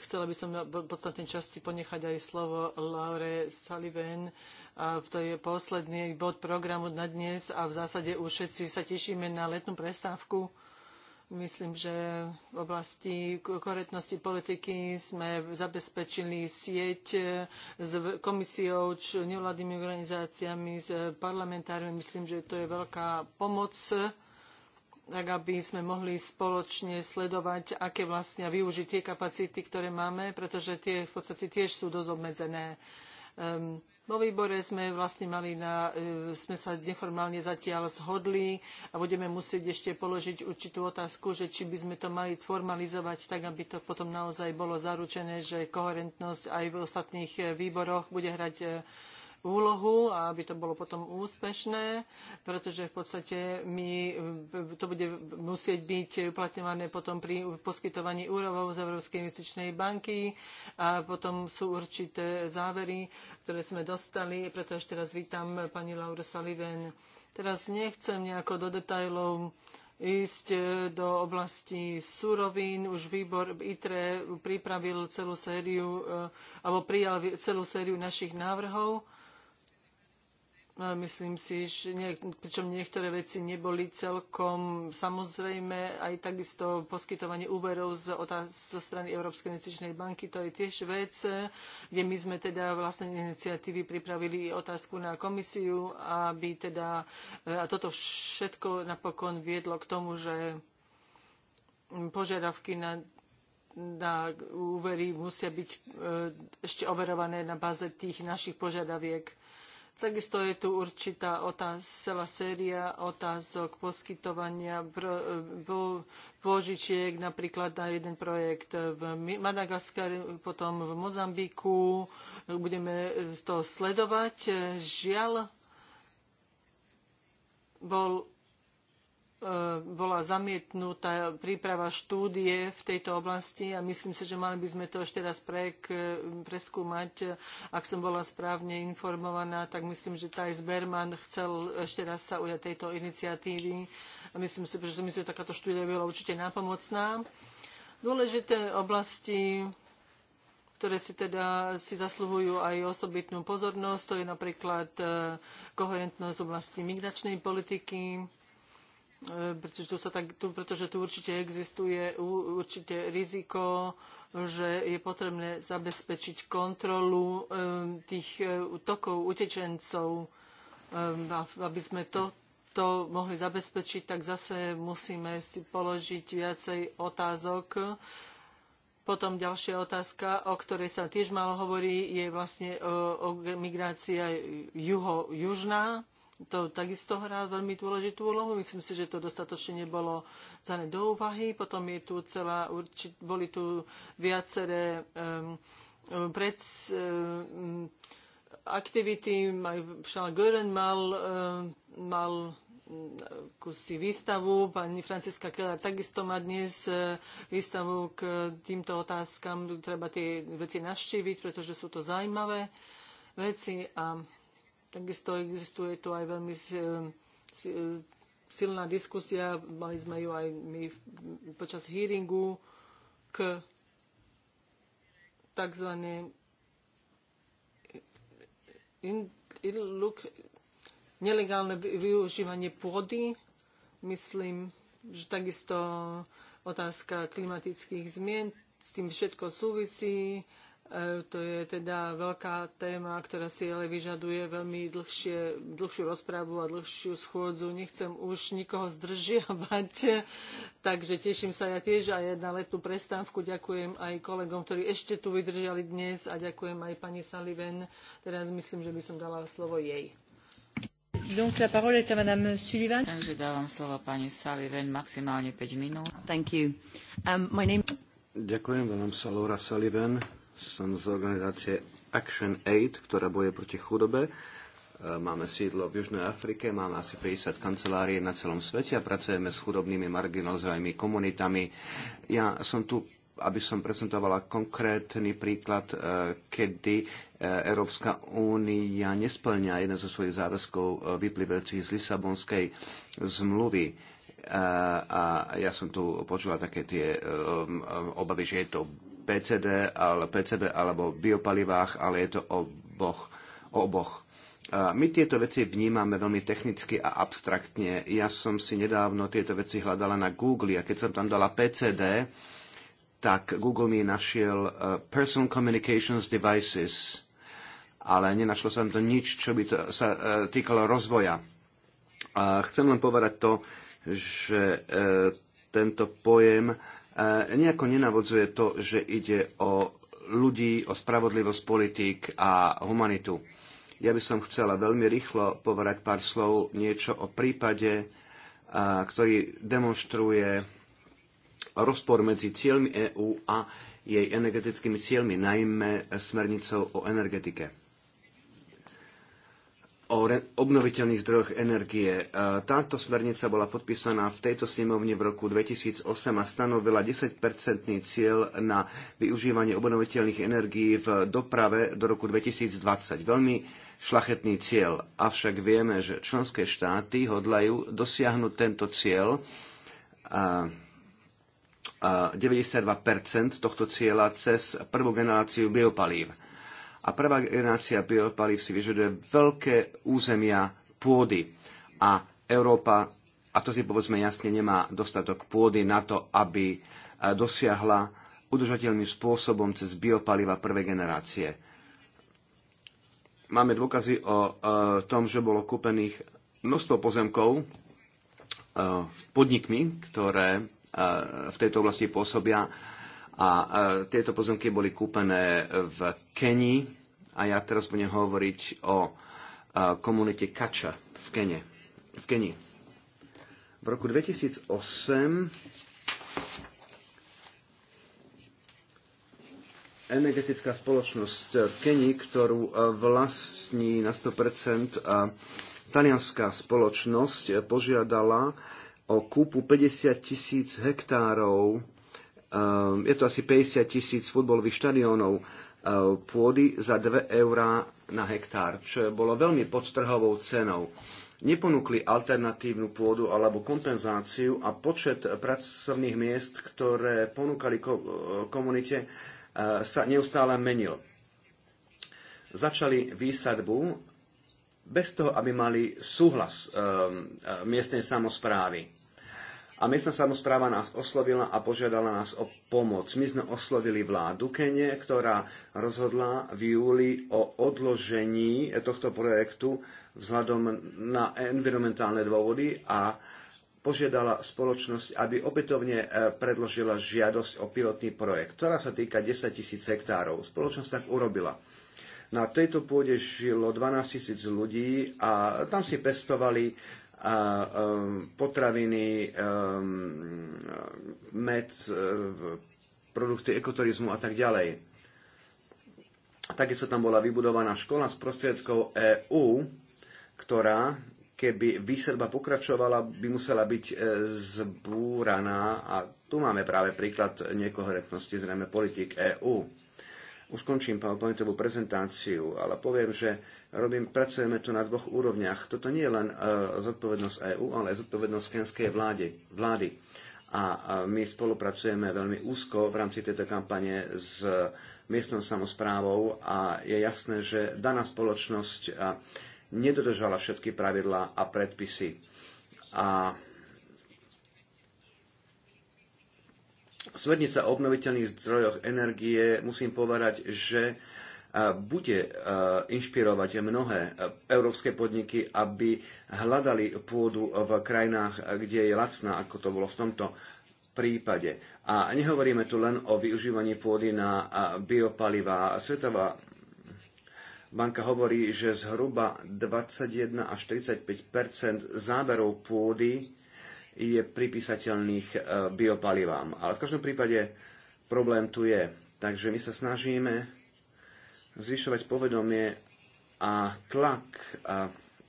chcela by som na podstatnej časti ponechať aj slovo Laure Sullivan. A to je posledný bod programu na dnes a v zásade už všetci sa tešíme na letnú prestávku. Myslím, že v oblasti korektnosti politiky sme zabezpečili sieť e, s komisiou, s nevládnymi organizáciami, s e, parlamentármi. Myslím, že to je veľká pomoc tak aby sme mohli spoločne sledovať, aké vlastne využiť tie kapacity, ktoré máme, pretože tie v podstate tiež sú dosť obmedzené. Um, vo výbore sme vlastne mali na, e, sme sa neformálne zatiaľ zhodli a budeme musieť ešte položiť určitú otázku, že či by sme to mali formalizovať tak, aby to potom naozaj bolo zaručené, že koherentnosť aj v ostatných e, výboroch bude hrať e, úlohu a aby to bolo potom úspešné, pretože v podstate my, e, to bude musieť byť uplatňované potom pri poskytovaní úrovov z Európskej investičnej banky a potom sú určité závery, ktoré sme dostali, e, preto ešte teraz vítam pani Laura Saliven. Teraz nechcem nejako do detajlov ísť e, do oblasti surovín. Už výbor ITRE pripravil celú sériu, alebo prijal celú sériu našich návrhov Myslím si, že pričom niektoré veci neboli celkom samozrejme, aj takisto poskytovanie úverov z, zo strany Európskej investičnej banky, to je tiež vec, kde my sme teda vlastne iniciatívy pripravili otázku na komisiu, aby teda, e, a toto všetko napokon viedlo k tomu, že požiadavky na na úvery musia byť e, ešte overované na báze tých našich požiadaviek. Takisto je tu určitá celá séria otázok poskytovania pôžičiek napríklad na jeden projekt v Madagaskare, potom v Mozambiku. Budeme to sledovať. Žiaľ, bol E, bola zamietnutá príprava štúdie v tejto oblasti a myslím si, že mali by sme to ešte raz prek, preskúmať. Ak som bola správne informovaná, tak myslím, že Thijs Berman chcel ešte raz sa ujať tejto iniciatívy. A myslím si, že, myslím, že takáto štúdia bola určite nápomocná. Dôležité oblasti ktoré si teda si zasluhujú aj osobitnú pozornosť. To je napríklad e, koherentnosť v oblasti migračnej politiky, E, pretože tu, sa tak, tu, pretože tu určite existuje určite riziko, že je potrebné zabezpečiť kontrolu e, tých e, tokov utečencov. Aby sme to, to mohli zabezpečiť, tak zase musíme si položiť viacej otázok. Potom ďalšia otázka, o ktorej sa tiež málo hovorí, je vlastne o, o migrácia juho, južná to takisto hrá veľmi dôležitú úlohu. Myslím si, že to dostatočne nebolo zane do úvahy. Potom je tu celá, určit, boli tu viaceré um, pred, um, aktivity. Charles Gören mal, um, mal mm, kusy výstavu. Pani Franciska Keller takisto má dnes e, výstavu k týmto otázkam. Treba tie veci navštíviť, pretože sú to zaujímavé veci a Takisto existuje tu aj veľmi silná diskusia, mali sme ju aj my počas hearingu k tzv. In, in look, nelegálne využívanie pôdy. Myslím, že takisto otázka klimatických zmien s tým všetko súvisí E, to je teda veľká téma, ktorá si ale vyžaduje veľmi dlhšie, dlhšiu rozprávu a dlhšiu schôdzu. Nechcem už nikoho zdržiavať, takže teším sa ja tiež aj na letnú prestávku. Ďakujem aj kolegom, ktorí ešte tu vydržali dnes a ďakujem aj pani Saliven. Teraz myslím, že by som dala slovo jej. Donc la parole est à Madame Sullivan. Takže dávam slovo pani Sullivan maximálne 5 minút. Thank you. Um, my name... Ďakujem, volám sa Laura Sullivan som z organizácie Action Aid, ktorá boje proti chudobe. E, máme sídlo v Južnej Afrike, máme asi 50 kancelárií na celom svete a pracujeme s chudobnými marginalizovanými komunitami. Ja som tu aby som prezentovala konkrétny príklad, e, kedy e, Európska únia nesplňa jeden zo svojich záväzkov vyplývajúcich z Lisabonskej zmluvy. A ja som tu počula také tie obavy, že je to PCD, ale PCB alebo biopalivách, ale je to oboch. oboch. My tieto veci vnímame veľmi technicky a abstraktne. Ja som si nedávno tieto veci hľadala na Google a keď som tam dala PCD, tak Google mi našiel e, Personal Communications Devices, ale nenašlo som to nič, čo by to sa e, týkalo rozvoja. A chcem len povedať to, že e, tento pojem nejako nenavodzuje to, že ide o ľudí, o spravodlivosť politík a humanitu. Ja by som chcela veľmi rýchlo povedať pár slov niečo o prípade, ktorý demonstruje rozpor medzi cieľmi EÚ a jej energetickými cieľmi, najmä smernicou o energetike o obnoviteľných zdrojoch energie. E, táto smernica bola podpísaná v tejto snemovni v roku 2008 a stanovila 10-percentný cieľ na využívanie obnoviteľných energií v doprave do roku 2020. Veľmi šlachetný cieľ, avšak vieme, že členské štáty hodlajú dosiahnuť tento cieľ. E, e, a 92 tohto cieľa cez prvú generáciu biopalív a prvá generácia biopalív si vyžaduje veľké územia pôdy a Európa, a to si povedzme jasne, nemá dostatok pôdy na to, aby e, dosiahla udržateľným spôsobom cez biopaliva prvej generácie. Máme dôkazy o e, tom, že bolo kúpených množstvo pozemkov e, podnikmi, ktoré v tejto oblasti pôsobia a e, tieto pozemky boli kúpené v Kenii a ja teraz budem hovoriť o e, komunite Kača v Kene. V Kenii. V roku 2008 energetická spoločnosť v Kenii, ktorú e, vlastní na 100% talianská spoločnosť, požiadala o kúpu 50 tisíc hektárov Ehm, je to asi 50 tisíc futbolových štadiónov ehm, pôdy za 2 eurá na hektár, čo bolo veľmi podtrhovou cenou. Neponúkli alternatívnu pôdu alebo kompenzáciu a počet pracovných miest, ktoré ponúkali eh, komunite, eh, sa neustále menil. Začali výsadbu bez toho, aby mali súhlas ehm, eh, miestnej samozprávy a miestna samozpráva nás oslovila a požiadala nás o pomoc. My sme oslovili vládu Kenie, ktorá rozhodla v júli o odložení tohto projektu vzhľadom na environmentálne dôvody a požiadala spoločnosť, aby opätovne e, predložila žiadosť o pilotný projekt, ktorá sa týka 10 tisíc hektárov. Spoločnosť tak urobila. Na tejto pôde žilo 12 tisíc ľudí a tam si pestovali a um, potraviny, um, med, uh, produkty ekoturizmu a tak ďalej. Takisto tam bola vybudovaná škola s prostriedkou e EU, ktorá, keby výsledba pokračovala, by musela byť e, zbúraná. A tu máme práve príklad nekoherentnosti zrejme politik EU. Už končím PowerPointovú prezentáciu, ale poviem, že robím, pracujeme tu na dvoch úrovniach. Toto nie je len e, zodpovednosť EÚ, ale aj zodpovednosť kenskej vlády. vlády. A my spolupracujeme veľmi úzko v rámci tejto kampane s e, miestnou samozprávou a je jasné, že daná spoločnosť e, nedodržala všetky pravidlá a predpisy. A Smernica o obnoviteľných zdrojoch energie, musím povedať, že bude e, inšpirovať mnohé e, európske podniky, aby hľadali pôdu v krajinách, kde je lacná, ako to bolo v tomto prípade. A nehovoríme tu len o využívaní pôdy na e, biopalivá. Svetová banka hovorí, že zhruba 21 až 35 záberov pôdy je pripísateľných biopalivám. Ale v každom prípade problém tu je. Takže my sa snažíme zvyšovať povedomie a tlak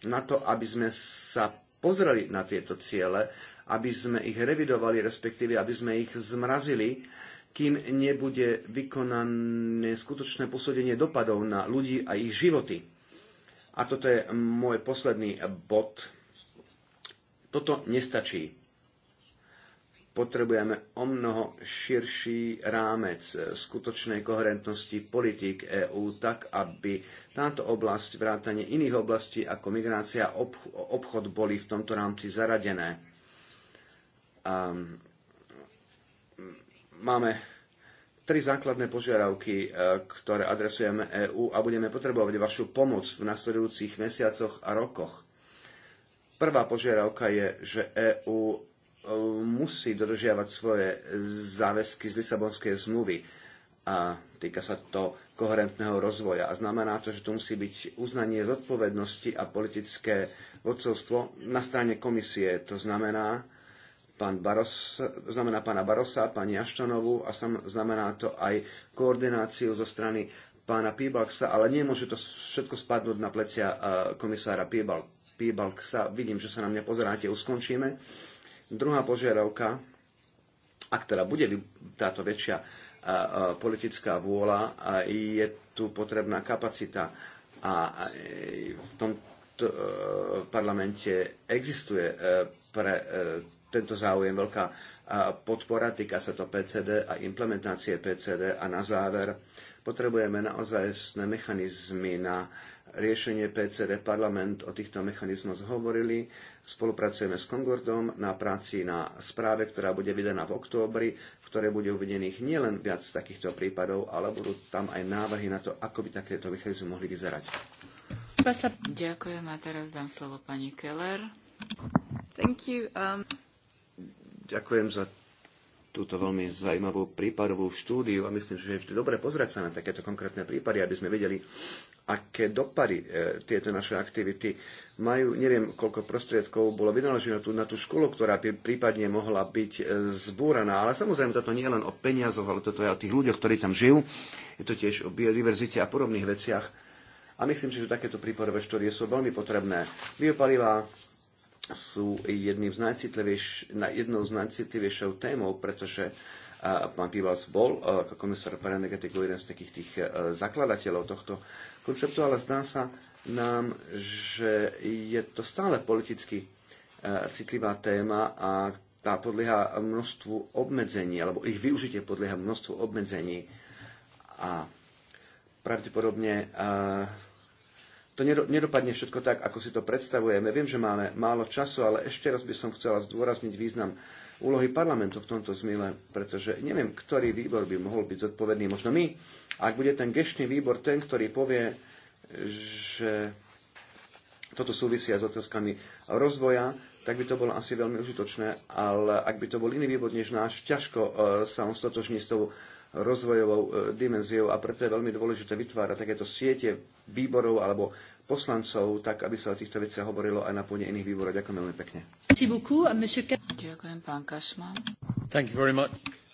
na to, aby sme sa pozreli na tieto ciele, aby sme ich revidovali, respektíve aby sme ich zmrazili, kým nebude vykonané skutočné posúdenie dopadov na ľudí a ich životy. A toto je môj posledný bod. Toto nestačí potrebujeme o mnoho širší rámec eh, skutočnej koherentnosti politík EÚ tak, aby táto oblasť, vrátanie iných oblastí ako migrácia a obchod boli v tomto rámci zaradené. A máme tri základné požiadavky, eh, ktoré adresujeme EÚ a budeme potrebovať vašu pomoc v nasledujúcich mesiacoch a rokoch. Prvá požiadavka je, že EÚ musí dodržiavať svoje záväzky z Lisabonskej zmluvy a týka sa to koherentného rozvoja. A znamená to, že tu musí byť uznanie zodpovednosti a politické vodcovstvo na strane komisie. To znamená, pán Baros, znamená pána Barosa, pani Aštonovú a sam, znamená to aj koordináciu zo strany pána Píbalksa, ale nemôže to všetko spadnúť na plecia eh, komisára Píbalksa. Vidím, že sa na mňa pozeráte, už skončíme. Druhá požiarovka, a teda bude táto väčšia politická vôľa, je tu potrebná kapacita. A v tomto e, parlamente existuje e, pre e, tento záujem veľká podpora, týka sa to PCD a implementácie PCD a na záver potrebujeme naozaj mechanizmy na riešenie PCD. Parlament o týchto mechanizmoch hovorili Spolupracujeme s Kongordom na práci na správe, ktorá bude vydaná v októbri, v ktorej bude uvedených nielen viac takýchto prípadov, ale budú tam aj návrhy na to, ako by takéto mechanizmy mohli vyzerať. Ďakujem a teraz dám slovo pani Keller. Thank you. Um... Ďakujem za túto veľmi zaujímavú prípadovú štúdiu a myslím, že je vždy dobre pozrieť sa na takéto konkrétne prípady, aby sme vedeli, aké dopady e, tieto naše aktivity majú. Neviem, koľko prostriedkov bolo vynaložené tu, na tú školu, ktorá by prípadne mohla byť e, zbúraná. Ale samozrejme, toto nie je len o peniazoch, ale toto je o tých ľuďoch, ktorí tam žijú. Je to tiež o biodiverzite a podobných veciach. A myslím si, že takéto príporové štúdie sú veľmi potrebné. Biopalivá sú jedným z najcitlivejš, jednou z najcitlivejšou témou, pretože Pán Pivas bol e, ako komisár pre energetiku jeden z takých tých e, zakladateľov tohto konceptu, ale zdá sa nám, že je to stále politicky e, citlivá téma a tá podlieha množstvu obmedzení, alebo ich využitie podlieha množstvu obmedzení. A pravdepodobne to nedopadne všetko tak, ako si to predstavujeme. Viem, že máme málo času, ale ešte raz by som chcela zdôrazniť význam úlohy parlamentu v tomto zmysle, pretože neviem, ktorý výbor by mohol byť zodpovedný. Možno my, ak bude ten gešný výbor ten, ktorý povie, že toto súvisia s otázkami rozvoja, tak by to bolo asi veľmi užitočné, ale ak by to bol iný výbor než náš, ťažko e, sa on stotožní s tou rozvojovou e, dimenziou a preto je veľmi dôležité vytvárať takéto siete výborov alebo poslancov, tak aby sa o týchto veciach hovorilo aj na pôde iných výborov. Ďakujem veľmi pekne. Ďakujem, pán Kašman. Thank you very much.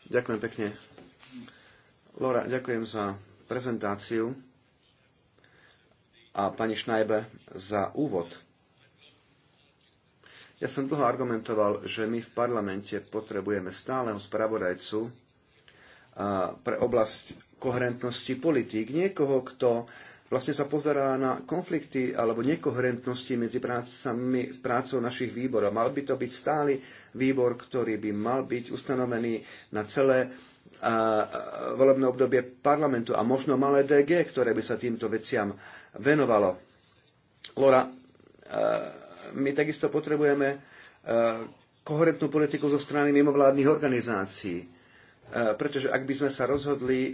Ďakujem pekne. Laura, ďakujem za prezentáciu a pani Šnajbe za úvod. Ja som dlho argumentoval, že my v parlamente potrebujeme stáleho spravodajcu pre oblasť koherentnosti politík. Niekoho, kto vlastne sa pozerá na konflikty alebo nekoherentnosti medzi prácami, prácou našich výborov. Mal by to byť stály výbor, ktorý by mal byť ustanovený na celé volebné obdobie parlamentu a možno malé DG, ktoré by sa týmto veciam venovalo. Lora, my takisto potrebujeme koherentnú politiku zo strany mimovládnych organizácií pretože ak by sme sa rozhodli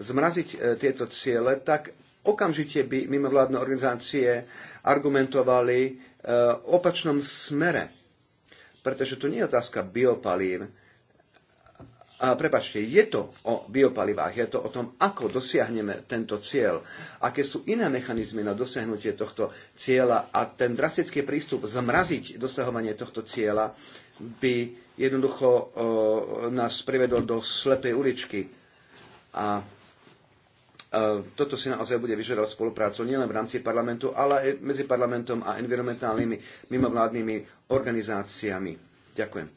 zmraziť e, tieto ciele, tak okamžite by mimovládne organizácie argumentovali e, v opačnom smere. Pretože to nie je otázka biopalív. A prepačte, je to o biopalivách, je to o tom, ako dosiahneme tento cieľ, aké sú iné mechanizmy na dosiahnutie tohto cieľa a ten drastický prístup zmraziť dosahovanie tohto cieľa by jednoducho o, e, nás privedol do slepej uličky. A toto si naozaj bude vyžadovať spoluprácu nielen v rámci parlamentu, ale aj medzi parlamentom a environmentálnymi mimovládnymi organizáciami. Ďakujem.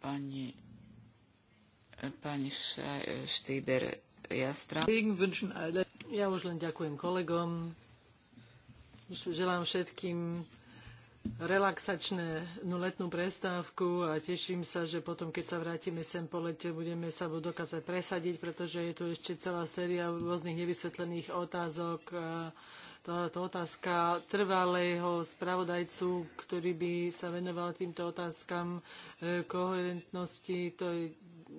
Pani, pani Štýber Jastra. Ja už len ďakujem kolegom. Želám všetkým relaxačné no, letnú prestávku a teším sa, že potom, keď sa vrátime sem po lete, budeme sa dokázať presadiť, pretože je tu ešte celá séria rôznych nevysvetlených otázok. Táto otázka trvalého spravodajcu, ktorý by sa venoval týmto otázkam e, koherentnosti, to je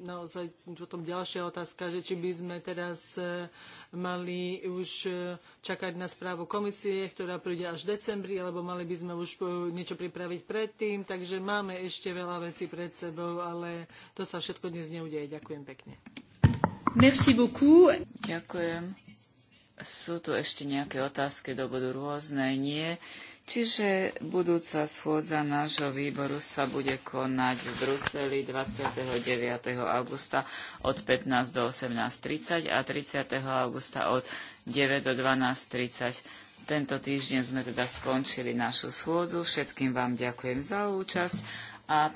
naozaj potom ďalšia otázka, že či by sme teraz e, mali už e, čakať na správu komisie, ktorá príde až v decembri, alebo mali by sme už e, niečo pripraviť predtým. Takže máme ešte veľa vecí pred sebou, ale to sa všetko dnes neudeje. Ďakujem pekne. Merci beaucoup. Ďakujem. Sú tu ešte nejaké otázky do bodu rôzne? Nie. Čiže budúca schôdza nášho výboru sa bude konať v Bruseli 29. augusta od 15 do 18.30 a 30. augusta od 9 do 12.30. Tento týždeň sme teda skončili našu schôdzu. Všetkým vám ďakujem za účasť a